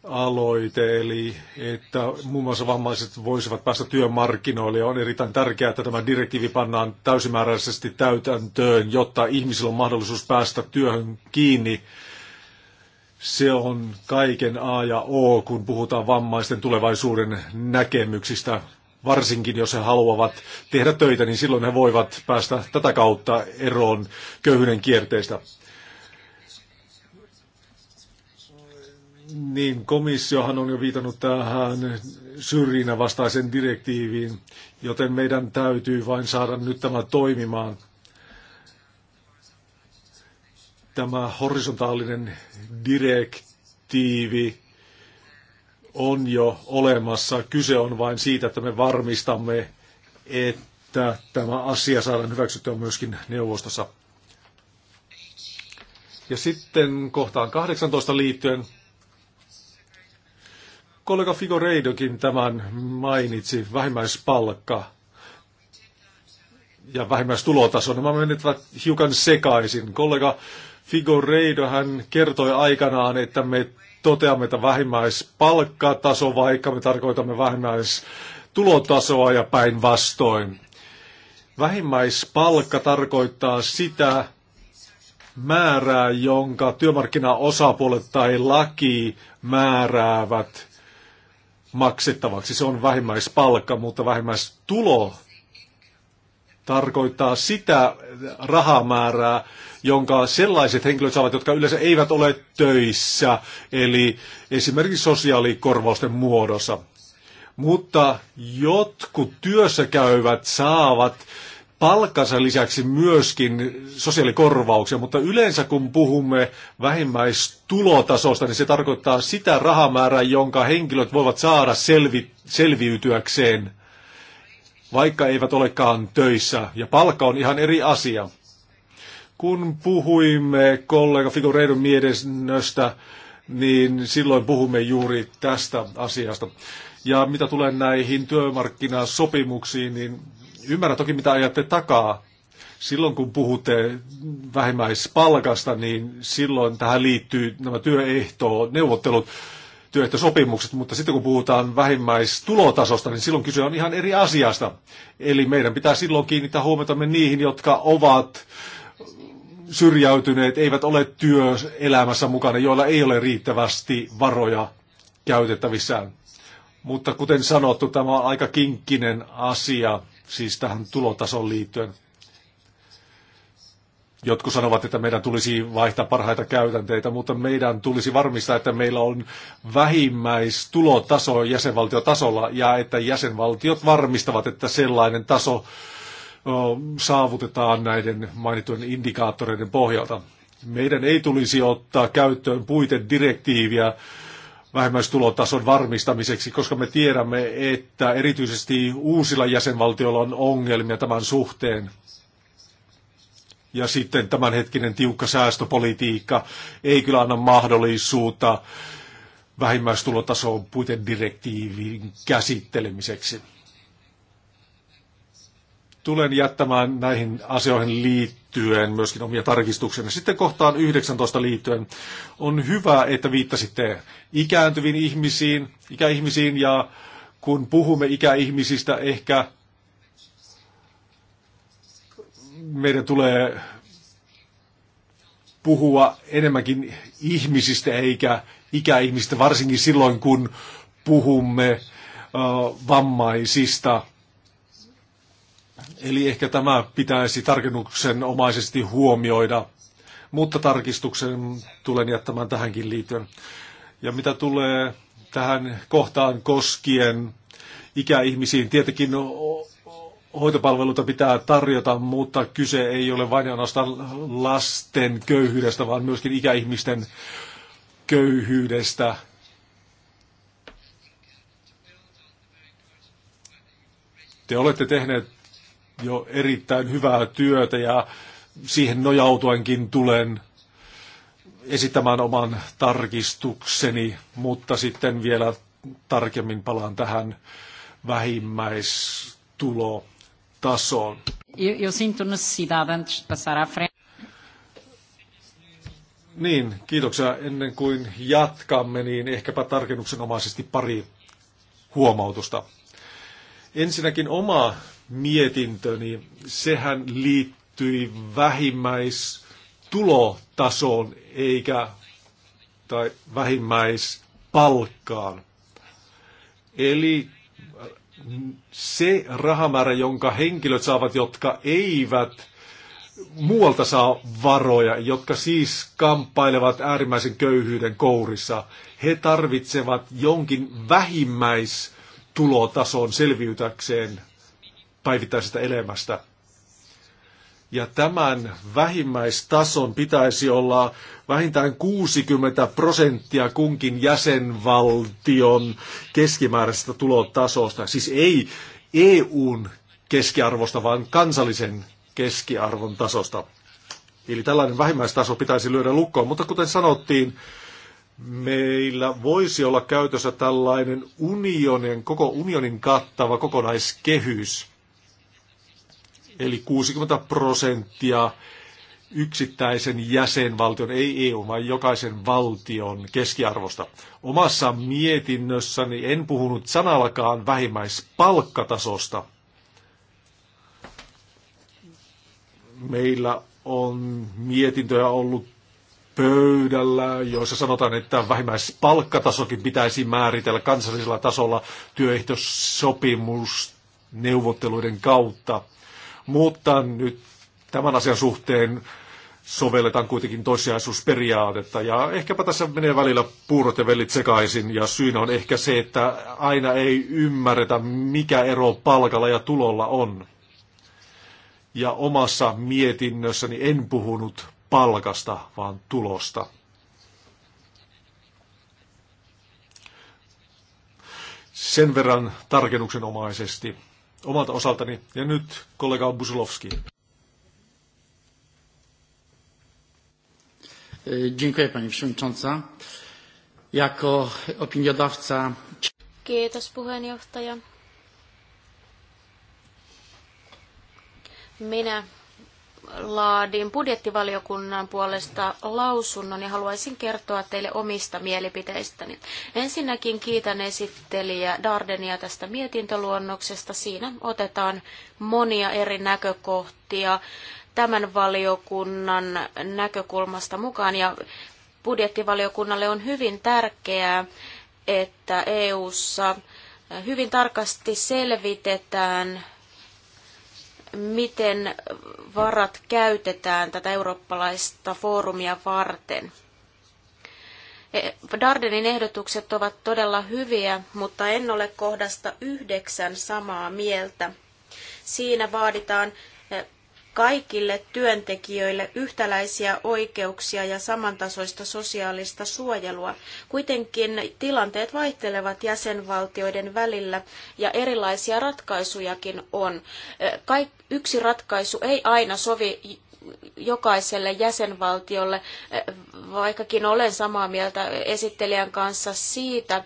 aloite, eli että muun muassa vammaiset voisivat päästä työmarkkinoille. On erittäin tärkeää, että tämä direktiivi pannaan täysimääräisesti täytäntöön, jotta ihmisillä on mahdollisuus päästä työhön kiinni. Se on kaiken A ja O, kun puhutaan vammaisten tulevaisuuden näkemyksistä. Varsinkin jos he haluavat tehdä töitä, niin silloin he voivat päästä tätä kautta eroon köyhyyden kierteestä. Niin, komissiohan on jo viitannut tähän syrjinnän vastaisen direktiiviin, joten meidän täytyy vain saada nyt tämä toimimaan. Tämä horisontaalinen direktiivi on jo olemassa. Kyse on vain siitä, että me varmistamme, että tämä asia saadaan hyväksyttyä myöskin neuvostossa. Ja sitten kohtaan 18 liittyen Kollega Figo Reidokin tämän mainitsi, vähimmäispalkka ja vähimmäistulotaso. Nämä no, menetivät hiukan sekaisin. Kollega Figo Reido hän kertoi aikanaan, että me toteamme, että vähimmäispalkkataso, vaikka me tarkoitamme vähimmäistulotasoa ja päinvastoin. Vähimmäispalkka tarkoittaa sitä määrää, jonka työmarkkinaosapuolet tai laki määräävät maksettavaksi. Se on vähimmäispalkka, mutta vähimmäistulo tarkoittaa sitä rahamäärää, jonka sellaiset henkilöt saavat, jotka yleensä eivät ole töissä, eli esimerkiksi sosiaalikorvausten muodossa. Mutta jotkut työssä käyvät saavat palkkansa lisäksi myöskin sosiaalikorvauksia, mutta yleensä kun puhumme vähimmäistulotasosta, niin se tarkoittaa sitä rahamäärää, jonka henkilöt voivat saada selvi, selviytyäkseen, vaikka eivät olekaan töissä. Ja palkka on ihan eri asia. Kun puhuimme kollega Figureidon miedestä, niin silloin puhumme juuri tästä asiasta. Ja mitä tulee näihin työmarkkinasopimuksiin, niin Ymmärrän toki, mitä ajatte takaa. Silloin kun puhutte vähimmäispalkasta, niin silloin tähän liittyy nämä työehto, neuvottelut, työehtosopimukset, mutta sitten kun puhutaan vähimmäistulotasosta, niin silloin kyse on ihan eri asiasta. Eli meidän pitää silloin kiinnittää huomiota niihin, jotka ovat syrjäytyneet, eivät ole työelämässä mukana, joilla ei ole riittävästi varoja käytettävissään. Mutta kuten sanottu, tämä on aika kinkkinen asia siis tähän tulotason liittyen. Jotkut sanovat, että meidän tulisi vaihtaa parhaita käytänteitä, mutta meidän tulisi varmistaa, että meillä on vähimmäistulotaso jäsenvaltiotasolla ja että jäsenvaltiot varmistavat, että sellainen taso saavutetaan näiden mainittujen indikaattoreiden pohjalta. Meidän ei tulisi ottaa käyttöön puitedirektiiviä direktiiviä vähimmäistulotason varmistamiseksi, koska me tiedämme, että erityisesti uusilla jäsenvaltioilla on ongelmia tämän suhteen. Ja sitten tämänhetkinen tiukka säästöpolitiikka ei kyllä anna mahdollisuutta vähimmäistulotason puitedirektiivin käsittelemiseksi. Tulen jättämään näihin asioihin liittyen myöskin omia tarkistukseni. Sitten kohtaan 19 liittyen on hyvä, että viittasitte ikääntyviin ihmisiin, ikäihmisiin ja kun puhumme ikäihmisistä, ehkä meidän tulee puhua enemmänkin ihmisistä eikä ikäihmistä, varsinkin silloin kun puhumme vammaisista. Eli ehkä tämä pitäisi tarkennuksen omaisesti huomioida, mutta tarkistuksen tulen jättämään tähänkin liittyen. Ja mitä tulee tähän kohtaan koskien ikäihmisiin, tietenkin hoitopalveluita pitää tarjota, mutta kyse ei ole vain ainoastaan lasten köyhyydestä, vaan myöskin ikäihmisten köyhyydestä. Te olette tehneet jo erittäin hyvää työtä ja siihen nojautuenkin tulen esittämään oman tarkistukseni, mutta sitten vielä tarkemmin palaan tähän vähimmäistulotasoon. Niin, kiitoksia. Ennen kuin jatkamme, niin ehkäpä tarkennuksenomaisesti pari huomautusta. Ensinnäkin oma mietintö, niin sehän liittyi vähimmäistulotasoon eikä tai vähimmäispalkkaan. Eli se rahamäärä, jonka henkilöt saavat, jotka eivät muualta saa varoja, jotka siis kamppailevat äärimmäisen köyhyyden kourissa. He tarvitsevat jonkin vähimmäistulotason selviytäkseen päivittäisestä elämästä. Ja tämän vähimmäistason pitäisi olla vähintään 60 prosenttia kunkin jäsenvaltion keskimääräisestä tulotasosta. Siis ei EUn keskiarvosta, vaan kansallisen keskiarvon tasosta. Eli tällainen vähimmäistaso pitäisi lyödä lukkoon, mutta kuten sanottiin, meillä voisi olla käytössä tällainen unionin, koko unionin kattava kokonaiskehys – eli 60 prosenttia yksittäisen jäsenvaltion, ei EU, vaan jokaisen valtion keskiarvosta. Omassa mietinnössäni en puhunut sanallakaan vähimmäispalkkatasosta. Meillä on mietintöjä ollut pöydällä, joissa sanotaan, että vähimmäispalkkatasokin pitäisi määritellä kansallisella tasolla työehtosopimus neuvotteluiden kautta mutta nyt tämän asian suhteen sovelletaan kuitenkin toissijaisuusperiaatetta. Ja ehkäpä tässä menee välillä puurot ja vellit sekaisin, ja syynä on ehkä se, että aina ei ymmärretä, mikä ero palkalla ja tulolla on. Ja omassa mietinnössäni en puhunut palkasta, vaan tulosta. Sen verran tarkennuksenomaisesti omalta osaltani. Ja nyt kollega Busulovski. E, dziękuję Pani Przewodnicząca. Jako opiniodawca... Kiitos puheenjohtaja. Minä laadin budjettivaliokunnan puolesta lausunnon ja haluaisin kertoa teille omista mielipiteistäni. Ensinnäkin kiitän esittelijä Dardenia tästä mietintöluonnoksesta. Siinä otetaan monia eri näkökohtia tämän valiokunnan näkökulmasta mukaan ja budjettivaliokunnalle on hyvin tärkeää, että EU:ssa hyvin tarkasti selvitetään miten varat käytetään tätä eurooppalaista foorumia varten. E, Dardenin ehdotukset ovat todella hyviä, mutta en ole kohdasta yhdeksän samaa mieltä. Siinä vaaditaan kaikille työntekijöille yhtäläisiä oikeuksia ja samantasoista sosiaalista suojelua. Kuitenkin tilanteet vaihtelevat jäsenvaltioiden välillä ja erilaisia ratkaisujakin on. Kaik- yksi ratkaisu ei aina sovi jokaiselle jäsenvaltiolle, vaikkakin olen samaa mieltä esittelijän kanssa siitä,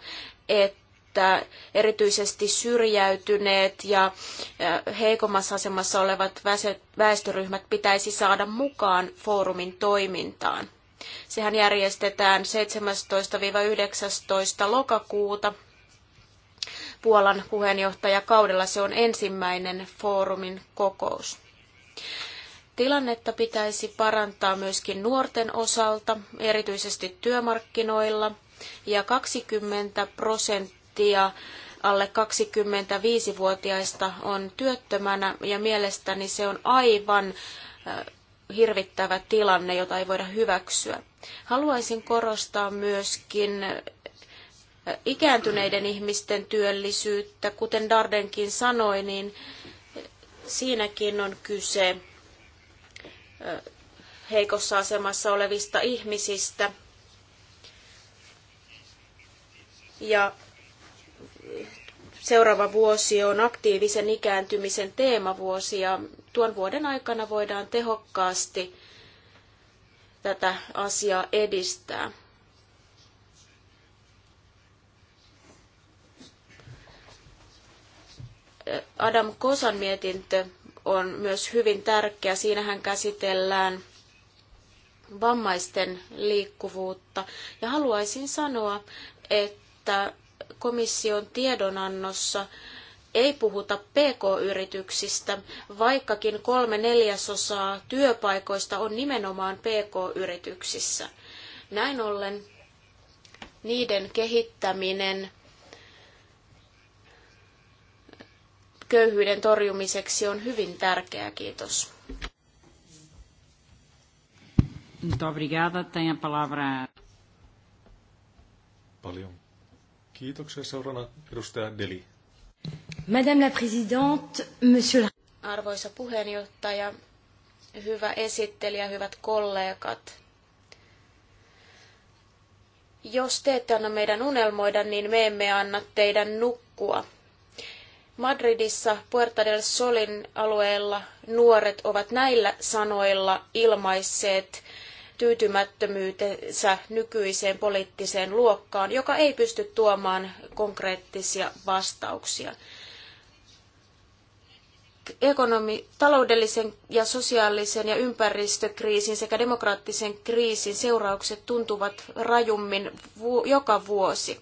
että että erityisesti syrjäytyneet ja heikommassa asemassa olevat väestöryhmät pitäisi saada mukaan foorumin toimintaan. Sehän järjestetään 17-19 lokakuuta Puolan puheenjohtajakaudella. Se on ensimmäinen foorumin kokous. Tilannetta pitäisi parantaa myöskin nuorten osalta, erityisesti työmarkkinoilla, ja 20 prosenttia prosenttia alle 25-vuotiaista on työttömänä ja mielestäni se on aivan hirvittävä tilanne, jota ei voida hyväksyä. Haluaisin korostaa myöskin ikääntyneiden ihmisten työllisyyttä. Kuten Dardenkin sanoi, niin siinäkin on kyse heikossa asemassa olevista ihmisistä. Ja seuraava vuosi on aktiivisen ikääntymisen teemavuosi ja tuon vuoden aikana voidaan tehokkaasti tätä asiaa edistää. Adam Kosan mietintö on myös hyvin tärkeä. Siinähän käsitellään vammaisten liikkuvuutta. Ja haluaisin sanoa, että komission tiedonannossa ei puhuta PK-yrityksistä, vaikkakin kolme neljäsosaa työpaikoista on nimenomaan PK-yrityksissä. Näin ollen niiden kehittäminen köyhyyden torjumiseksi on hyvin tärkeää. Kiitos. Muito obrigada. a palavra. Kiitoksia. Seurana edustaja Deli. Madame la Présidente, Monsieur... Arvoisa puheenjohtaja, hyvä esittelijä, hyvät kollegat. Jos te ette anna meidän unelmoida, niin me emme anna teidän nukkua. Madridissa Puerta del Solin alueella nuoret ovat näillä sanoilla ilmaisseet tyytymättömyytensä nykyiseen poliittiseen luokkaan, joka ei pysty tuomaan konkreettisia vastauksia. Ekonomi, taloudellisen ja sosiaalisen ja ympäristökriisin sekä demokraattisen kriisin seuraukset tuntuvat rajummin joka vuosi.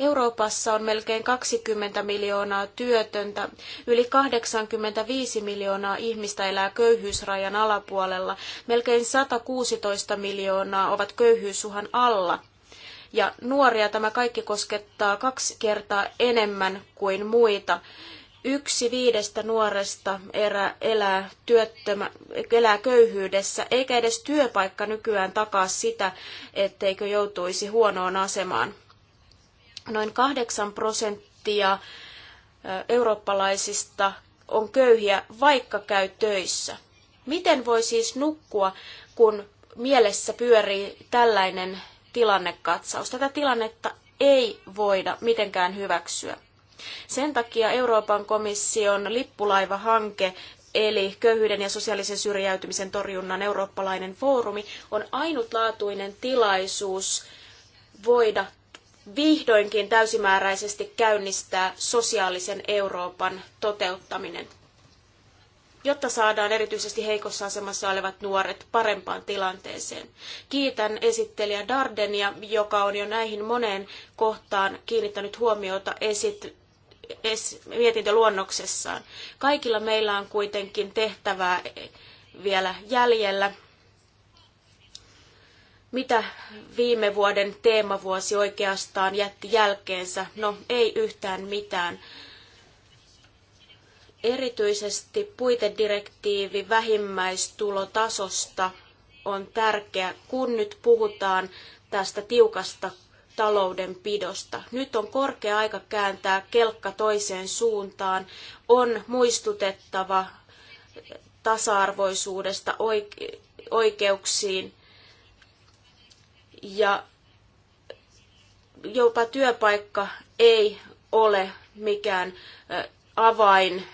Euroopassa on melkein 20 miljoonaa työtöntä, yli 85 miljoonaa ihmistä elää köyhyysrajan alapuolella, melkein 116 miljoonaa ovat köyhyysuhan alla. Ja nuoria tämä kaikki koskettaa kaksi kertaa enemmän kuin muita yksi viidestä nuoresta erä, elää, työttömä, elää köyhyydessä, eikä edes työpaikka nykyään takaa sitä, etteikö joutuisi huonoon asemaan. Noin 8 prosenttia eurooppalaisista on köyhiä, vaikka käy töissä. Miten voi siis nukkua, kun mielessä pyörii tällainen tilannekatsaus? Tätä tilannetta ei voida mitenkään hyväksyä. Sen takia Euroopan komission lippulaivahanke eli köyhyyden ja sosiaalisen syrjäytymisen torjunnan eurooppalainen foorumi on ainutlaatuinen tilaisuus voida vihdoinkin täysimääräisesti käynnistää sosiaalisen Euroopan toteuttaminen, jotta saadaan erityisesti heikossa asemassa olevat nuoret parempaan tilanteeseen. Kiitän esittelijä Dardenia, joka on jo näihin moneen kohtaan kiinnittänyt huomiota esit- es- mietintöluonnoksessaan. Kaikilla meillä on kuitenkin tehtävää vielä jäljellä mitä viime vuoden teemavuosi oikeastaan jätti jälkeensä? No ei yhtään mitään. Erityisesti puitedirektiivi vähimmäistulotasosta on tärkeä, kun nyt puhutaan tästä tiukasta taloudenpidosta. Nyt on korkea aika kääntää kelkka toiseen suuntaan. On muistutettava tasa-arvoisuudesta oikeuksiin ja jopa työpaikka ei ole mikään avain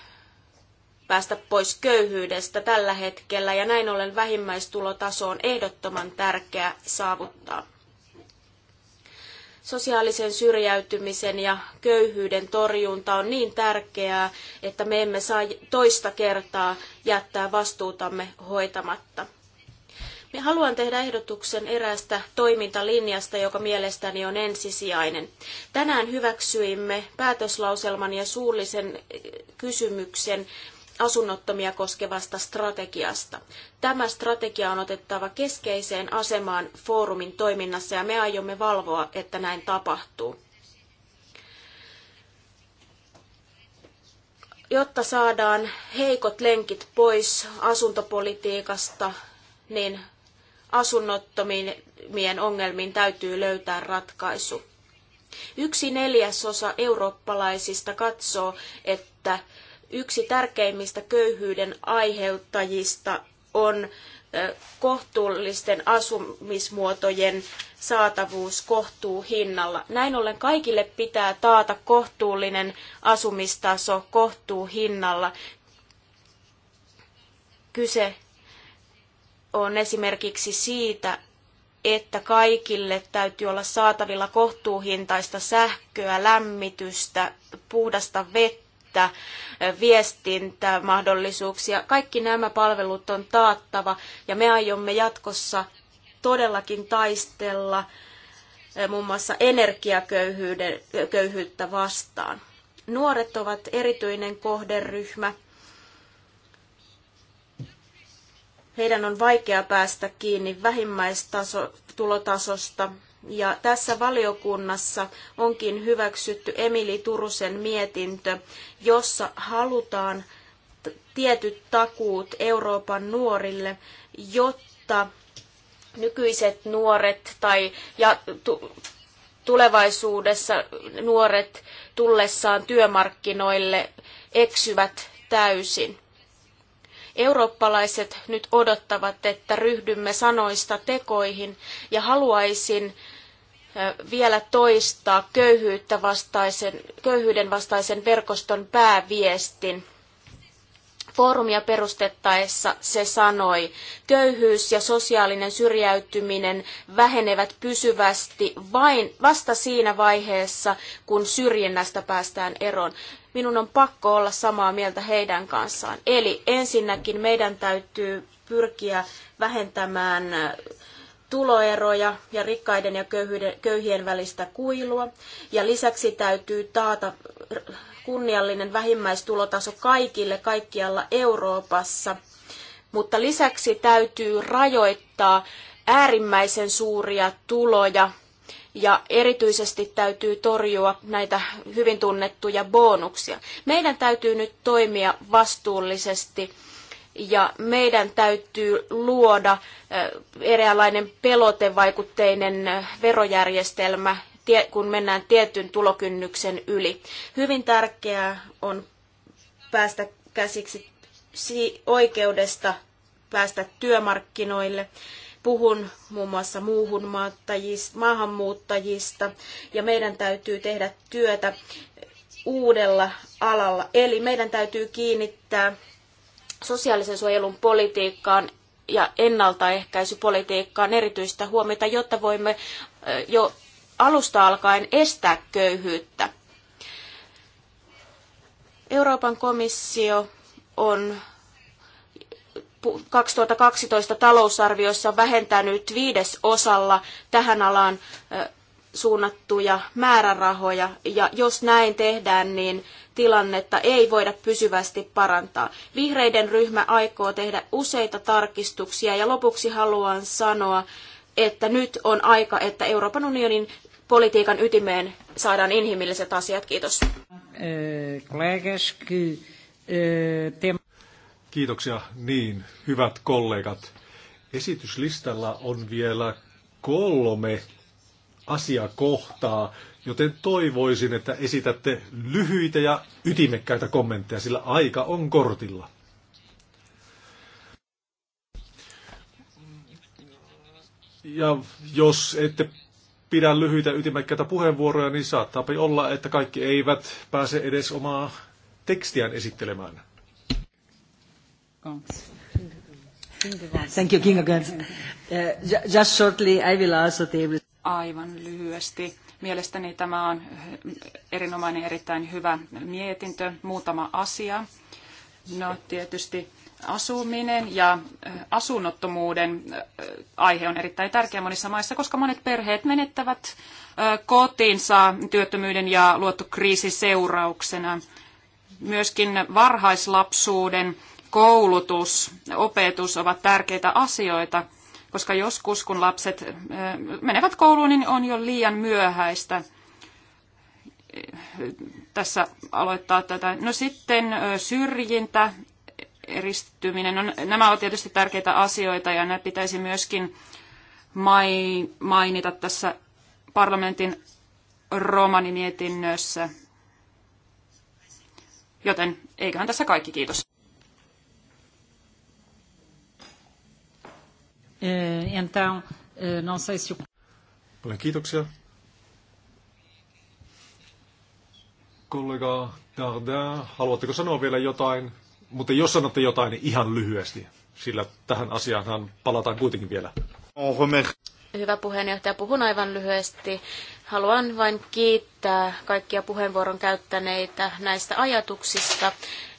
päästä pois köyhyydestä tällä hetkellä ja näin ollen vähimmäistulotaso on ehdottoman tärkeä saavuttaa. Sosiaalisen syrjäytymisen ja köyhyyden torjunta on niin tärkeää, että me emme saa toista kertaa jättää vastuutamme hoitamatta. Niin haluan tehdä ehdotuksen eräästä toimintalinjasta, joka mielestäni on ensisijainen. Tänään hyväksyimme päätöslauselman ja suullisen eh, kysymyksen asunnottomia koskevasta strategiasta. Tämä strategia on otettava keskeiseen asemaan foorumin toiminnassa ja me aiomme valvoa, että näin tapahtuu. Jotta saadaan heikot lenkit pois asuntopolitiikasta, niin asunnottomien ongelmiin täytyy löytää ratkaisu. Yksi neljäsosa eurooppalaisista katsoo, että yksi tärkeimmistä köyhyyden aiheuttajista on kohtuullisten asumismuotojen saatavuus kohtuu hinnalla. Näin ollen kaikille pitää taata kohtuullinen asumistaso hinnalla. Kyse on esimerkiksi siitä, että kaikille täytyy olla saatavilla kohtuuhintaista sähköä, lämmitystä, puhdasta vettä, viestintämahdollisuuksia. Kaikki nämä palvelut on taattava ja me aiomme jatkossa todellakin taistella eh, muun muassa energiaköyhyyttä vastaan. Nuoret ovat erityinen kohderyhmä Heidän on vaikea päästä kiinni vähimmäistulotasosta. Ja tässä valiokunnassa onkin hyväksytty Emili Turusen mietintö, jossa halutaan tietyt takuut Euroopan nuorille, jotta nykyiset nuoret tai ja tu, tulevaisuudessa nuoret tullessaan työmarkkinoille eksyvät täysin. Eurooppalaiset nyt odottavat, että ryhdymme sanoista tekoihin ja haluaisin vielä toistaa köyhyyttä vastaisen, köyhyyden vastaisen verkoston pääviestin. Foorumia perustettaessa se sanoi, köyhyys ja sosiaalinen syrjäytyminen vähenevät pysyvästi vain vasta siinä vaiheessa, kun syrjinnästä päästään eroon minun on pakko olla samaa mieltä heidän kanssaan. Eli ensinnäkin meidän täytyy pyrkiä vähentämään tuloeroja ja rikkaiden ja köyhien välistä kuilua. Ja lisäksi täytyy taata kunniallinen vähimmäistulotaso kaikille kaikkialla Euroopassa. Mutta lisäksi täytyy rajoittaa äärimmäisen suuria tuloja ja erityisesti täytyy torjua näitä hyvin tunnettuja bonuksia. Meidän täytyy nyt toimia vastuullisesti ja meidän täytyy luoda eräänlainen pelotevaikutteinen verojärjestelmä, kun mennään tietyn tulokynnyksen yli. Hyvin tärkeää on päästä käsiksi oikeudesta päästä työmarkkinoille Puhun muun muassa muuhun maahanmuuttajista ja meidän täytyy tehdä työtä uudella alalla. Eli meidän täytyy kiinnittää sosiaalisen suojelun politiikkaan ja ennaltaehkäisypolitiikkaan erityistä huomiota, jotta voimme jo alusta alkaen estää köyhyyttä. Euroopan komissio on 2012 talousarviossa on vähentänyt osalla tähän alaan suunnattuja määrärahoja, ja jos näin tehdään, niin tilannetta ei voida pysyvästi parantaa. Vihreiden ryhmä aikoo tehdä useita tarkistuksia, ja lopuksi haluan sanoa, että nyt on aika, että Euroopan unionin politiikan ytimeen saadaan inhimilliset asiat. Kiitos. Eh, eh, Kiitoksia niin, hyvät kollegat. Esityslistalla on vielä kolme asiakohtaa, joten toivoisin, että esitätte lyhyitä ja ytimekkäitä kommentteja, sillä aika on kortilla. Ja jos ette pidä lyhyitä ytimekkäitä puheenvuoroja, niin saattaa olla, että kaikki eivät pääse edes omaa tekstiään esittelemään. Thank you, Kinga Gons. Uh, just shortly, I will also table. Aivan lyhyesti. Mielestäni tämä on eh, erinomainen, erittäin hyvä mietintö. Muutama asia. No tietysti asuminen ja eh, asunnottomuuden eh, aihe on erittäin tärkeä monissa maissa, koska monet perheet menettävät kotinsa työttömyyden ja luottokriisin seurauksena. Myöskin varhaislapsuuden koulutus, opetus ovat tärkeitä asioita, koska joskus kun lapset menevät kouluun, niin on jo liian myöhäistä tässä aloittaa tätä. No sitten syrjintä, eristyminen, no, nämä ovat tietysti tärkeitä asioita ja ne pitäisi myöskin mainita tässä parlamentin romanimietinnössä. Joten eiköhän tässä kaikki, kiitos. Eh, então, eh, não sei se... Paljon kiitoksia. Kollega Dardin, haluatteko sanoa vielä jotain? Mutta jos sanotte jotain, niin ihan lyhyesti, sillä tähän asiaan palataan kuitenkin vielä. Hyvä puheenjohtaja, puhun aivan lyhyesti. Haluan vain kiittää kaikkia puheenvuoron käyttäneitä näistä ajatuksista.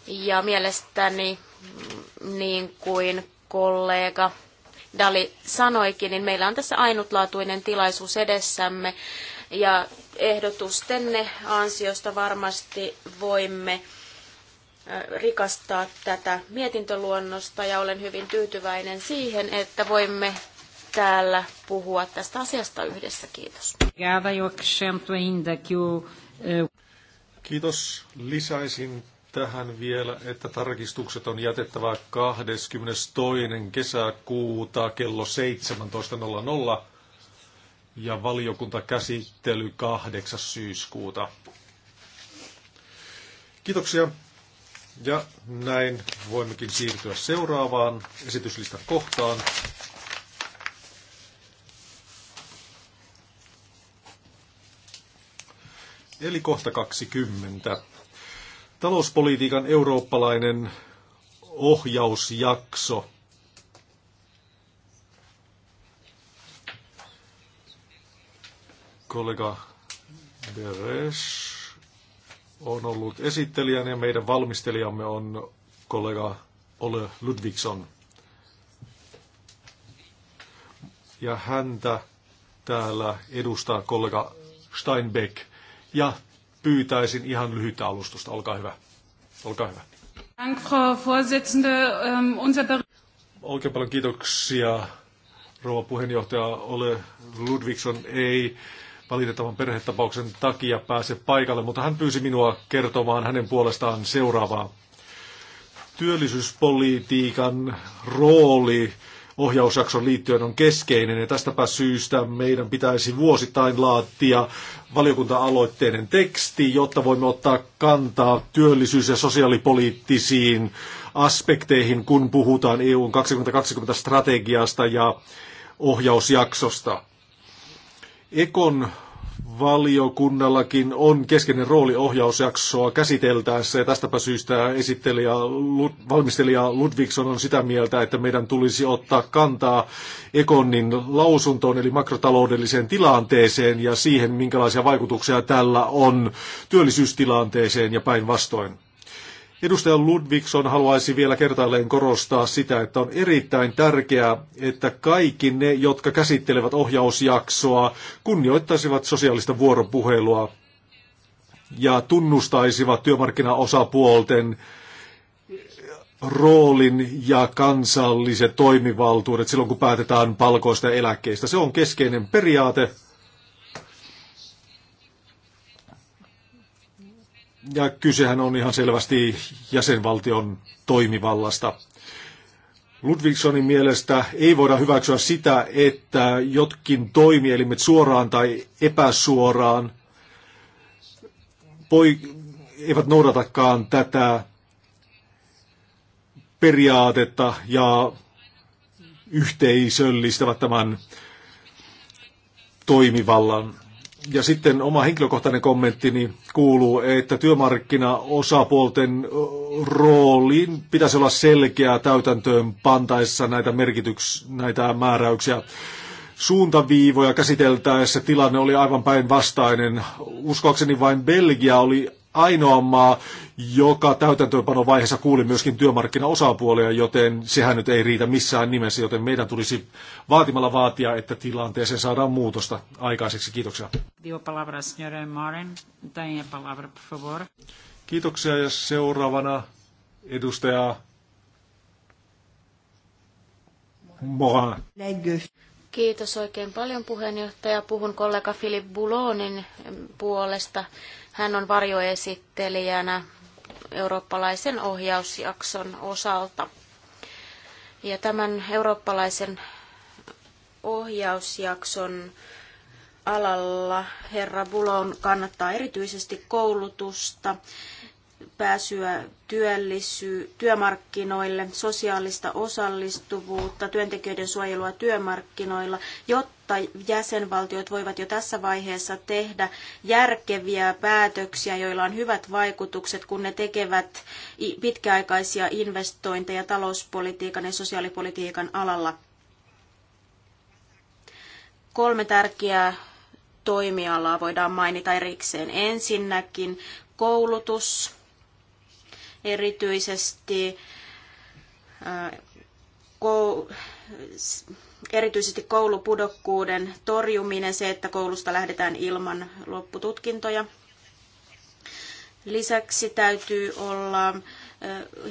Ja mielestäni, mm, niin kuin kollega Dali sanoikin, niin meillä on tässä ainutlaatuinen tilaisuus edessämme ja ehdotustenne ansiosta varmasti voimme rikastaa tätä mietintöluonnosta ja olen hyvin tyytyväinen siihen, että voimme täällä puhua tästä asiasta yhdessä. Kiitos. Kiitos. Lisäisin tähän vielä, että tarkistukset on jätettävä 22. kesäkuuta kello 17.00 ja valiokuntakäsittely 8. syyskuuta. Kiitoksia. Ja näin voimmekin siirtyä seuraavaan esityslistan kohtaan. Eli kohta 20. Talouspolitiikan eurooppalainen ohjausjakso. Kollega Beres on ollut esittelijän ja meidän valmistelijamme on kollega Ole Ludvigson. Ja häntä täällä edustaa kollega Steinbeck. Ja pyytäisin ihan lyhyttä alustusta. Olkaa hyvä. Olkaa hyvä. Dank, Frau Vorsitzende. Ähm, unser... Oikein paljon kiitoksia, rouva puheenjohtaja Ole Ludvigson. Ei valitettavan perhetapauksen takia pääse paikalle, mutta hän pyysi minua kertomaan hänen puolestaan seuraavaa. Työllisyyspolitiikan rooli ohjausjakson liittyen on keskeinen ja tästäpä syystä meidän pitäisi vuosittain laatia valiokunta-aloitteiden teksti, jotta voimme ottaa kantaa työllisyys- ja sosiaalipoliittisiin aspekteihin, kun puhutaan EUn 2020-strategiasta ja ohjausjaksosta. Ekon valiokunnallakin on keskeinen rooli ohjausjaksoa käsiteltäessä ja tästäpä syystä esittelijä, valmistelija Ludvigson on sitä mieltä, että meidän tulisi ottaa kantaa ekonin lausuntoon eli makrotaloudelliseen tilanteeseen ja siihen, minkälaisia vaikutuksia tällä on työllisyystilanteeseen ja päinvastoin. Edustaja Ludvigson haluaisi vielä kertaalleen korostaa sitä, että on erittäin tärkeää, että kaikki ne, jotka käsittelevät ohjausjaksoa, kunnioittaisivat sosiaalista vuoropuhelua ja tunnustaisivat työmarkkinaosapuolten roolin ja kansalliset toimivaltuudet silloin, kun päätetään palkoista ja eläkkeistä. Se on keskeinen periaate Ja kysehän on ihan selvästi jäsenvaltion toimivallasta. Ludvigsonin mielestä ei voida hyväksyä sitä, että jotkin toimielimet suoraan tai epäsuoraan poi, eivät noudatakaan tätä periaatetta ja yhteisöllistävät tämän toimivallan. Ja sitten oma henkilökohtainen kommenttini kuuluu, että työmarkkinaosapuolten roolin pitäisi olla selkeä täytäntöön pantaessa näitä, merkityks, näitä määräyksiä. Suuntaviivoja käsiteltäessä tilanne oli aivan päinvastainen. Uskoakseni vain Belgia oli ainoa maa, joka täytäntöönpanovaiheessa kuuli myöskin työmarkkinaosapuolia, joten sehän nyt ei riitä missään nimessä, joten meidän tulisi vaatimalla vaatia, että tilanteeseen saadaan muutosta aikaiseksi. Kiitoksia. Kiitoksia ja seuraavana edustaja Mohan. Kiitos oikein paljon puheenjohtaja. Puhun kollega Filip Bulonin puolesta. Hän on varjoesittelijänä eurooppalaisen ohjausjakson osalta. Ja tämän eurooppalaisen ohjausjakson alalla herra Bulon kannattaa erityisesti koulutusta pääsyä työllisy- työmarkkinoille, sosiaalista osallistuvuutta, työntekijöiden suojelua työmarkkinoilla, jotta jäsenvaltiot voivat jo tässä vaiheessa tehdä järkeviä päätöksiä, joilla on hyvät vaikutukset, kun ne tekevät pitkäaikaisia investointeja talouspolitiikan ja sosiaalipolitiikan alalla. Kolme tärkeää toimialaa voidaan mainita erikseen. Ensinnäkin koulutus, erityisesti äh, erityisesti koulupudokkuuden torjuminen, se, että koulusta lähdetään ilman loppututkintoja. Lisäksi täytyy olla äh,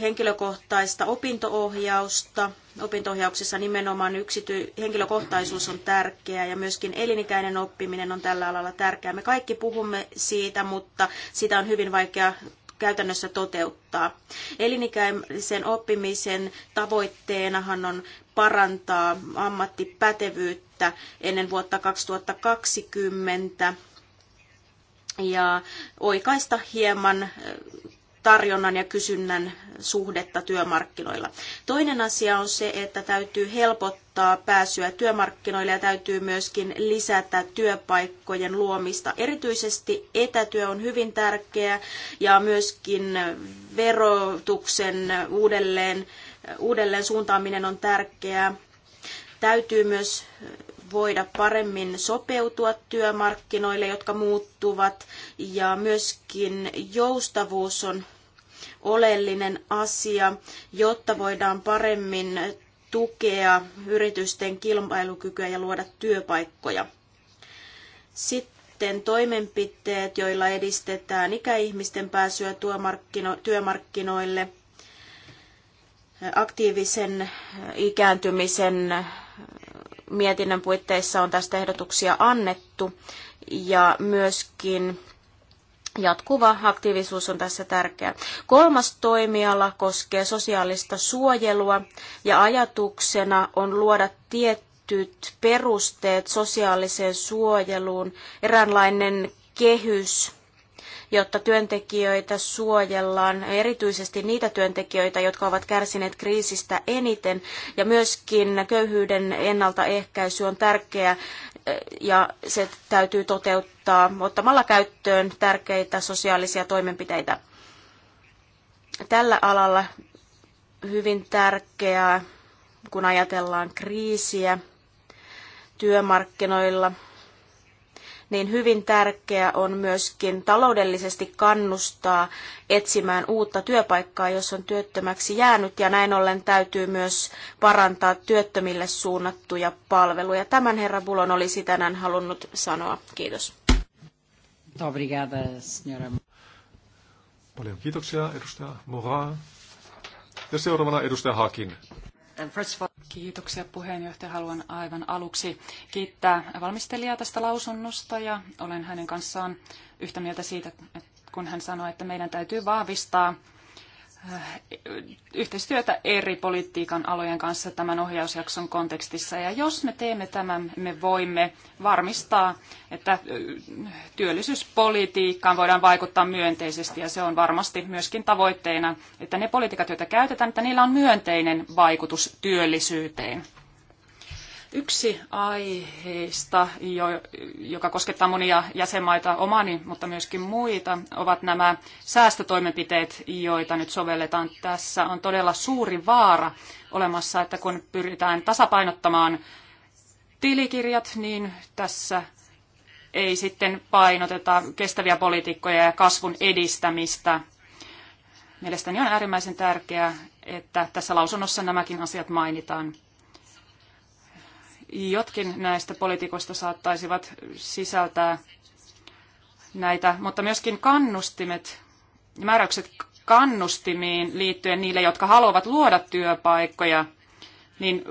henkilökohtaista opintoohjausta. Opintoohjauksessa nimenomaan yksity- henkilökohtaisuus on tärkeää ja myöskin elinikäinen oppiminen on tällä alalla tärkeää. Me kaikki puhumme siitä, mutta sitä on hyvin vaikea käytännössä toteuttaa. Elinikäisen oppimisen tavoitteenahan on parantaa ammattipätevyyttä ennen vuotta 2020 ja oikaista hieman tarjonnan ja kysynnän suhdetta työmarkkinoilla. Toinen asia on se, että täytyy helpottaa pääsyä työmarkkinoille ja täytyy myöskin lisätä työpaikkojen luomista. Erityisesti etätyö on hyvin tärkeää ja myöskin verotuksen uudelleen, uudelleen suuntaaminen on tärkeää. Täytyy myös voida paremmin sopeutua työmarkkinoille, jotka muuttuvat, ja myöskin joustavuus on oleellinen asia, jotta voidaan paremmin tukea yritysten kilpailukykyä ja luoda työpaikkoja. Sitten toimenpiteet, joilla edistetään ikäihmisten pääsyä työmarkkinoille, aktiivisen ikääntymisen mietinnön puitteissa on tästä ehdotuksia annettu ja myöskin Jatkuva aktiivisuus on tässä tärkeä. Kolmas toimiala koskee sosiaalista suojelua ja ajatuksena on luoda tietyt perusteet sosiaaliseen suojeluun, eräänlainen kehys jotta työntekijöitä suojellaan, erityisesti niitä työntekijöitä, jotka ovat kärsineet kriisistä eniten. Ja myöskin köyhyyden ennaltaehkäisy on tärkeää eh, ja se täytyy toteuttaa ottamalla käyttöön tärkeitä sosiaalisia toimenpiteitä. Tällä alalla hyvin tärkeää, kun ajatellaan kriisiä työmarkkinoilla – niin hyvin tärkeää on myöskin taloudellisesti kannustaa etsimään uutta työpaikkaa, jos on työttömäksi jäänyt, ja näin ollen täytyy myös parantaa työttömille suunnattuja palveluja. Tämän herra Bulon olisi tänään halunnut sanoa. Kiitos. Paljon kiitoksia, edustaja Moraa. Ja seuraavana edustaja Hakin. Kiitoksia puheenjohtaja. Haluan aivan aluksi kiittää valmistelijaa tästä lausunnosta ja olen hänen kanssaan yhtä mieltä siitä, kun hän sanoi, että meidän täytyy vahvistaa yhteistyötä eri politiikan alojen kanssa tämän ohjausjakson kontekstissa. Ja jos me teemme tämän, me voimme varmistaa, että työllisyyspolitiikkaan voidaan vaikuttaa myönteisesti ja se on varmasti myöskin tavoitteena, että ne politiikat, joita käytetään, että niillä on myönteinen vaikutus työllisyyteen. Yksi aiheista, joka koskettaa monia jäsenmaita omani, mutta myöskin muita, ovat nämä säästötoimenpiteet, joita nyt sovelletaan. Tässä on todella suuri vaara olemassa, että kun pyritään tasapainottamaan tilikirjat, niin tässä ei sitten painoteta kestäviä politiikkoja ja kasvun edistämistä. Mielestäni on äärimmäisen tärkeää, että tässä lausunnossa nämäkin asiat mainitaan. Jotkin näistä poliitikoista saattaisivat sisältää näitä, mutta myöskin kannustimet määräykset kannustimiin liittyen niille, jotka haluavat luoda työpaikkoja, niin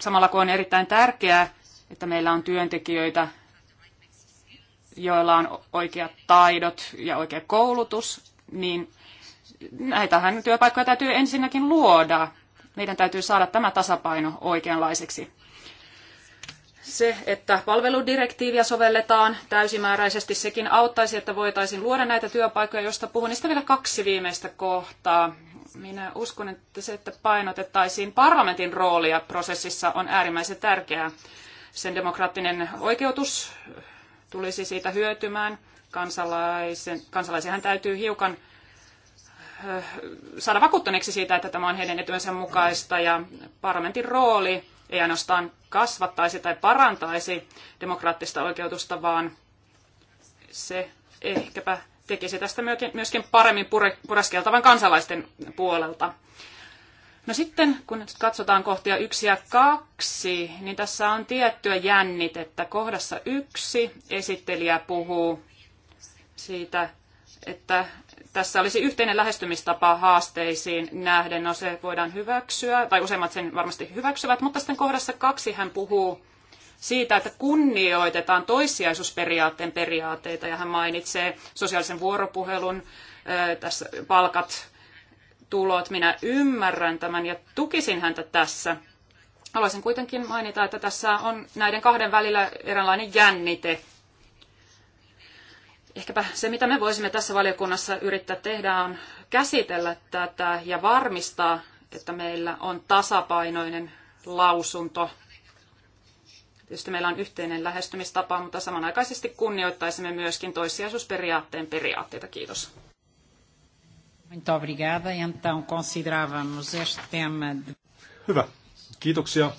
samalla kun on erittäin tärkeää, että meillä on työntekijöitä, joilla on oikeat taidot ja oikea koulutus, niin näitähän työpaikkoja täytyy ensinnäkin luoda. Meidän täytyy saada tämä tasapaino oikeanlaiseksi se, että palveludirektiiviä sovelletaan täysimääräisesti, sekin auttaisi, että voitaisiin luoda näitä työpaikkoja, joista puhun. Niistä vielä kaksi viimeistä kohtaa. Minä uskon, että se, että painotettaisiin parlamentin roolia prosessissa on äärimmäisen tärkeää. Sen demokraattinen oikeutus tulisi siitä hyötymään. Kansalaisen, kansalaisenhan täytyy hiukan saada vakuuttuneeksi siitä, että tämä on heidän etyönsä mukaista ja parlamentin rooli ei ainoastaan kasvattaisi tai parantaisi demokraattista oikeutusta, vaan se ehkäpä tekisi tästä myöskin paremmin pureskeltavan kansalaisten puolelta. No sitten, kun nyt katsotaan kohtia yksi ja kaksi, niin tässä on tiettyä jännitettä. Kohdassa yksi esittelijä puhuu siitä, että tässä olisi yhteinen lähestymistapa haasteisiin nähden. No se voidaan hyväksyä, tai useimmat sen varmasti hyväksyvät, mutta sitten kohdassa kaksi hän puhuu siitä, että kunnioitetaan toissijaisuusperiaatteen periaatteita, ja hän mainitsee sosiaalisen vuoropuhelun, tässä palkat, tulot, minä ymmärrän tämän ja tukisin häntä tässä. Haluaisin kuitenkin mainita, että tässä on näiden kahden välillä eräänlainen jännite, ehkäpä se, mitä me voisimme tässä valiokunnassa yrittää tehdä, on käsitellä tätä ja varmistaa, että meillä on tasapainoinen lausunto. Tietysti meillä on yhteinen lähestymistapa, mutta samanaikaisesti kunnioittaisimme myöskin toissijaisuusperiaatteen periaatteita. Kiitos. Muito obrigada. Então, considerávamos este tema... Hyvä. Kiitoksia.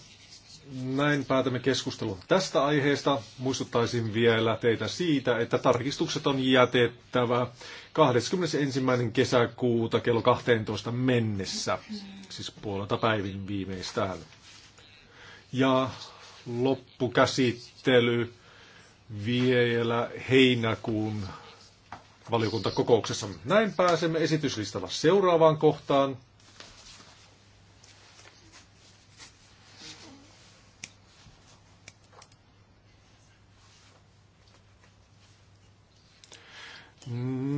Näin päätämme keskustelun tästä aiheesta. Muistuttaisin vielä teitä siitä, että tarkistukset on jätettävä 21. kesäkuuta kello 12 mennessä, siis puolelta päivin viimeistään. Ja loppukäsittely vielä heinäkuun valiokuntakokouksessa. Näin pääsemme esityslistalla seuraavaan kohtaan.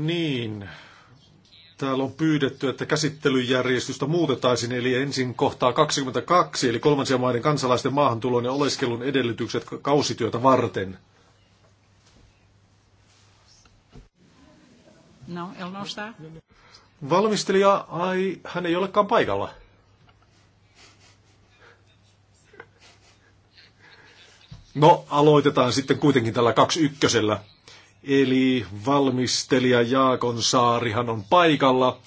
Niin, täällä on pyydetty, että käsittelyjärjestystä muutetaisiin, eli ensin kohtaa 22, eli kolmansien maiden kansalaisten maahantulon ja oleskelun edellytykset kausityötä varten. No, Elnosta. Valmistelija, ai, hän ei olekaan paikalla. No, aloitetaan sitten kuitenkin tällä 21. Eli valmistelija Jaakon Saarihan on paikalla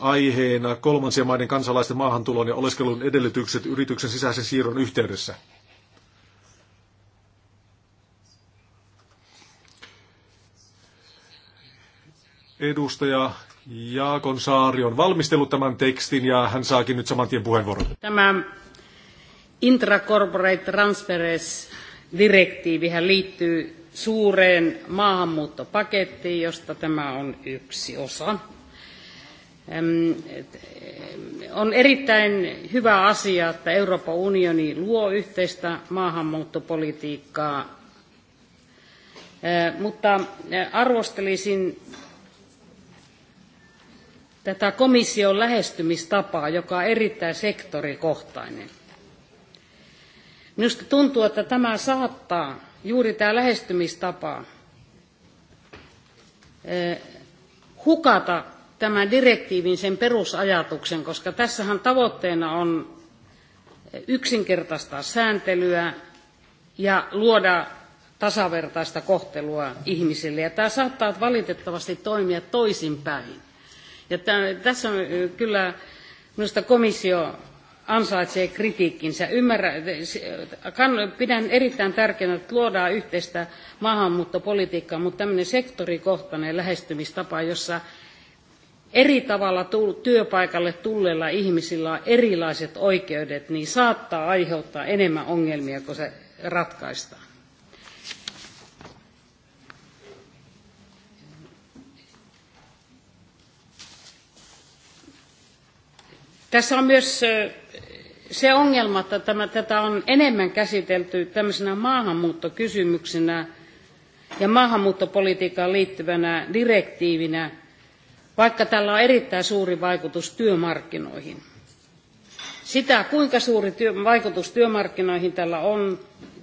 aiheena kolmansien maiden kansalaisten maahantulon ja oleskelun edellytykset yrityksen sisäisen siirron yhteydessä. Edustaja Jaakon Saari on valmistellut tämän tekstin ja hän saakin nyt saman tien puheenvuoron. Tämä intracorporate transfers direktiivihän liittyy suureen maahanmuuttopakettiin, josta tämä on yksi osa. On erittäin hyvä asia, että Euroopan unioni luo yhteistä maahanmuuttopolitiikkaa, mutta arvostelisin tätä komission lähestymistapaa, joka on erittäin sektorikohtainen. Minusta tuntuu, että tämä saattaa juuri tämä lähestymistapa hukata tämän direktiivin sen perusajatuksen, koska tässähän tavoitteena on yksinkertaistaa sääntelyä ja luoda tasavertaista kohtelua ihmisille. Ja tämä saattaa valitettavasti toimia toisinpäin. Ja tämän, tässä on kyllä minusta komissio ansaitsee kritiikkinsä. Ymmärrä, pidän erittäin tärkeänä, että luodaan yhteistä maahanmuuttopolitiikkaa, mutta tämmöinen sektorikohtainen lähestymistapa, jossa eri tavalla työpaikalle tulleilla ihmisillä on erilaiset oikeudet, niin saattaa aiheuttaa enemmän ongelmia kuin se ratkaistaan. Tässä on myös se ongelma, että tämä, tätä on enemmän käsitelty tämmöisenä maahanmuuttokysymyksenä ja maahanmuuttopolitiikkaan liittyvänä direktiivinä, vaikka tällä on erittäin suuri vaikutus työmarkkinoihin. Sitä, kuinka suuri työ, vaikutus työmarkkinoihin tällä on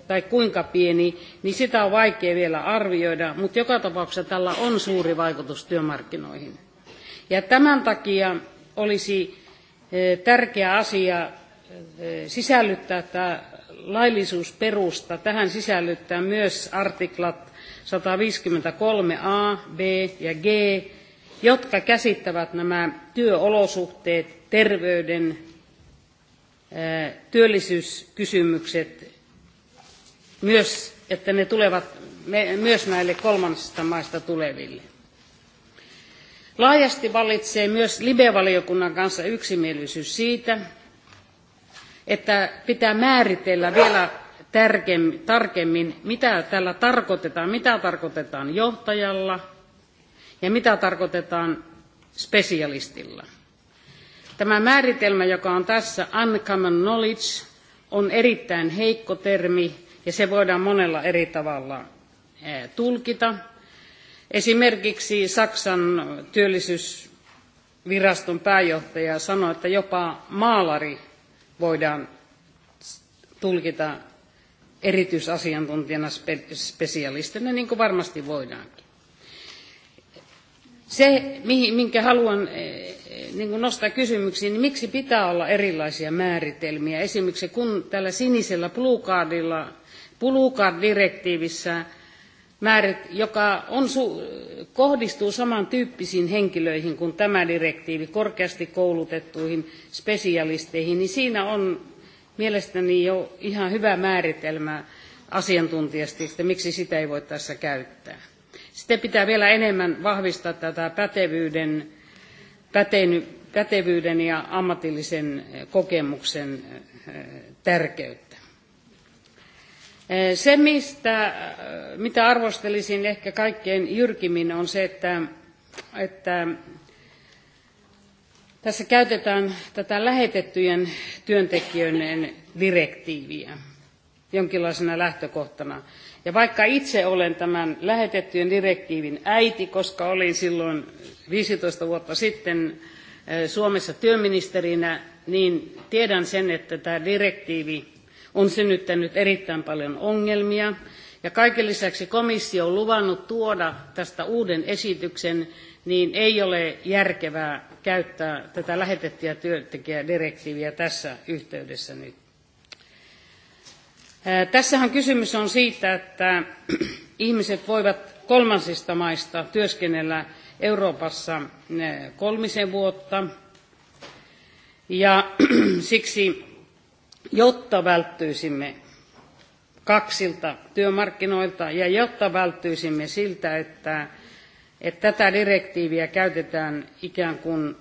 tai kuinka pieni, niin sitä on vaikea vielä arvioida, mutta joka tapauksessa tällä on suuri vaikutus työmarkkinoihin. Ja tämän takia olisi eh, tärkeä asia sisällyttää tämä laillisuusperusta. Tähän sisällyttää myös artiklat 153a, b ja g, jotka käsittävät nämä työolosuhteet, terveyden, työllisyyskysymykset, myös, että ne tulevat myös näille kolmansista maista tuleville. Laajasti vallitsee myös libe valiokunnan kanssa yksimielisyys siitä, että pitää määritellä vielä tarkemmin, mitä tällä tarkoitetaan, mitä tarkoitetaan johtajalla ja mitä tarkoitetaan spesialistilla. Tämä määritelmä, joka on tässä uncommon knowledge, on erittäin heikko termi ja se voidaan monella eri tavalla tulkita. Esimerkiksi Saksan työllisyysviraston pääjohtaja sanoi, että jopa maalari voidaan tulkita erityisasiantuntijana spesialistina, niin kuin varmasti voidaankin. Se, minkä haluan eh, eh, niin kuin nostaa kysymyksiin, niin miksi pitää olla erilaisia määritelmiä? Esimerkiksi kun tällä sinisellä Blue Cardilla, Blue Card-direktiivissä määrit, joka on kohdistuu samantyyppisiin henkilöihin kuin tämä direktiivi, korkeasti koulutettuihin spesialisteihin, niin siinä on mielestäni jo ihan hyvä määritelmä asiantuntijasti, että miksi sitä ei voi tässä käyttää. Sitten pitää vielä enemmän vahvistaa tätä pätevyyden, pätevyyden ja ammatillisen kokemuksen tärkeyttä. Se, mistä, mitä arvostelisin ehkä kaikkein jyrkimmin, on se, että, että tässä käytetään tätä lähetettyjen työntekijöiden direktiiviä jonkinlaisena lähtökohtana. Ja vaikka itse olen tämän lähetettyjen direktiivin äiti, koska olin silloin 15 vuotta sitten eh, Suomessa työministerinä, niin tiedän sen, että tämä direktiivi on synnyttänyt erittäin paljon ongelmia. Ja kaiken lisäksi komissio on luvannut tuoda tästä uuden esityksen, niin ei ole järkevää käyttää tätä lähetettyä työntekijädirektiiviä tässä yhteydessä nyt. Tässähän kysymys on siitä, että ihmiset voivat kolmansista maista työskennellä Euroopassa kolmisen vuotta. Ja siksi jotta välttyisimme kaksilta työmarkkinoilta ja jotta välttyisimme siltä, että, että tätä direktiiviä käytetään ikään kuin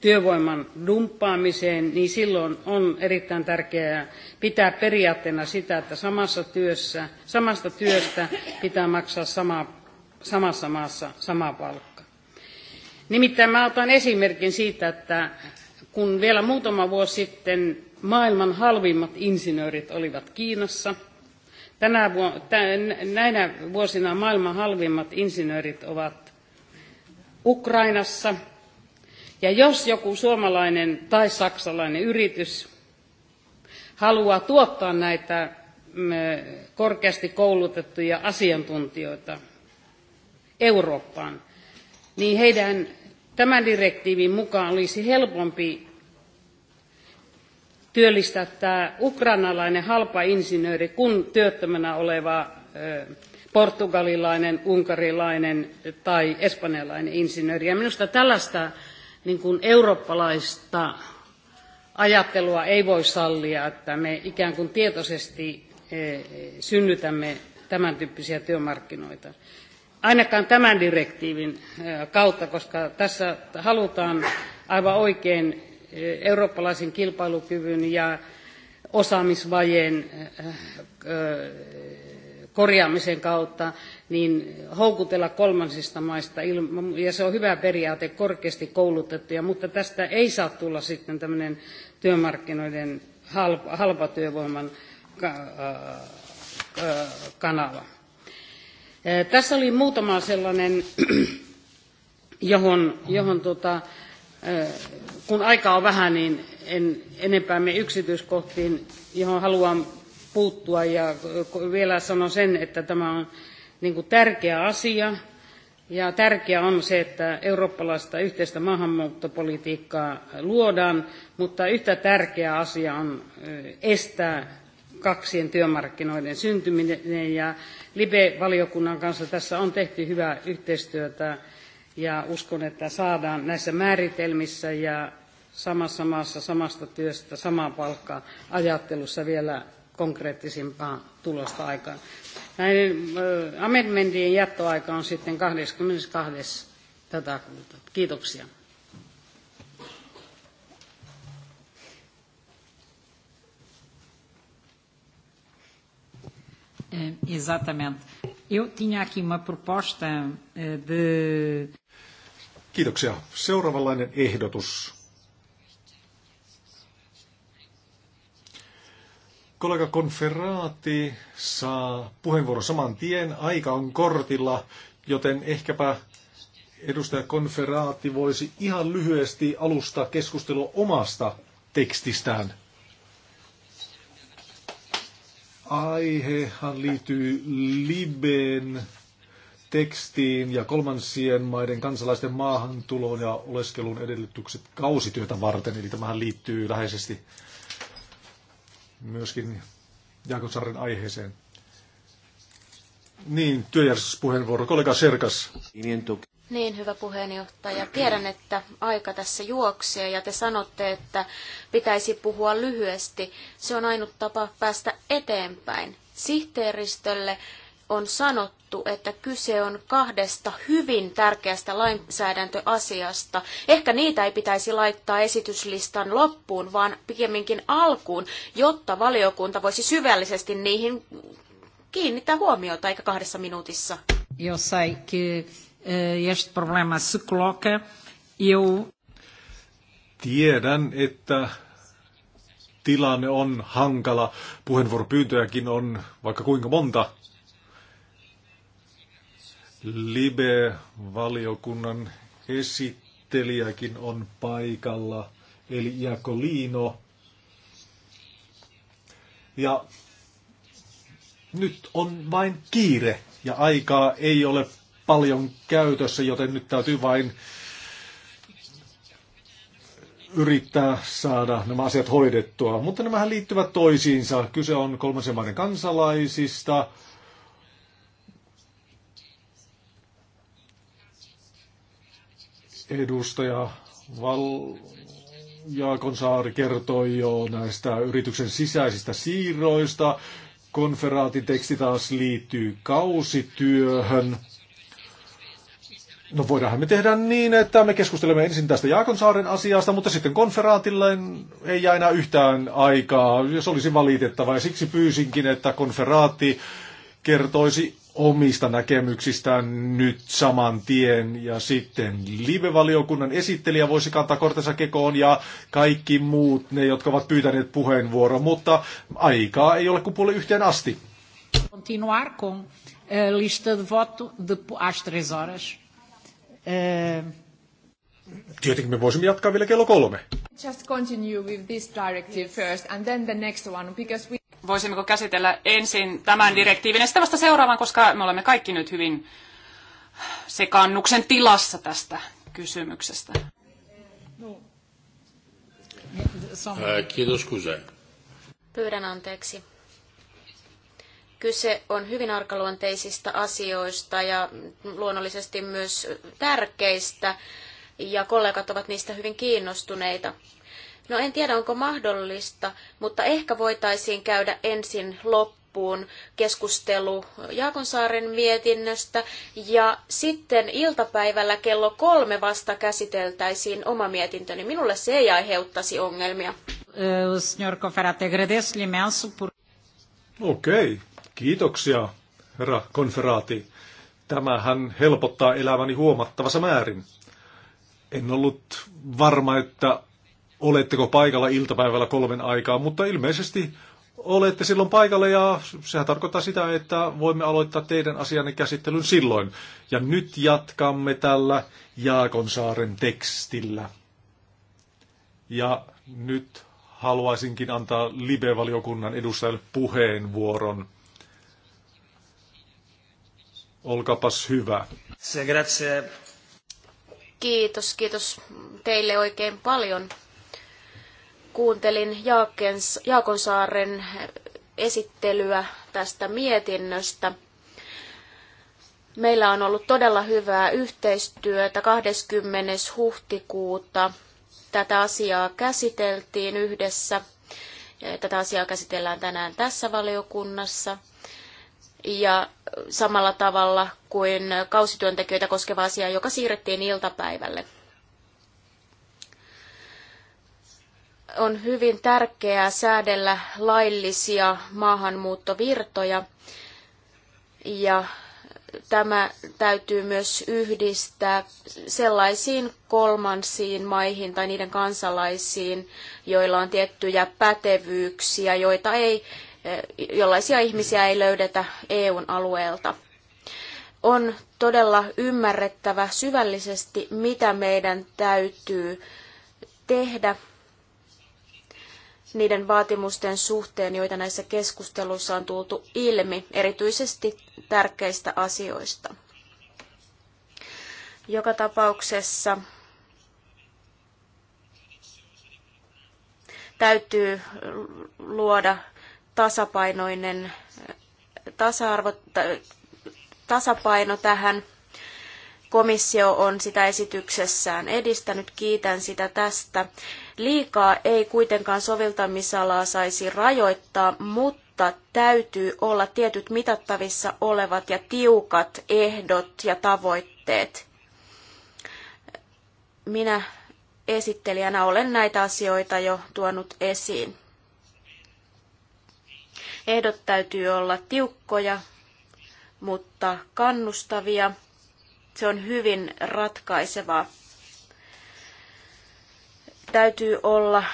työvoiman dumppaamiseen, niin silloin on erittäin tärkeää pitää periaatteena sitä, että samassa työssä, samasta työstä pitää maksaa sama, samassa maassa sama palkka. Nimittäin mä otan esimerkin siitä, että kun vielä muutama vuosi sitten maailman halvimmat insinöörit olivat Kiinassa. Tänä vu- näinä vuosina maailman halvimmat insinöörit ovat Ukrainassa. Ja jos joku suomalainen tai saksalainen yritys haluaa tuottaa näitä mm, korkeasti koulutettuja asiantuntijoita Eurooppaan, niin heidän tämän direktiivin mukaan olisi helpompi työllistää tämä ukrainalainen halpainsinööri, kun työttömänä oleva portugalilainen, unkarilainen tai espanjalainen insinööri. Ja minusta tällaista niin kuin eurooppalaista ajattelua ei voi sallia, että me ikään kuin tietoisesti synnytämme tämän tyyppisiä työmarkkinoita. Ainakaan tämän direktiivin kautta, koska tässä halutaan aivan oikein Eh, eurooppalaisen kilpailukyvyn ja osaamisvajeen eh, eh, korjaamisen kautta niin houkutella kolmansista maista, ja se on hyvä periaate, korkeasti koulutettuja, mutta tästä ei saa tulla sitten tämmöinen työmarkkinoiden halpatyövoiman kanava. Tässä oli muutama sellainen, johon, johon tuota, kun aikaa on vähän, niin en enempää me yksityiskohtiin, johon haluan puuttua. Ja vielä sanon sen, että tämä on niin kuin tärkeä asia. Ja tärkeää on se, että eurooppalaista yhteistä maahanmuuttopolitiikkaa luodaan, mutta yhtä tärkeä asia on estää kaksien työmarkkinoiden syntyminen. Ja Libe-valiokunnan kanssa tässä on tehty hyvää yhteistyötä ja uskon, että saadaan näissä määritelmissä ja samassa maassa samasta työstä samaa palkkaa ajattelussa vielä konkreettisimpaa tulosta aikaan. Näiden amendmentien jättöaika on sitten 22. tätä kuuta. Kiitoksia. Exatamente. Eu tinha aqui uma proposta de Kiitoksia. Seuraavanlainen ehdotus. Kollega Konferaati saa puheenvuoron saman tien. Aika on kortilla, joten ehkäpä edustaja Konferaati voisi ihan lyhyesti alustaa keskustelua omasta tekstistään. Aihehan liittyy Liben tekstiin ja kolmansien maiden kansalaisten maahantuloon ja oleskelun edellytykset kausityötä varten. Eli tämähän liittyy läheisesti myöskin Jaakonsaaren aiheeseen. Niin, työjärjestyspuheenvuoro. Kollega Serkas. Niin, hyvä puheenjohtaja. Tiedän, että aika tässä juoksee ja te sanotte, että pitäisi puhua lyhyesti. Se on ainut tapa päästä eteenpäin. Sihteeristölle on sanottu, että kyse on kahdesta hyvin tärkeästä lainsäädäntöasiasta. Ehkä niitä ei pitäisi laittaa esityslistan loppuun, vaan pikemminkin alkuun, jotta valiokunta voisi syvällisesti niihin kiinnittää huomiota, eikä kahdessa minuutissa. Eh, problema Tiedän, että tilanne on hankala. Puheenvuoropyyntöjäkin on vaikka kuinka monta. Libe-valiokunnan esittelijäkin on paikalla, eli Jakolino. Ja nyt on vain kiire ja aikaa ei ole paljon käytössä, joten nyt täytyy vain yrittää saada nämä asiat hoidettua. Mutta nämähän liittyvät toisiinsa. Kyse on kolmansien maiden kansalaisista, edustaja Val... Saari kertoi jo näistä yrityksen sisäisistä siirroista. Konferaatiteksti taas liittyy kausityöhön. No voidaanhan me tehdä niin, että me keskustelemme ensin tästä Jaakonsaaren asiasta, mutta sitten konferaatille ei jää enää yhtään aikaa. jos olisi valitettava ja siksi pyysinkin, että konferaatti kertoisi omista näkemyksistään nyt saman tien. Ja sitten live-valiokunnan esittelijä voisi kantaa kortensa kekoon ja kaikki muut ne, jotka ovat pyytäneet puheenvuoron, mutta aikaa ei ole kuin puoli yhteen asti. Continuar con eh, lista de voto de, as tres horas. Eh... Tietenkin me voisimme jatkaa vielä kello kolme. Just continue with this directive first and then the next one because we voisimmeko käsitellä ensin tämän direktiivin ja sitten vasta seuraavan, koska me olemme kaikki nyt hyvin sekannuksen tilassa tästä kysymyksestä. Kiitos Kuse. Pyydän anteeksi. Kyse on hyvin arkaluonteisista asioista ja luonnollisesti myös tärkeistä, ja kollegat ovat niistä hyvin kiinnostuneita. No en tiedä, onko mahdollista, mutta ehkä voitaisiin käydä ensin loppuun keskustelu Jaakonsaaren mietinnöstä ja sitten iltapäivällä kello kolme vasta käsiteltäisiin oma mietintöni. Niin minulle se ei aiheuttaisi ongelmia. Eh, Okei, kiitoksia herra konferaati. Tämähän helpottaa elämäni huomattavassa määrin. En ollut varma, että oletteko paikalla iltapäivällä kolmen aikaa, mutta ilmeisesti olette silloin paikalla ja sehän tarkoittaa sitä, että voimme aloittaa teidän asianne käsittelyn silloin. Ja nyt jatkamme tällä Jaakonsaaren tekstillä. Ja nyt haluaisinkin antaa Libe-valiokunnan edustajalle puheenvuoron. Olkapas hyvä. Grazie. Kiitos, kiitos teille oikein paljon kuuntelin Jaakonsaaren esittelyä tästä mietinnöstä. Meillä on ollut todella hyvää yhteistyötä. 20. huhtikuuta tätä asiaa käsiteltiin yhdessä. Tätä asiaa käsitellään tänään tässä valiokunnassa. Ja samalla tavalla kuin kausityöntekijöitä koskeva asia, joka siirrettiin iltapäivälle. on hyvin tärkeää säädellä laillisia maahanmuuttovirtoja ja tämä täytyy myös yhdistää sellaisiin kolmansiin maihin tai niiden kansalaisiin, joilla on tiettyjä pätevyyksiä, joita ei, eh, jollaisia ihmisiä ei löydetä EUn alueelta. On todella ymmärrettävä syvällisesti, mitä meidän täytyy tehdä niiden vaatimusten suhteen, joita näissä keskusteluissa on tultu ilmi, erityisesti tärkeistä asioista. Joka tapauksessa täytyy luoda tasapainoinen tasa-arvo, tasapaino tähän. Komissio on sitä esityksessään edistänyt. Kiitän sitä tästä. Liikaa ei kuitenkaan soveltamisalaa saisi rajoittaa, mutta täytyy olla tietyt mitattavissa olevat ja tiukat ehdot ja tavoitteet. Minä esittelijänä olen näitä asioita jo tuonut esiin. Ehdot täytyy olla tiukkoja, mutta kannustavia. Se on hyvin ratkaisevaa täytyy olla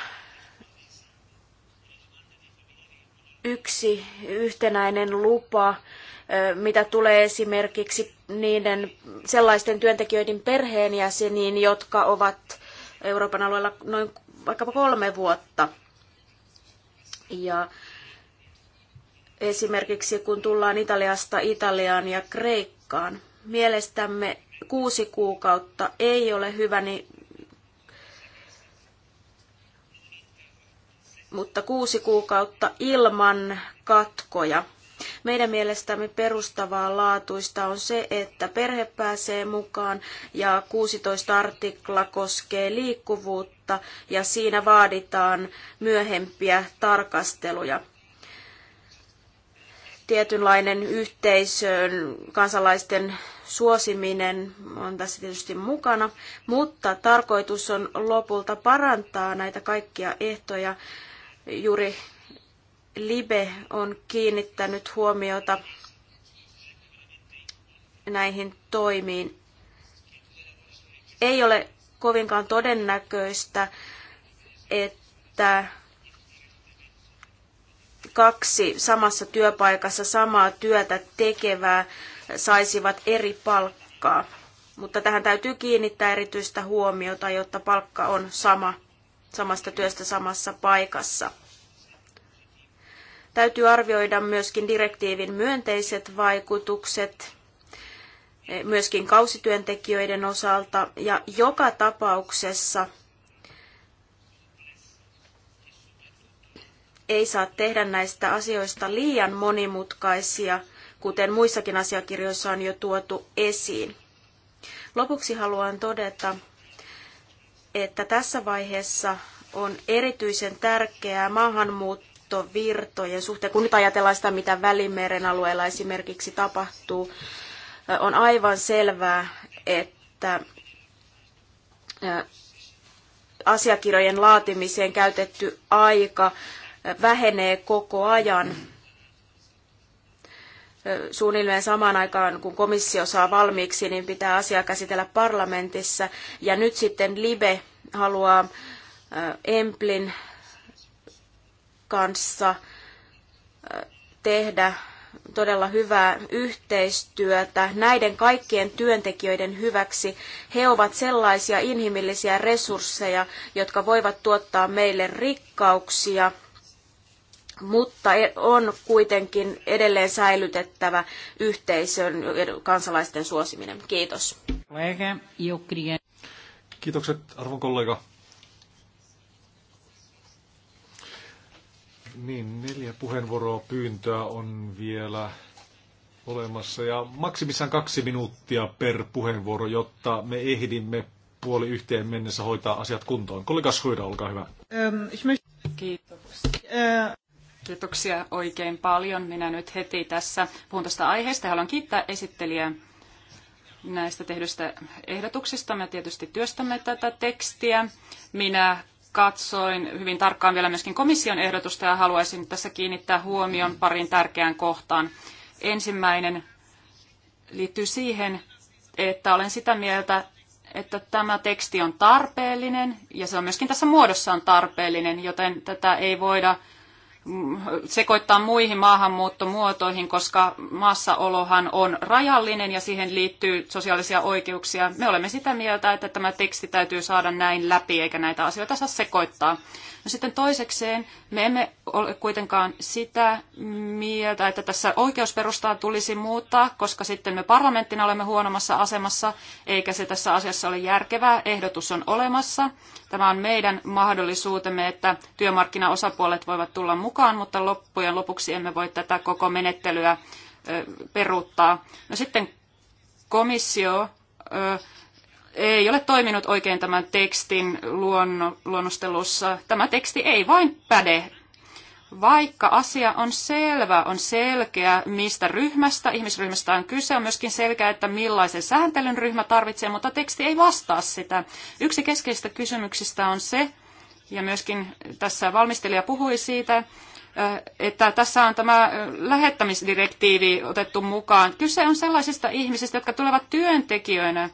yksi yhtenäinen lupa, mitä tulee esimerkiksi niiden sellaisten työntekijöiden perheenjäseniin, jotka ovat Euroopan alueella noin vaikkapa kolme vuotta. Ja esimerkiksi kun tullaan Italiasta Italiaan ja Kreikkaan, mielestämme kuusi kuukautta ei ole hyvä, niin mutta kuusi kuukautta ilman katkoja. Meidän mielestämme perustavaa laatuista on se, että perhe pääsee mukaan ja 16 artikla koskee liikkuvuutta ja siinä vaaditaan myöhempiä tarkasteluja. Tietynlainen yhteisön kansalaisten suosiminen on tässä tietysti mukana, mutta tarkoitus on lopulta parantaa näitä kaikkia ehtoja Juuri Libe on kiinnittänyt huomiota näihin toimiin. Ei ole kovinkaan todennäköistä, että kaksi samassa työpaikassa samaa työtä tekevää saisivat eri palkkaa. Mutta tähän täytyy kiinnittää erityistä huomiota, jotta palkka on sama samasta työstä samassa paikassa. Täytyy arvioida myöskin direktiivin myönteiset vaikutukset, eh, myöskin kausityöntekijöiden osalta, ja joka tapauksessa ei saa tehdä näistä asioista liian monimutkaisia, kuten muissakin asiakirjoissa on jo tuotu esiin. Lopuksi haluan todeta, että tässä vaiheessa on erityisen tärkeää maahanmuuttovirtojen suhteen, kun nyt ajatellaan sitä, mitä Välimeren alueella esimerkiksi tapahtuu, on aivan selvää, että asiakirjojen laatimiseen käytetty aika vähenee koko ajan suunnilleen samaan aikaan, kun komissio saa valmiiksi, niin pitää asia käsitellä parlamentissa. Ja nyt sitten Libe haluaa Emplin kanssa tehdä todella hyvää yhteistyötä näiden kaikkien työntekijöiden hyväksi. He ovat sellaisia inhimillisiä resursseja, jotka voivat tuottaa meille rikkauksia – mutta e- on kuitenkin edelleen säilytettävä yhteisön kansalaisten suosiminen. Kiitos. Kiitokset, arvon kollega. Niin, neljä puheenvuoroa pyyntöä on vielä olemassa ja maksimissaan kaksi minuuttia per puheenvuoro, jotta me ehdimme puoli yhteen mennessä hoitaa asiat kuntoon. Kollega Schuida, olkaa hyvä. Ähm, Kiitos. Äh, Kiitoksia oikein paljon. Minä nyt heti tässä puhun tästä aiheesta. Haluan kiittää esittelijää näistä tehdyistä ehdotuksista. Me tietysti työstämme tätä tekstiä. Minä katsoin hyvin tarkkaan vielä myöskin komission ehdotusta ja haluaisin tässä kiinnittää huomion pariin tärkeään kohtaan. Ensimmäinen liittyy siihen, että olen sitä mieltä, että tämä teksti on tarpeellinen ja se on myöskin tässä muodossaan tarpeellinen, joten tätä ei voida sekoittaa muihin maahanmuuttomuotoihin, koska maassaolohan on rajallinen ja siihen liittyy sosiaalisia oikeuksia. Me olemme sitä mieltä, että tämä teksti täytyy saada näin läpi, eikä näitä asioita saa sekoittaa. No sitten toisekseen, me emme ole kuitenkaan sitä mieltä, että tässä oikeusperustaa tulisi muuttaa, koska sitten me parlamenttina olemme huonommassa asemassa, eikä se tässä asiassa ole järkevää. Ehdotus on olemassa. Tämä on meidän mahdollisuutemme, että työmarkkinaosapuolet voivat tulla mukaan mukaan, mutta loppujen lopuksi emme voi tätä koko menettelyä peruuttaa. No sitten komissio ei ole toiminut oikein tämän tekstin luonnostelussa. Tämä teksti ei vain päde. Vaikka asia on selvä, on selkeä, mistä ryhmästä, ihmisryhmästä on kyse, on myöskin selkeä, että millaisen sääntelyn ryhmä tarvitsee, mutta teksti ei vastaa sitä. Yksi keskeisistä kysymyksistä on se, ja myöskin tässä valmistelija puhui siitä, että tässä on tämä lähettämisdirektiivi otettu mukaan. Kyse on sellaisista ihmisistä, jotka tulevat työntekijöinä,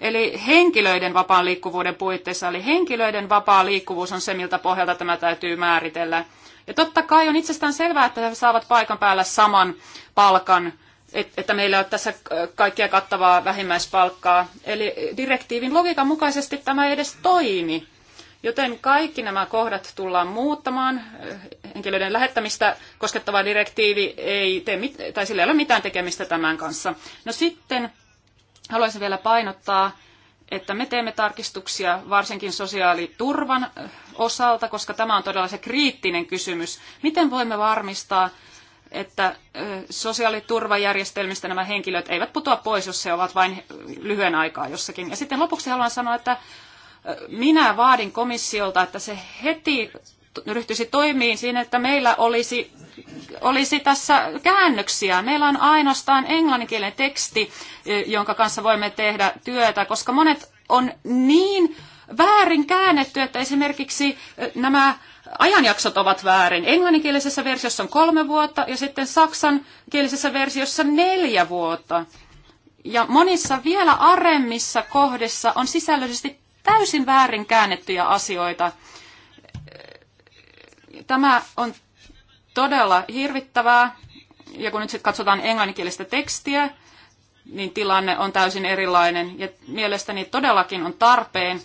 eli henkilöiden vapaan liikkuvuuden puitteissa, eli henkilöiden vapaa liikkuvuus on se, miltä pohjalta tämä täytyy määritellä. Ja totta kai on itsestään selvää, että he saavat paikan päällä saman palkan, että meillä on tässä kaikkia kattavaa vähimmäispalkkaa. Eli direktiivin logiikan mukaisesti tämä ei edes toimi. Joten kaikki nämä kohdat tullaan muuttamaan. Eh, henkilöiden lähettämistä koskettava direktiivi ei tee mit- tai sillä ei ole mitään tekemistä tämän kanssa. No sitten haluaisin vielä painottaa, että me teemme tarkistuksia varsinkin sosiaaliturvan eh, osalta, koska tämä on todella se kriittinen kysymys. Miten voimme varmistaa, että eh, sosiaaliturvajärjestelmistä nämä henkilöt eivät putoa pois, jos he ovat vain lyhyen aikaa jossakin. Ja sitten lopuksi haluan sanoa, että minä vaadin komissiolta, että se heti ryhtyisi toimiin siinä, että meillä olisi, olisi tässä käännöksiä. Meillä on ainoastaan englanninkielinen teksti, e, jonka kanssa voimme tehdä työtä, koska monet on niin väärin käännetty, että esimerkiksi e, nämä ajanjaksot ovat väärin. Englanninkielisessä versiossa on kolme vuotta ja sitten saksankielisessä versiossa neljä vuotta. Ja monissa vielä aremmissa kohdissa on sisällöllisesti täysin väärin käännettyjä asioita. Tämä on todella hirvittävää. Ja kun nyt sitten katsotaan englanninkielistä tekstiä, niin tilanne on täysin erilainen. Ja mielestäni todellakin on tarpeen,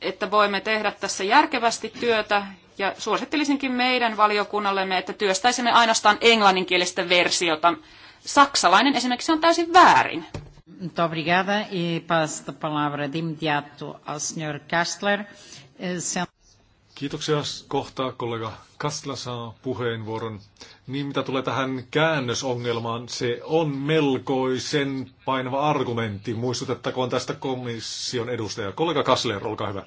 että voimme tehdä tässä järkevästi työtä. Ja suosittelisinkin meidän valiokunnallemme, että työstäisimme ainoastaan englanninkielistä versiota. Saksalainen esimerkiksi on täysin väärin. Muito obrigada e passo a palavra de imediato ao Sr. Kastler. Eh, Kiitoksia kohtaa kollega Kastla saa puheenvuoron. Niin mitä tulee tähän käännösongelmaan, se on melkoisen painava argumentti. Muistutettakoon tästä komission edustaja. Kollega Kastler, olkaa hyvä.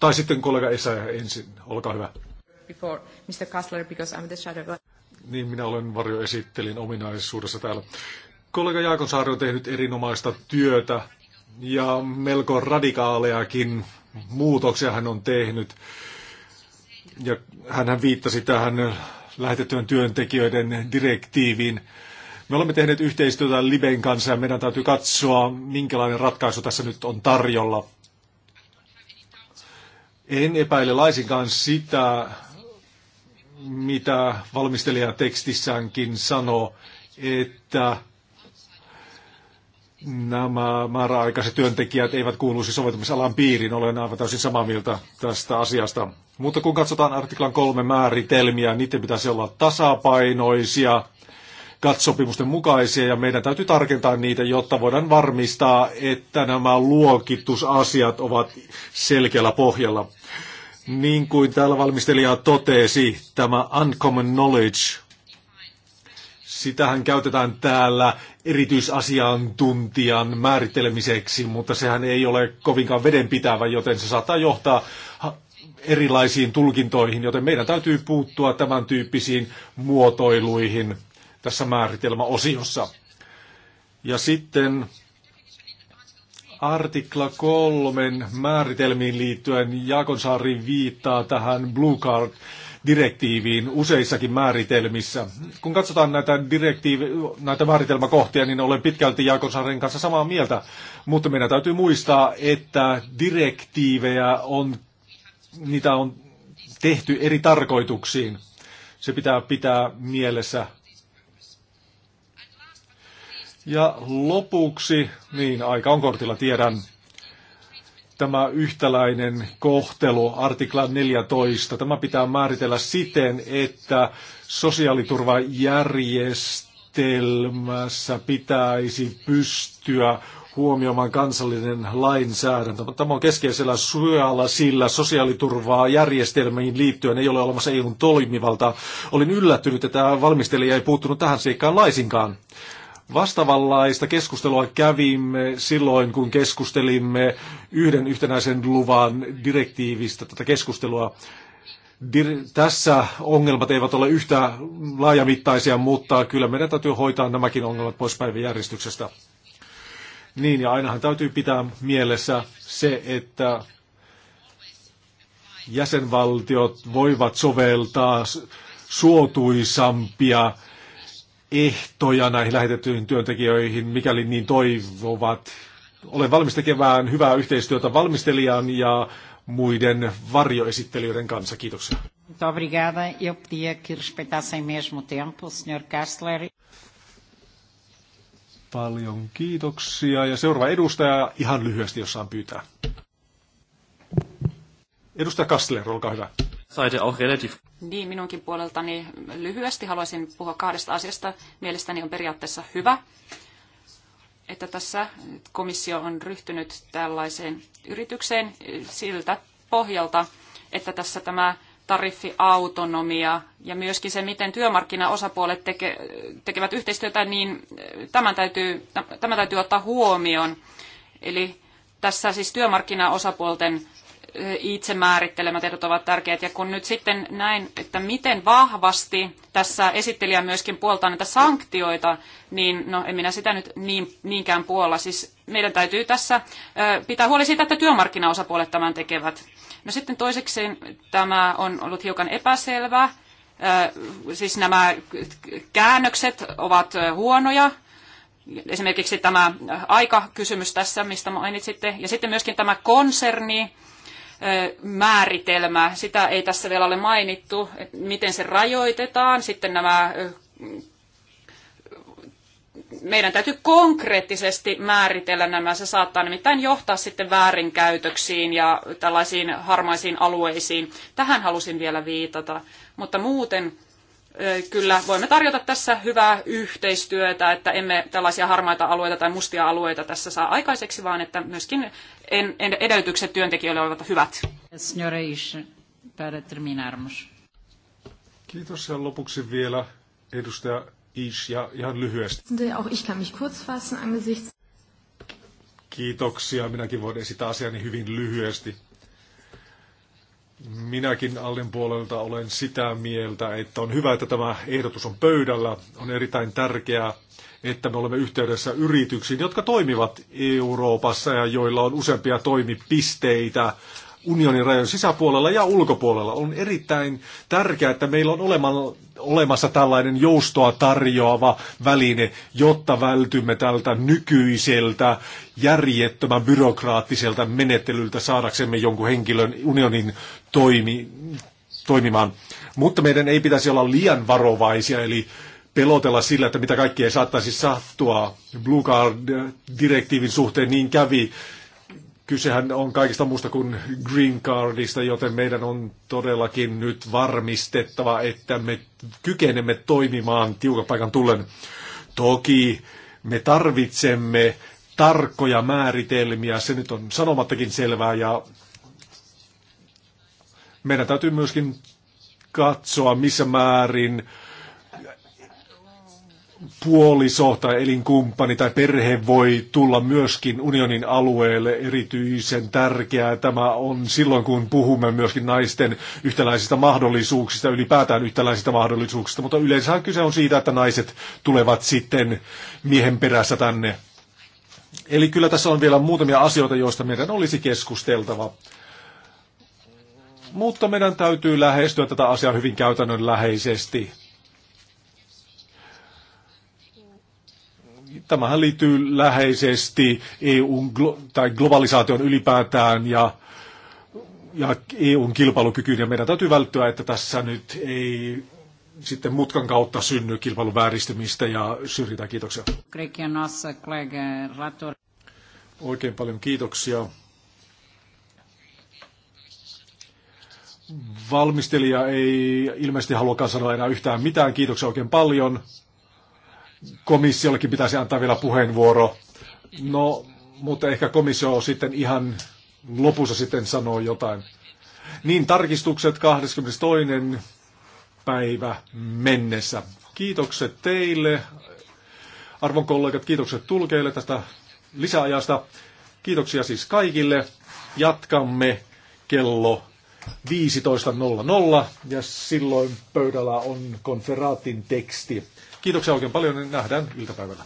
Tai sitten kollega Esa ensin, olkaa hyvä. Before Mr. Kastler, because I'm the shadow niin minä olen esittelin ominaisuudessa täällä. Kollega Saari on tehnyt erinomaista työtä ja melko radikaaleakin muutoksia hän on tehnyt. Ja hän viittasi tähän lähetettyön työntekijöiden direktiiviin. Me olemme tehneet yhteistyötä Liben kanssa ja meidän täytyy katsoa, minkälainen ratkaisu tässä nyt on tarjolla. En epäile laisinkaan sitä, mitä valmistelija tekstissäänkin sanoo, että nämä määräaikaiset työntekijät eivät kuuluisi soveltamisalan piiriin. Olen aivan täysin samaa mieltä tästä asiasta. Mutta kun katsotaan artiklan kolme määritelmiä, niiden pitäisi olla tasapainoisia, katsopimusten mukaisia ja meidän täytyy tarkentaa niitä, jotta voidaan varmistaa, että nämä luokitusasiat ovat selkeällä pohjalla. Niin kuin täällä valmistelija totesi, tämä uncommon knowledge, sitähän käytetään täällä erityisasiantuntijan määrittelemiseksi, mutta sehän ei ole kovinkaan vedenpitävä, joten se saattaa johtaa erilaisiin tulkintoihin, joten meidän täytyy puuttua tämän tyyppisiin muotoiluihin tässä määritelmäosiossa. Ja sitten artikla kolmen määritelmiin liittyen Jaakonsaari viittaa tähän Blue Card direktiiviin useissakin määritelmissä. Kun katsotaan näitä, direktiiv- näitä määritelmäkohtia, niin olen pitkälti Jaakonsaaren kanssa samaa mieltä, mutta meidän täytyy muistaa, että direktiivejä on, niitä on tehty eri tarkoituksiin. Se pitää pitää mielessä ja lopuksi, niin aika on kortilla, tiedän, tämä yhtäläinen kohtelu, artikla 14, tämä pitää määritellä siten, että sosiaaliturvajärjestelmässä pitäisi pystyä huomioimaan kansallinen lainsäädäntö. Tämä on keskeisellä suojalla sillä sosiaaliturvaa järjestelmiin liittyen ei ole olemassa EUn toimivalta. Olin yllättynyt, että valmistelija ei puuttunut tähän seikkaan laisinkaan vastavallaista keskustelua kävimme silloin, kun keskustelimme yhden yhtenäisen luvan direktiivistä tätä keskustelua. Dir- tässä ongelmat eivät ole yhtä laajamittaisia, mutta kyllä meidän täytyy hoitaa nämäkin ongelmat pois päiväjärjestyksestä. Niin, ja ainahan täytyy pitää mielessä se, että jäsenvaltiot voivat soveltaa suotuisampia ehtoja näihin lähetettyihin työntekijöihin, mikäli niin toivovat. Olen valmis tekemään hyvää yhteistyötä valmistelijan ja muiden varjoesittelijöiden kanssa. Kiitoksia. Muito obrigada. Kastler. Paljon kiitoksia. Ja seuraava edustaja ihan lyhyesti, jos saan pyytää. Edustaja Kastler, olkaa hyvä auch relativ... Niin, minunkin puoleltani lyhyesti haluaisin puhua kahdesta asiasta. Mielestäni on periaatteessa hyvä, että tässä komissio on ryhtynyt tällaiseen yritykseen siltä pohjalta, että tässä tämä tariffiautonomia ja myöskin se, miten työmarkkinaosapuolet teke, tekevät yhteistyötä, niin eh, tämän täytyy, tämä täytyy ottaa huomioon. Eli tässä siis työmarkkinaosapuolten itsemäärittelemät edut ovat tärkeät. Ja kun nyt sitten näin, että miten vahvasti tässä esittelijä myöskin puoltaa näitä sanktioita, niin no en minä sitä nyt niin, niinkään puolla. Siis meidän täytyy tässä pitää huoli siitä, että työmarkkinaosapuolet tämän tekevät. No sitten toiseksi tämä on ollut hiukan epäselvä. Siis nämä käännökset ovat huonoja, esimerkiksi tämä aikakysymys tässä, mistä mainitsitte, ja sitten myöskin tämä konserni, määritelmä. Sitä ei tässä vielä ole mainittu, että miten se rajoitetaan. Sitten nämä meidän täytyy konkreettisesti määritellä nämä. Se saattaa nimittäin johtaa sitten väärinkäytöksiin ja tällaisiin harmaisiin alueisiin. Tähän halusin vielä viitata. Mutta muuten kyllä voimme tarjota tässä hyvää yhteistyötä, että emme tällaisia harmaita alueita tai mustia alueita tässä saa aikaiseksi, vaan että myöskin edellytykset työntekijöille ovat hyvät. Kiitos ja lopuksi vielä edustaja Ish ja ihan lyhyesti. Auch ich kann mich kurz fassen angesichts Kiitoksia. Minäkin voin esittää asiani hyvin lyhyesti. Minäkin Allin puolelta olen sitä mieltä, että on hyvä, että tämä ehdotus on pöydällä. On erittäin tärkeää, että me olemme yhteydessä yrityksiin, jotka toimivat Euroopassa ja joilla on useampia toimipisteitä unionin rajojen sisäpuolella ja ulkopuolella. On erittäin tärkeää, että meillä on olemassa tällainen joustoa tarjoava väline, jotta vältymme tältä nykyiseltä järjettömän byrokraattiselta menettelyltä saadaksemme jonkun henkilön unionin toimi, toimimaan. Mutta meidän ei pitäisi olla liian varovaisia, eli pelotella sillä, että mitä kaikkea saattaisi sattua. Blue Card-direktiivin suhteen niin kävi. Kysehän on kaikista muusta kuin Green Cardista, joten meidän on todellakin nyt varmistettava, että me kykenemme toimimaan paikan tullen. Toki me tarvitsemme tarkkoja määritelmiä, se nyt on sanomattakin selvää, ja meidän täytyy myöskin katsoa, missä määrin puoliso tai elinkumppani tai perhe voi tulla myöskin unionin alueelle erityisen tärkeää. Tämä on silloin, kun puhumme myöskin naisten yhtäläisistä mahdollisuuksista, ylipäätään yhtäläisistä mahdollisuuksista, mutta yleensä kyse on siitä, että naiset tulevat sitten miehen perässä tänne. Eli kyllä tässä on vielä muutamia asioita, joista meidän olisi keskusteltava. Mutta meidän täytyy lähestyä tätä asiaa hyvin käytännönläheisesti tämähän liittyy läheisesti EUn glo- tai globalisaation ylipäätään ja, ja EUn kilpailukykyyn. Ja meidän täytyy välttyä, että tässä nyt ei sitten mutkan kautta synny kilpailun vääristymistä ja syrjitään. Kiitoksia. Oikein paljon kiitoksia. Valmistelija ei ilmeisesti halua sanoa enää yhtään mitään. Kiitoksia oikein paljon komissiollekin pitäisi antaa vielä puheenvuoro. No, mutta ehkä komissio sitten ihan lopussa sitten sanoo jotain. Niin, tarkistukset 22. päivä mennessä. Kiitokset teille, arvon kollegat, kiitokset tulkeille tästä lisäajasta. Kiitoksia siis kaikille. Jatkamme kello 15.00 ja silloin pöydällä on konferaatin teksti. Kiitoksia oikein paljon, niin nähdään iltapäivällä.